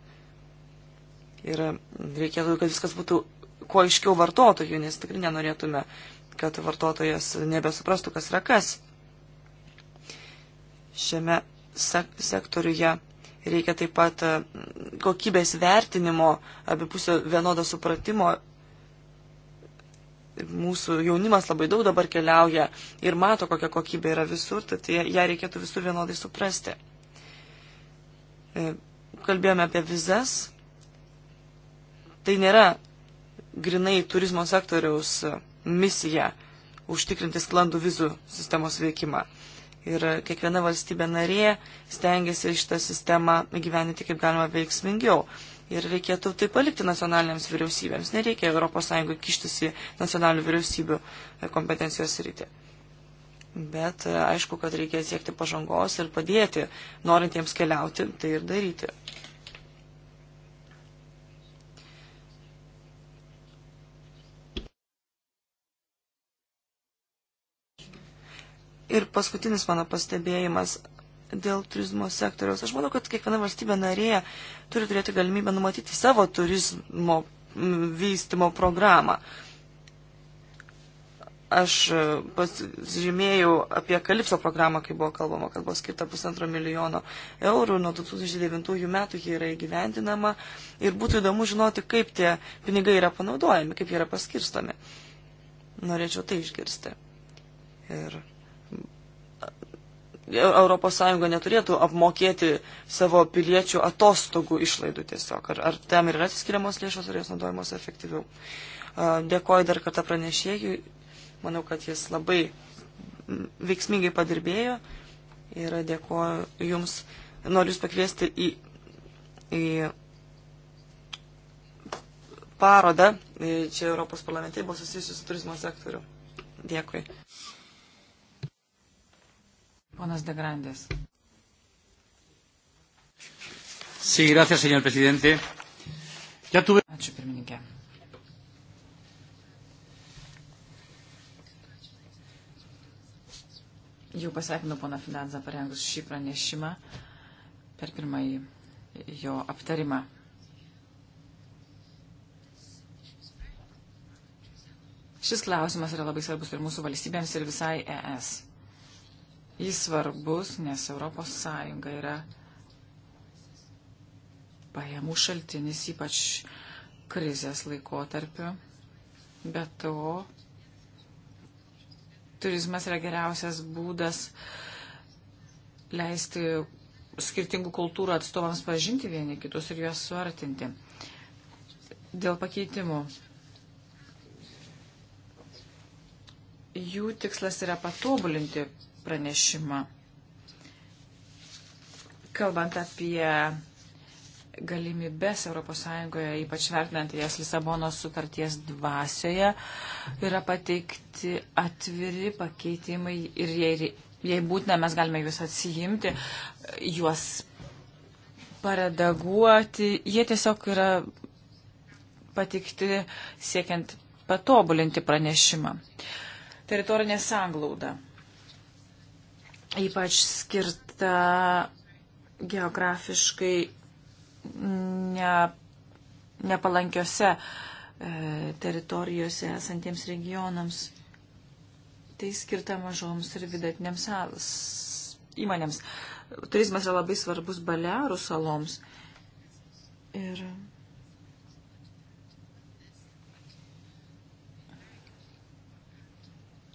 Ir reikėtų, kad viskas būtų kuo aiškiau vartotojų, nes tikrai nenorėtume, kad vartotojas nebesuprastų, kas yra kas. Šiame sek sektoriuje reikia taip pat e, kokybės vertinimo, abipusio vienodo supratimo. Mūsų jaunimas labai daug dabar keliauja ir mato, kokia kokybė yra visur, tad ją reikėtų visur vienodai suprasti. E, kalbėjome apie vizas Tai nėra grinai turizmo sektoriaus misija užtikrinti sklandų vizų sistemos veikimą. Ir kiekviena valstybė narė stengiasi šitą sistemą gyveninti kaip galima veiksmingiau. Ir reikėtų tai palikti nacionaliniams vyriausybėms. Nereikia ES kištis į nacionalinių vyriausybių kompetencijos rytį. Bet e, aišku, kad reikia siekti pažangos ir padėti norintiems keliauti, tai ir daryti. Ir paskutinis mano pastebėjimas dėl turizmo sektoriaus. Aš manau, kad kiekviena valstybė narėje turi turėti galimybę numatyti savo turizmo vystimo programą. Aš e, pasižymėjau apie Kalipso programą, kai buvo kalbama, kad buvo skirta pusantro milijono eurų, nuo 2009 metų ji yra įgyvendinama ir būtų įdomu žinoti, kaip tie pinigai yra panaudojami, kaip jie yra paskirstomi. Norėčiau tai išgirsti. Ir ES neturėtų apmokėti savo piliečių atostogų išlaidų tiesiog. Ar, ar tam yra atsiskiriamos lėšos, ar jos naudojamos efektyviau. Dėkoju dar kartą pranešėjui. Manau, kad jis labai veiksmingai padirbėjo ir dėkoju Jums. Noriu Jūs pakviesti į, į parodą. Čia Europos parlamentai buvo susijusi su turizmo sektoriu. Dėkui. Ponas Degrandės. Sí, gracias, señor presidente. Ya tuve... Ačiū, pirmininkė. Jau pasveikinu poną Finanzą parengus šį pranešimą per pirmąjį jo aptarimą. Šis klausimas yra labai svarbus ir mūsų valstybėms, ir visai ES. Jis svarbus, nes Europos Sąjunga yra pajamų šaltinis, ypač krizės laikotarpiu. Be to, turizmas yra geriausias būdas leisti skirtingų kultūrų atstovams pažinti vieni kitus ir juos suartinti. Dėl pakeitimų. Jų tikslas yra patobulinti pranešimą. Kalbant apie galimybės ES, ypač vertinant jas Lisabonos sutarties dvasioje, yra pateikti atviri pakeitimai ir jei, jei būtina, mes galime juos atsijimti, juos paredaguoti. Jie tiesiog yra pateikti siekiant patobulinti pranešimą. Teritorinė sanglauda ypač skirta geografiškai ne, nepalankiose e, teritorijose esantiems regionams. Tai skirta mažoms ir vidutinėms įmonėms. Turizmas yra labai svarbus Balearų saloms. Ir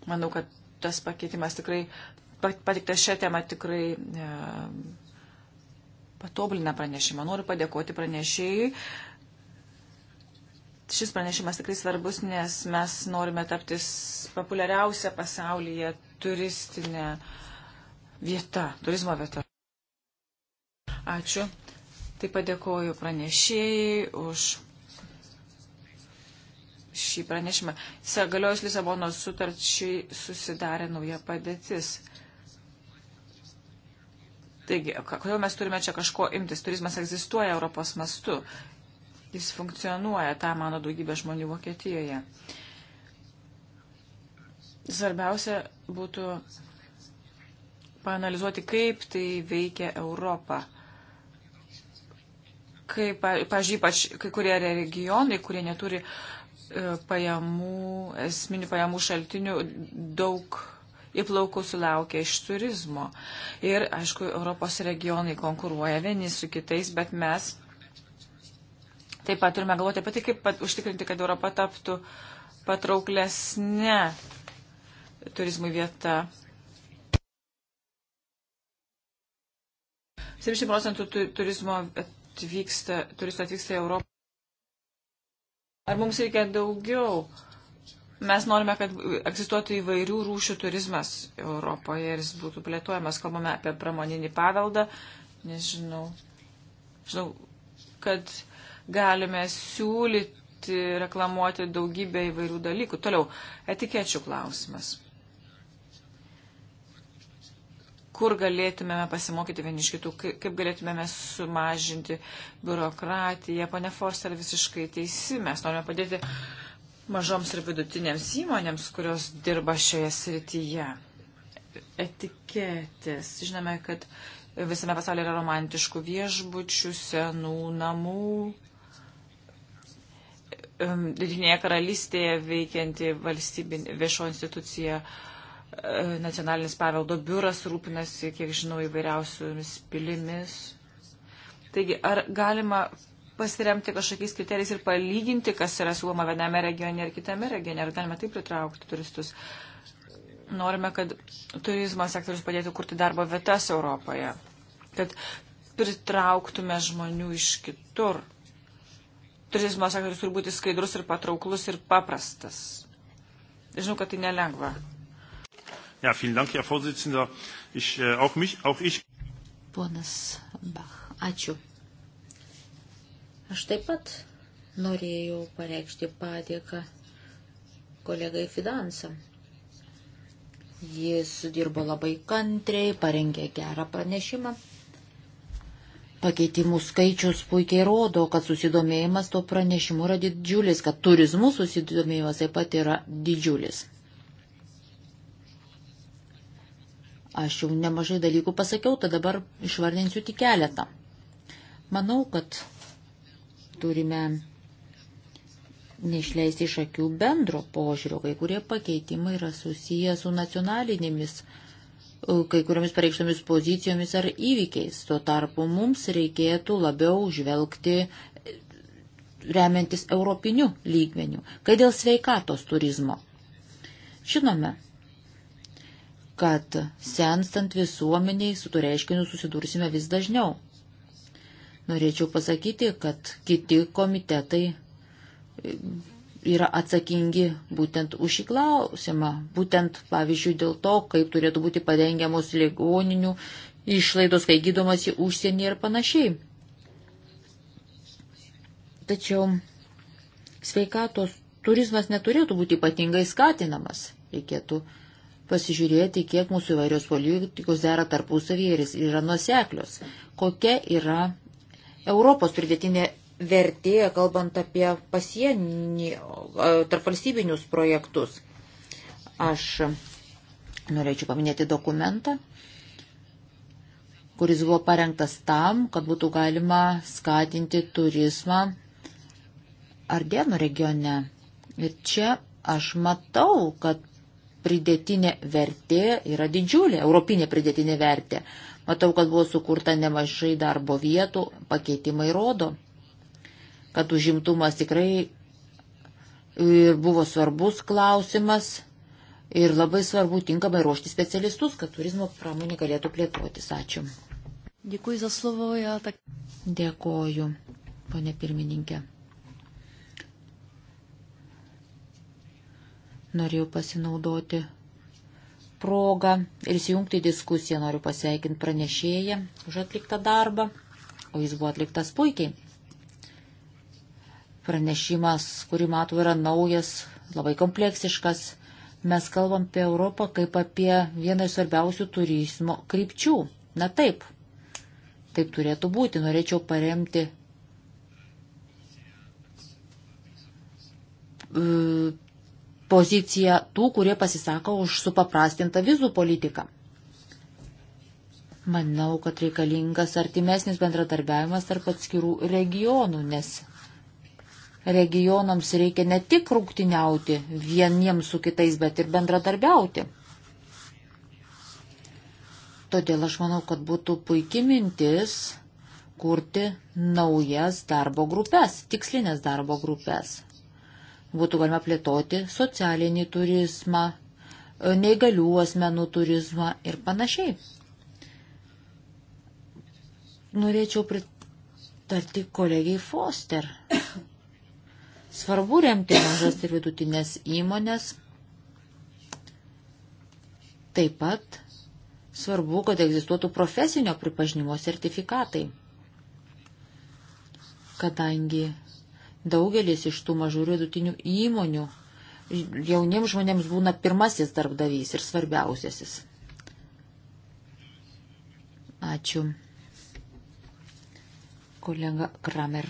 manau, kad tas pakeitimas tikrai patiktas šią temą tikrai e, patobulina pranešimą. Noriu padėkoti pranešėjai. Šis pranešimas tikrai svarbus, nes mes norime tapti populiariausią pasaulyje turistinę vietą, turizmo vietą. Ačiū. Taip pat dėkoju pranešėjai už šį pranešimą. Įsigaliojus Lisabonos sutarčiai susidarė nauja padėtis. Taigi, kodėl mes turime čia kažko imtis? Turizmas egzistuoja Europos mastu. Jis funkcionuoja, tą mano daugybė žmonių Vokietijoje. Svarbiausia būtų paanalizuoti, kaip tai veikia Europą. Kaip, pažiūrėjau, ypač kai kurie regionai, kurie neturi e, pajamų, esminių pajamų šaltinių, daug įplaukų sulaukia iš turizmo. Ir, aišku, Europos regionai konkuruoja vieni su kitais, bet mes taip pat turime galvoti apie tai, kaip pat užtikrinti, kad Europa taptų patrauklesnė turizmui vieta. 70 procentų turizmo atvyksta, turistų atvyksta į Europą. Ar mums reikia daugiau? Mes norime, kad egzistuotų įvairių rūšių turizmas Europoje ir jis būtų plėtojamas. Kalbame apie pramoninį paveldą. Nežinau. Žinau, kad galime siūlyti, reklamuoti daugybę įvairių dalykų. Toliau, etikečių klausimas. Kur galėtumėme pasimokyti vieni iš kitų, kaip galėtumėme sumažinti biurokratiją. Pane Forster visiškai teisi, mes norime padėti mažoms ir vidutinėms įmonėms, kurios dirba šioje srityje. Etiketės. Žinome, kad visame pasaulyje yra romantiškų viešbučių, senų namų. Didinėje karalystėje veikianti valstybinė viešo institucija, e, nacionalinis paveldo biuras rūpinasi, kiek žinau, įvairiausiomis pilimis. Taigi, ar galima pasiremti kažkokiais kriterijais ir palyginti, kas yra siūloma viename regione ir kitame regione, ar galime taip pritraukti turistus. Norime, kad turizmo sektorius padėtų kurti darbo vietas Europoje, kad pritrauktume žmonių iš kitur. Turizmo sektorius turi būti skaidrus ir patrauklus ir paprastas. Žinau, kad tai nelengva. Ja, vielen Dank, Herr Vorsitzender. Ich, äh, auch mich, auch ich. Ponas Bach, ačiū. Aš taip pat norėjau pareikšti padėką kolegai Fidansam. Jis dirbo labai kantriai, parengė gerą pranešimą. Pakeitimų skaičius puikiai rodo, kad susidomėjimas tuo pranešimu yra didžiulis, kad turizmų susidomėjimas taip pat yra didžiulis. Aš jau nemažai dalykų pasakiau, tad dabar išvardinsiu tik keletą. Manau, kad turime neišleisti iš akių bendro požiūrio. Kai kurie pakeitimai yra susiję su nacionalinėmis, e, kai kuriomis pareikštomis pozicijomis ar įvykiais. Tuo tarpu mums reikėtų labiau žvelgti e, remiantis europiniu lygmeniu. Kai dėl sveikatos turizmo. Žinome, kad senstant visuomeniai su tuo reiškiniu susidursime vis dažniau. Norėčiau pasakyti, kad kiti komitetai yra atsakingi būtent už šį klausimą, būtent pavyzdžiui dėl to, kaip turėtų būti padengiamos ligoninių išlaidos, kai gydomas į užsienį ir panašiai. Tačiau sveikatos turizmas neturėtų būti ypatingai skatinamas. Reikėtų pasižiūrėti, kiek mūsų įvairios politikos dera tarpusavyje ir yra nuseklios, kokia yra Europos pridėtinė vertė, kalbant apie pasienį, e, tarp valstybinius projektus. Aš norėčiau paminėti dokumentą, kuris buvo parengtas tam, kad būtų galima skatinti turizmą Ardenų regione. Ir čia aš matau, kad pridėtinė vertė yra didžiulė, europinė pridėtinė vertė. Matau, kad buvo sukurta nemažai darbo vietų, pakeitimai rodo, kad užimtumas tikrai buvo svarbus klausimas ir labai svarbu tinkamai ruošti specialistus, kad turizmo pramonė galėtų plėtotis. Ačiū. Dėkui za slovo, ja tak. Dėkoju, ponė pirmininkė. Norėjau pasinaudoti progą ir įsijungti į diskusiją. Noriu pasveikinti pranešėją už atliktą darbą, o jis buvo atliktas puikiai. Pranešimas, kurį matau, yra naujas, labai kompleksiškas. Mes kalbam apie Europą kaip apie vieną iš svarbiausių turizmo krypčių. Na taip, taip turėtų būti. Norėčiau paremti poziciją tų, kurie pasisako už supaprastintą vizų politiką. Manau, kad reikalingas artimesnis bendradarbiavimas tarp atskirų regionų, nes regionams reikia ne tik rūktiniauti vieniems su kitais, bet ir bendradarbiauti. Todėl aš manau, kad būtų puikia mintis kurti naujas darbo grupės, tikslinės darbo grupės būtų galima plėtoti socialinį turizmą, e, neįgalių asmenų turizmą ir panašiai. Norėčiau pritarti kolegiai Foster. Svarbu remti mažas ir vidutinės įmonės. Taip pat svarbu, kad egzistuotų profesinio pripažinimo sertifikatai, kadangi Daugelis iš tų mažų ir vidutinių įmonių jauniems žmonėms būna pirmasis darbdavys ir svarbiausiasis. Ačiū. Kolega Kramer.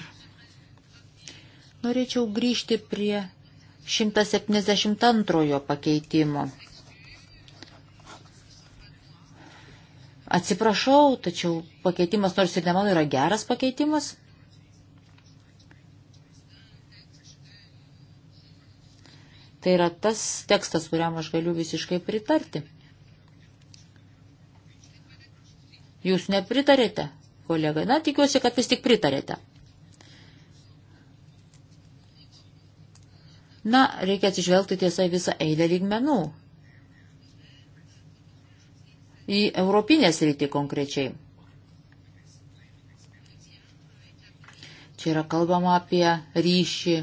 Norėčiau grįžti prie 172 pakeitimo. Atsiprašau, tačiau pakeitimas, nors ir ne mano, yra geras pakeitimas. Tai yra tas tekstas, kuriam aš galiu visiškai pritarti. Jūs nepritarėte, kolegai? Na, tikiuosi, kad vis tik pritarėte. Na, reikia atsižvelgti tiesai visą eilę lygmenų. Į europinę sritį konkrečiai. Čia yra kalbama apie ryšį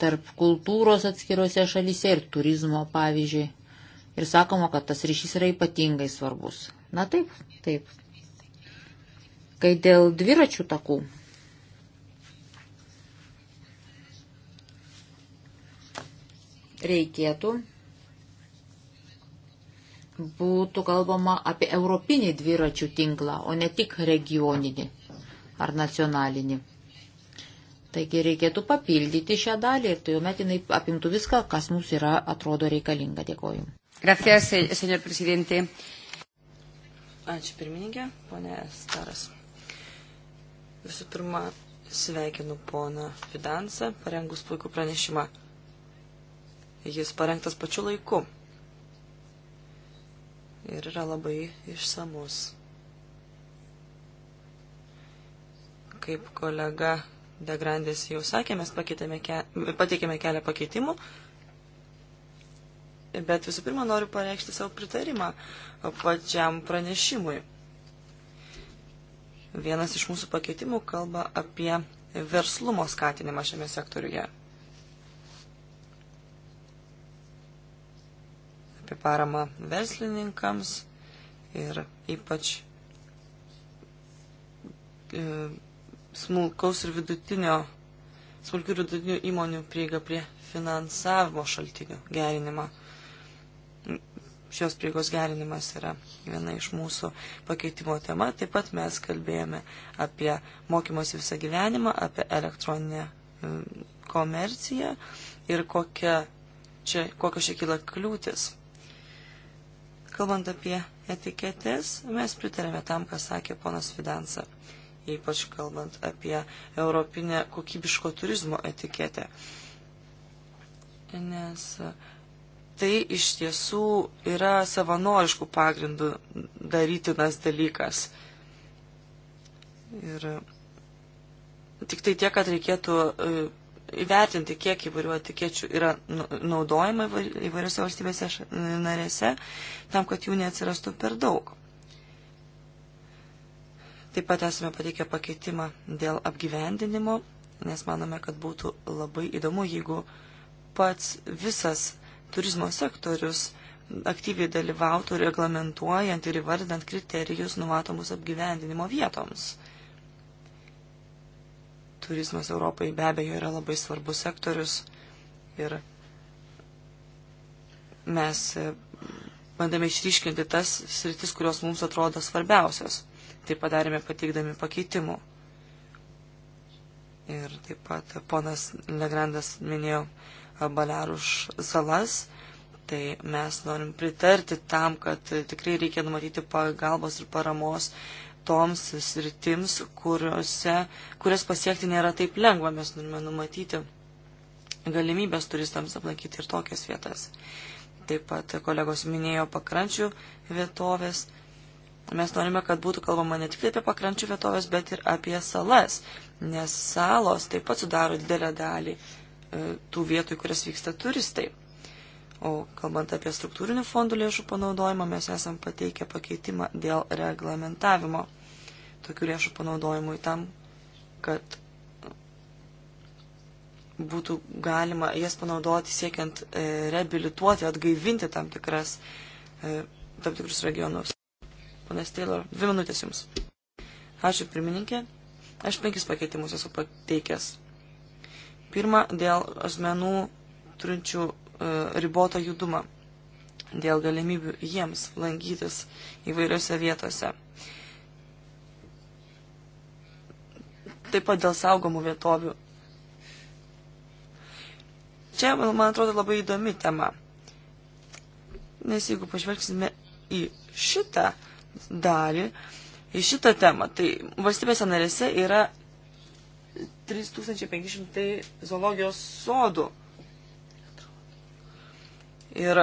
tarp kultūros atskirose šalyse ir turizmo, pavyzdžiui. Ir sakoma, kad tas ryšys yra ypatingai svarbus. Na taip, taip. Kai dėl dviračių takų. Reikėtų būtų kalbama apie europinį dviračių tinklą, o ne tik regioninį ar nacionalinį. Taigi reikėtų papildyti šią dalį ir tai jau metinai apimtų viską, kas mums yra, atrodo, reikalinga. Dėkoju. Gracias, senor presidente. Ačiū pirmininkė, ponė Staras. Visų pirma, sveikinu poną Fidansą, parengus puikų pranešimą. Jis parengtas pačiu laiku ir yra labai išsamus. Kaip kolega Degrandės jau sakė, mes ke, pateikėme kelią pakeitimų, bet visų pirma noriu pareikšti savo pritarimą pačiam pranešimui. Vienas iš mūsų pakeitimų kalba apie verslumo skatinimą šiame sektoriuje. Apie paramą verslininkams ir ypač e, smulkaus ir vidutinio, smulkių ir vidutinių įmonių prieiga prie finansavimo šaltinių gerinimą. Šios prieigos gerinimas yra viena iš mūsų pakeitimo tema. Taip pat mes kalbėjome apie mokymosi visą gyvenimą, apie elektroninę mm, komerciją ir kokia čia, kokios čia kyla kliūtis. Kalbant apie etiketės, mes pritarėme tam, ką sakė ponas Fidansa ypač kalbant apie europinę kokybiško turizmo etiketę. Nes tai iš tiesų yra savanoriškų pagrindų darytinas dalykas. Ir tik tai tiek, kad reikėtų e, įvertinti, kiek įvairių etikečių yra naudojama įvairiose valstybėse narėse, tam, kad jų neatsirastų per daug. Taip pat esame pateikę pakeitimą dėl apgyvendinimo, nes manome, kad būtų labai įdomu, jeigu pats visas turizmo sektorius aktyviai dalyvautų reglamentuojant ir įvardant kriterijus numatomus apgyvendinimo vietoms. Turizmas Europai be abejo yra labai svarbus sektorius ir mes bandėme išryškinti tas sritis, kurios mums atrodo svarbiausios tai padarėme pateikdami pakeitimų. Ir taip pat ponas Legrandas minėjo Balearuš salas, tai mes norim pritarti tam, kad tikrai reikia numatyti pagalbos ir paramos toms sritims, kuriuose, kurias pasiekti nėra taip lengva, mes norime numatyti galimybės turistams aplankyti ir tokias vietas. Taip pat kolegos minėjo pakrančių vietovės, Mes norime, kad būtų kalbama ne tik apie pakrančių vietovės, bet ir apie salas, nes salos taip pat sudaro didelę dalį e, tų vietų, į kurias vyksta turistai. O kalbant apie struktūrinių fondų lėšų panaudojimą, mes esam pateikę pakeitimą dėl reglamentavimo tokių lėšų panaudojimui tam, kad būtų galima jas panaudoti siekiant e, reabilituoti, atgaivinti tam, tikras, e, tam tikrus regionus. Ponas Taylor, dvi minutės jums. Ačiū, pirmininkė. Aš penkis pakeitimus esu pateikęs. Pirma, dėl asmenų turinčių e, ribotą judumą, dėl galimybių jiems lankytis įvairiose vietose. Taip pat dėl saugomų vietovių. Čia, man atrodo, labai įdomi tema. Nes jeigu pažvelgsime į šitą dalį į šitą temą. Tai valstybėse narėse yra 3500 zoologijos sodų. Ir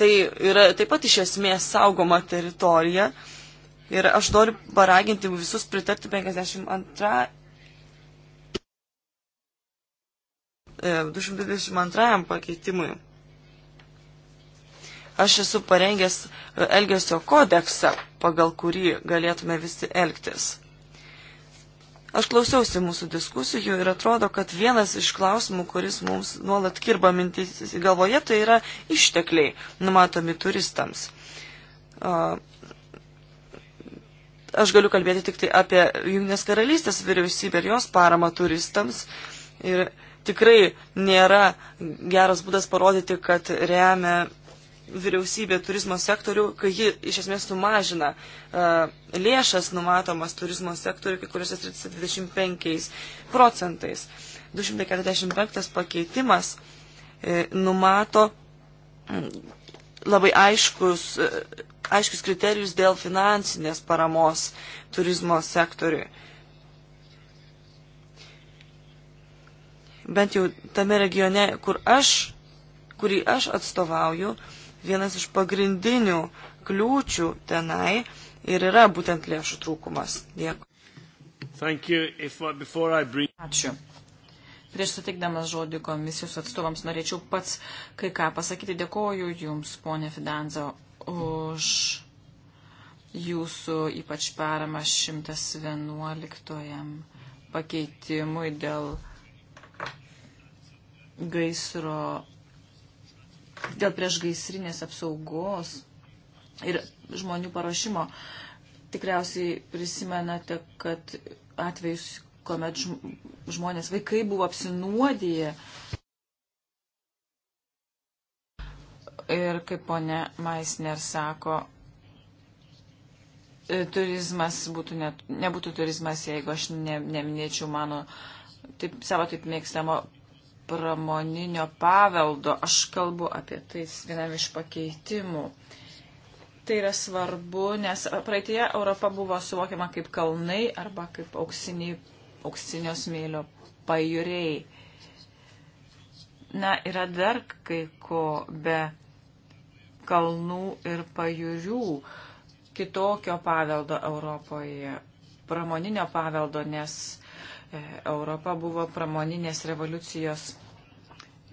tai yra taip pat iš esmės saugoma teritorija. Ir aš noriu paraginti visus pritarti 52. 222 e, pakeitimui. Aš esu parengęs Elgesio kodeksą, pagal kurį galėtume visi elgtis. Aš klausiausi mūsų diskusijų ir atrodo, kad vienas iš klausimų, kuris mums nuolat kirba mintis galvoje, tai yra ištekliai numatomi turistams. Aš galiu kalbėti tik tai apie Junginės karalystės vyriausybę ir jos paramą turistams. Ir tikrai nėra geras būdas parodyti, kad remia vyriausybė turizmo sektorių, kai ji iš esmės sumažina uh, lėšas numatomas turizmo sektoriui kai kuriuose 25 procentais. 245 pakeitimas uh, numato um, labai aiškus, uh, e, aiškus kriterijus dėl finansinės paramos turizmo sektoriui. Bent jau tame regione, kur aš, kurį aš atstovauju, uh, Vienas iš pagrindinių kliūčių tenai ir yra būtent lėšų trūkumas. Dėkui. If, bring... Ačiū. Prieš sutikdamas žodį komisijos atstovams norėčiau pats kai ką pasakyti. Dėkoju Jums, ponė Fidanza, už Jūsų ypač parama 111 pakeitimui dėl gaisro dėl priešgaisrinės apsaugos ir žmonių paruošimo. Tikriausiai prisimenate, kad atvejus, kuomet žmonės, vaikai buvo apsinuodiję. Ir kaip ponė Maisner sako, e, turizmas būtų net, nebūtų turizmas, jeigu aš ne, neminėčiau mano taip, savo taip mėgstamo pramoninio paveldo. Aš kalbu apie tai vienam iš pakeitimų. Tai yra svarbu, nes praeitie Europa buvo suvokiama kaip kalnai arba kaip auksiniai, auksinio smėlio pajūriai. Na, yra dar kai ko be kalnų ir pajūrių kitokio paveldo Europoje, pramoninio paveldo, nes E, Europa buvo pramoninės revoliucijos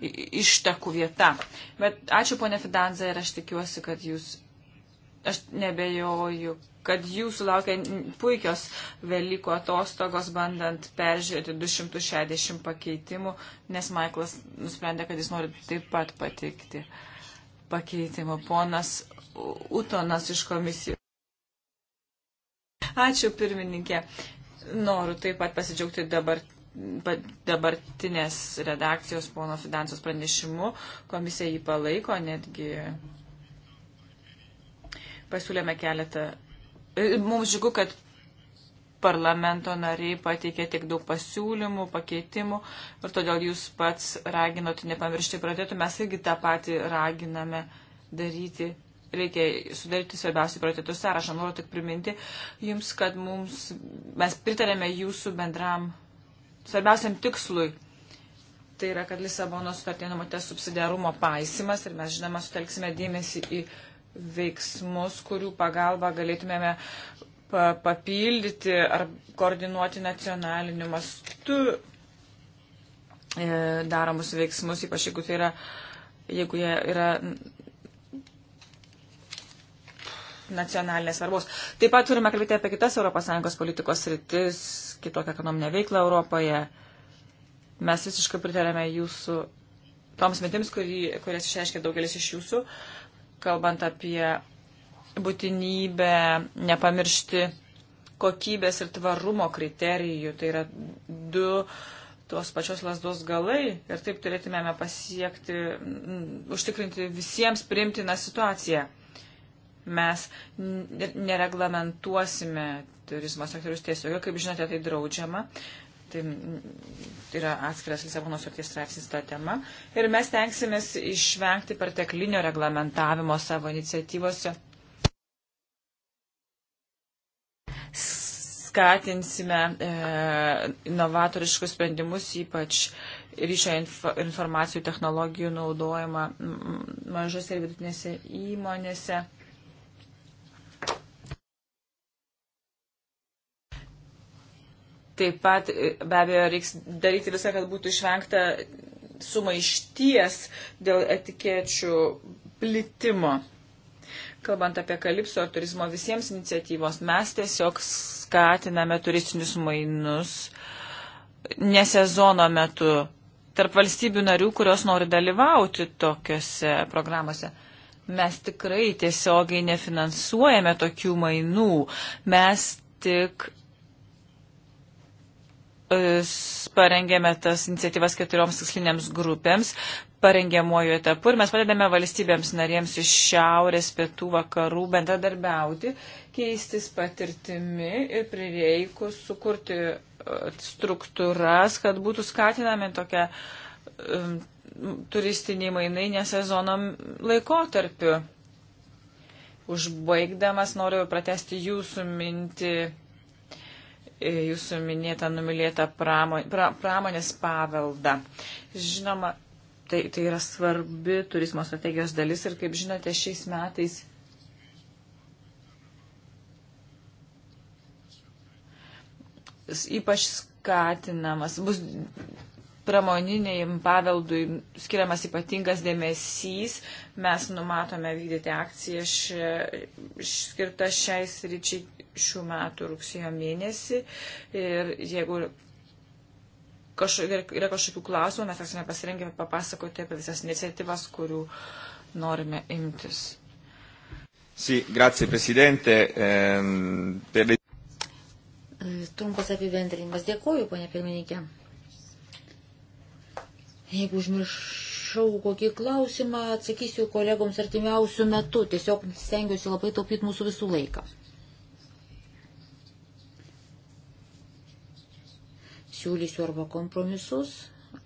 ištekų vieta. Bet ačiū ponė Fidanza ir aš tikiuosi, kad jūs, aš nebejoju, kad jūsų laukia puikios Velykų atostogos, bandant peržiūrėti 260 pakeitimų, nes Maiklas nusprendė, kad jis nori taip pat patikti pakeitimų. Ponas Utonas iš komisijų. Ačiū pirmininkė. Noriu taip pat pasidžiaugti dabar, dabartinės redakcijos pono Fidansos pranešimu. Komisija jį palaiko, netgi pasiūlėme keletą. E, mums žiūgu, kad parlamento nariai pateikė tiek daug pasiūlymų, pakeitimų ir todėl jūs pats raginot nepamiršti pradėtų. Mes irgi tą patį raginame daryti reikia sudaryti svarbiausių prioritetų sąrašą. Noriu tik priminti jums, kad mums, mes pritarėme jūsų bendram svarbiausiam tikslui. Tai yra, kad Lisabono sutartė numatė subsidiarumo paisimas ir mes, žinoma, sutelksime dėmesį į veiksmus, kurių pagalba galėtumėme papildyti ar koordinuoti nacionaliniu mastu e, daromus veiksmus, ypač jeigu tai yra, jeigu jie yra nacionalinės svarbos. Taip pat turime kalbėti apie kitas ES politikos rytis, kitokią ekonominę veiklą Europoje. Mes visiškai pritarėme jūsų toms mintims, kurias išreiškė daugelis iš jūsų, kalbant apie būtinybę nepamiršti kokybės ir tvarumo kriterijų. Tai yra du tos pačios lasdos galai ir taip turėtumėme pasiekti, m, užtikrinti visiems primtiną situaciją mes nereglamentuosime turizmo sektorius tiesiog, kaip žinote, tai draudžiama. Tai yra atskiras Lisabono sutarties straipsnis tą temą. Ir mes tenksimės išvengti perteklinio reglamentavimo savo iniciatyvose. Skatinsime e, inovatoriškus sprendimus, ypač ryšio inf informacijų technologijų naudojimą mažose ir vidutinėse įmonėse. Taip pat e, be abejo reiks daryti viską, kad būtų išvengta sumaišties dėl etikečių plitimo. Kalbant apie kalipso ir turizmo visiems iniciatyvos, mes tiesiog skatiname turistinius mainus ne sezono metu tarp valstybių narių, kurios nori dalyvauti tokiuose programuose mes tikrai tiesiogiai nefinansuojame tokių mainų, mes tik parengėme tas iniciatyvas keturioms tikslinėms grupėms parengiamuoju etapu ir mes padedame valstybėms narėms iš šiaurės, pietų, vakarų bendradarbiauti, keistis patirtimi ir prireikus sukurti e, struktūras, kad būtų skatinami tokia um, e, turistiniai mainai nesezono laikotarpiu. Užbaigdamas noriu pratesti jūsų mintį jūsų minėtą numylėtą pramonės, pra, pramonės paveldą. Žinoma, tai, tai yra svarbi turizmo strategijos dalis ir kaip žinote, šiais metais ypač skatinamas, bus pramoniniam paveldui skiriamas ypatingas dėmesys. Mes numatome vykdyti akciją ši, skirtą šiai sričiai šių metų rugsėjo mėnesį. Ir jeigu kažkokia, yra kažkokių klausimų, mes esame pasirengę papasakoti apie visas iniciatyvas, kurių norime imtis. Sì, grazie Presidente. Ehm, per le... Trumpas apibendrinimas. Dėkuoju, ponia pirmininkė. Jeigu užmiršau kokį klausimą, atsakysiu kolegoms artimiausių metų. Tiesiog stengiuosi labai taupyti mūsų visų laiką. Siūlysiu arba kompromisus,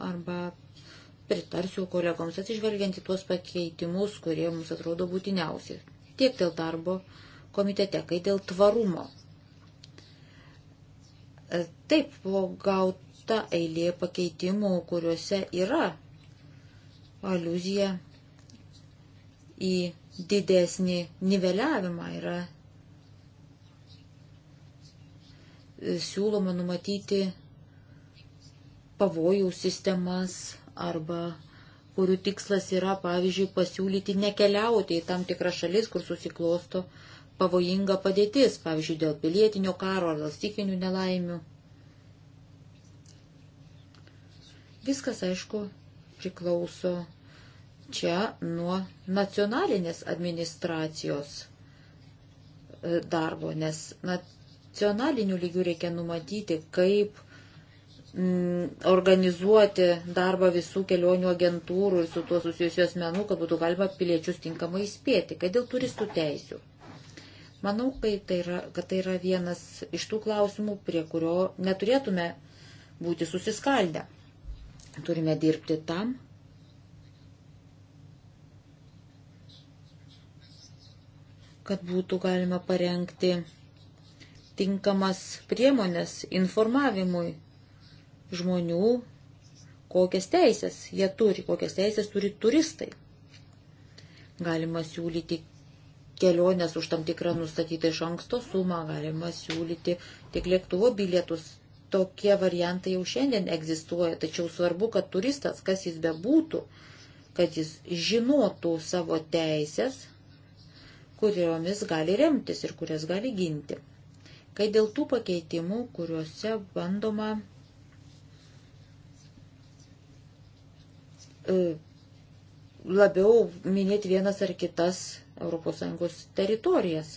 arba pritarsiu kolegoms atsižvelgiant į tuos pakeitimus, kurie mums atrodo būtiniausi. Tiek dėl darbo komitete, kai dėl tvarumo. Taip, buvo gauta visa eilė pakeitimų, kuriuose yra aluzija į didesnį niveliavimą, yra siūloma numatyti pavojų sistemas arba kurių tikslas yra, pavyzdžiui, pasiūlyti nekeliauti į tam tikras šalis, kur susiklosto pavojinga padėtis, pavyzdžiui, dėl pilietinio karo ar dėl stikinių nelaimių. Viskas, aišku, priklauso čia nuo nacionalinės administracijos e, darbo, nes nacionalinių lygių reikia numatyti, kaip mm, organizuoti darbą visų kelionių agentūrų ir su tuo susijusių asmenų, kad būtų galima piliečius tinkamai įspėti, kad dėl turistų teisių. Manau, tai yra, kad tai yra vienas iš tų klausimų, prie kurio neturėtume būti susiskaldę. Turime dirbti tam, kad būtų galima parengti tinkamas priemonės informavimui žmonių, kokias teisės jie turi, kokias teisės turi turistai. Galima siūlyti keliones už tam tikrą nustatytą iš anksto sumą, galima siūlyti tiek lėktuvo bilietus, tokie variantai jau šiandien egzistuoja, tačiau svarbu, kad turistas, kas jis bebūtų, kad jis žinotų savo teisės, kuriomis gali remtis ir kurias gali ginti. Kai dėl tų pakeitimų, kuriuose bandoma e, labiau minėti vienas ar kitas ES teritorijas,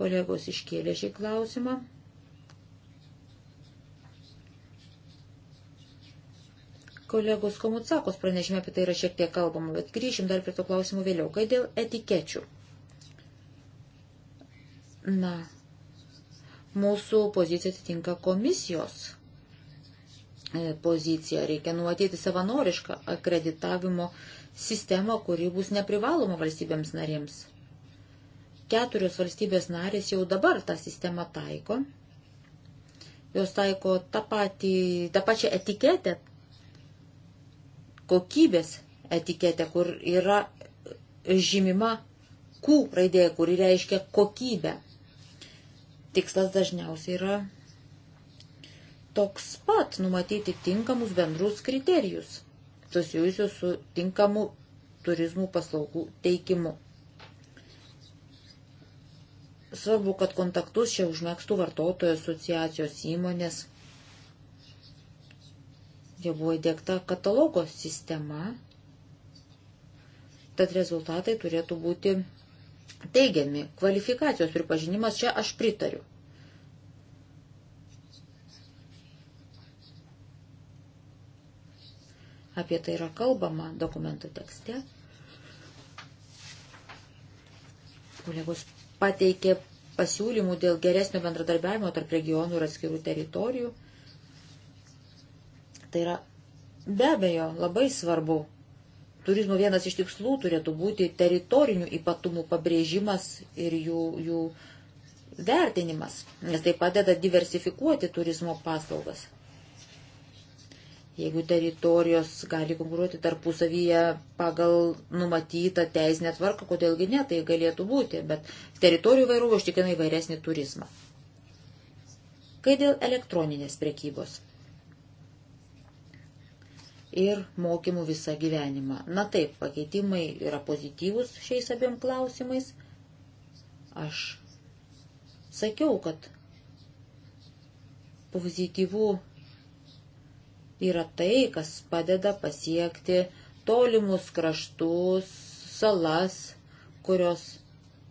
kolegos iškėlė šį klausimą. Kolegos Komutsakos pranešime apie tai yra šiek tiek kalbama, bet grįšim dar prie to klausimų vėliau. Kai dėl etikečių? Na, mūsų pozicija atitinka komisijos e, poziciją. Reikia nuotėti savanorišką akreditavimo sistemą, kuri bus neprivaloma valstybėms narėms. Keturios valstybės narės jau dabar tą sistemą taiko. Jos taiko tą, patį, tą pačią etiketę kokybės etiketę, kur yra žymima Q raidė, kuri reiškia kokybę. Tikslas dažniausiai yra toks pat numatyti tinkamus bendrus kriterijus susijusius su tinkamu turizmų paslaugų teikimu. Svarbu, kad kontaktus čia užmėgstų vartotojų asociacijos įmonės jau buvo įdėkta katalogo sistema, tad rezultatai turėtų būti teigiami. Kvalifikacijos pripažinimas čia aš pritariu. Apie tai yra kalbama dokumentų tekste. Kolegos pateikė pasiūlymų dėl geresnio bendradarbiavimo tarp regionų ir atskirų teritorijų. Tai yra be abejo labai svarbu. Turizmo vienas iš tikslų turėtų būti teritorinių ypatumų pabrėžimas ir jų, jų vertinimas, nes tai padeda diversifikuoti turizmo paslaugas. Jeigu teritorijos gali konkuruoti tarpusavyje pagal numatytą teisinę tvarką, kodėlgi ne, tai galėtų būti, bet teritorijų vairuoja užtikrina įvairesnį turizmą. Kai dėl elektroninės prekybos ir mokymų visą gyvenimą. Na taip, pakeitimai yra pozityvus šiais abiem klausimais. Aš sakiau, kad pozityvų yra tai, kas padeda pasiekti tolimus kraštus, salas, kurios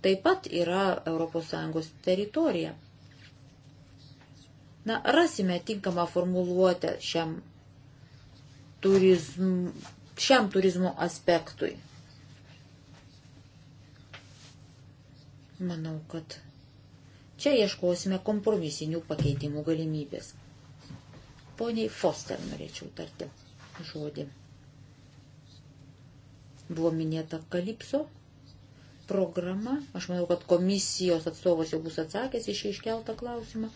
taip pat yra ES teritorija. Na, rasime tinkamą formuluotę šiam turizm, šiam turizmo aspektui. Manau, kad čia ieškosime kompromisinių pakeitimų galimybės. Poniai Foster norėčiau tarti žodį. Buvo minėta Kalipso programa. Aš manau, kad komisijos atstovas jau bus atsakęs iš iškeltą klausimą.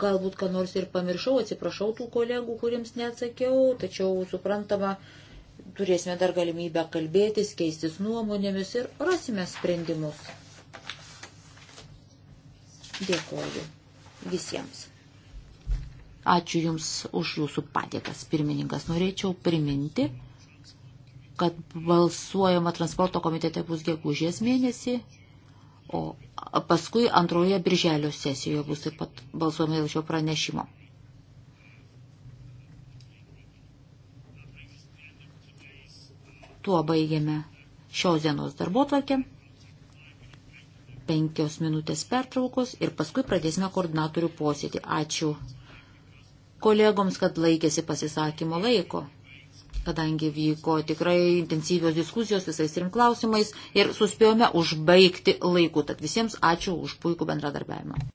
Galbūt, ką nors ir pamiršau, atsiprašau tų kolegų, kuriems neatsakiau, tačiau suprantama, turėsime dar galimybę kalbėtis, keistis nuomonėmis ir rasime sprendimus. Dėkoju visiems. Ačiū Jums už Jūsų patiekas, pirmininkas. Norėčiau priminti, kad balsuojama transporto komitete bus gegužės mėnesį O paskui antroje birželio sesijoje bus taip pat balsuojama dėl šio pranešimo. Tuo baigėme šios dienos darbo tvarkę. Penkios minutės pertraukos ir paskui pradėsime koordinatorių posėdį. Ačiū kolegoms, kad laikėsi pasisakymo laiko kadangi vyko tikrai intensyvios diskusijos visais trim klausimais ir suspėjome užbaigti laiku. Tad visiems ačiū už puikų bendradarbiavimą.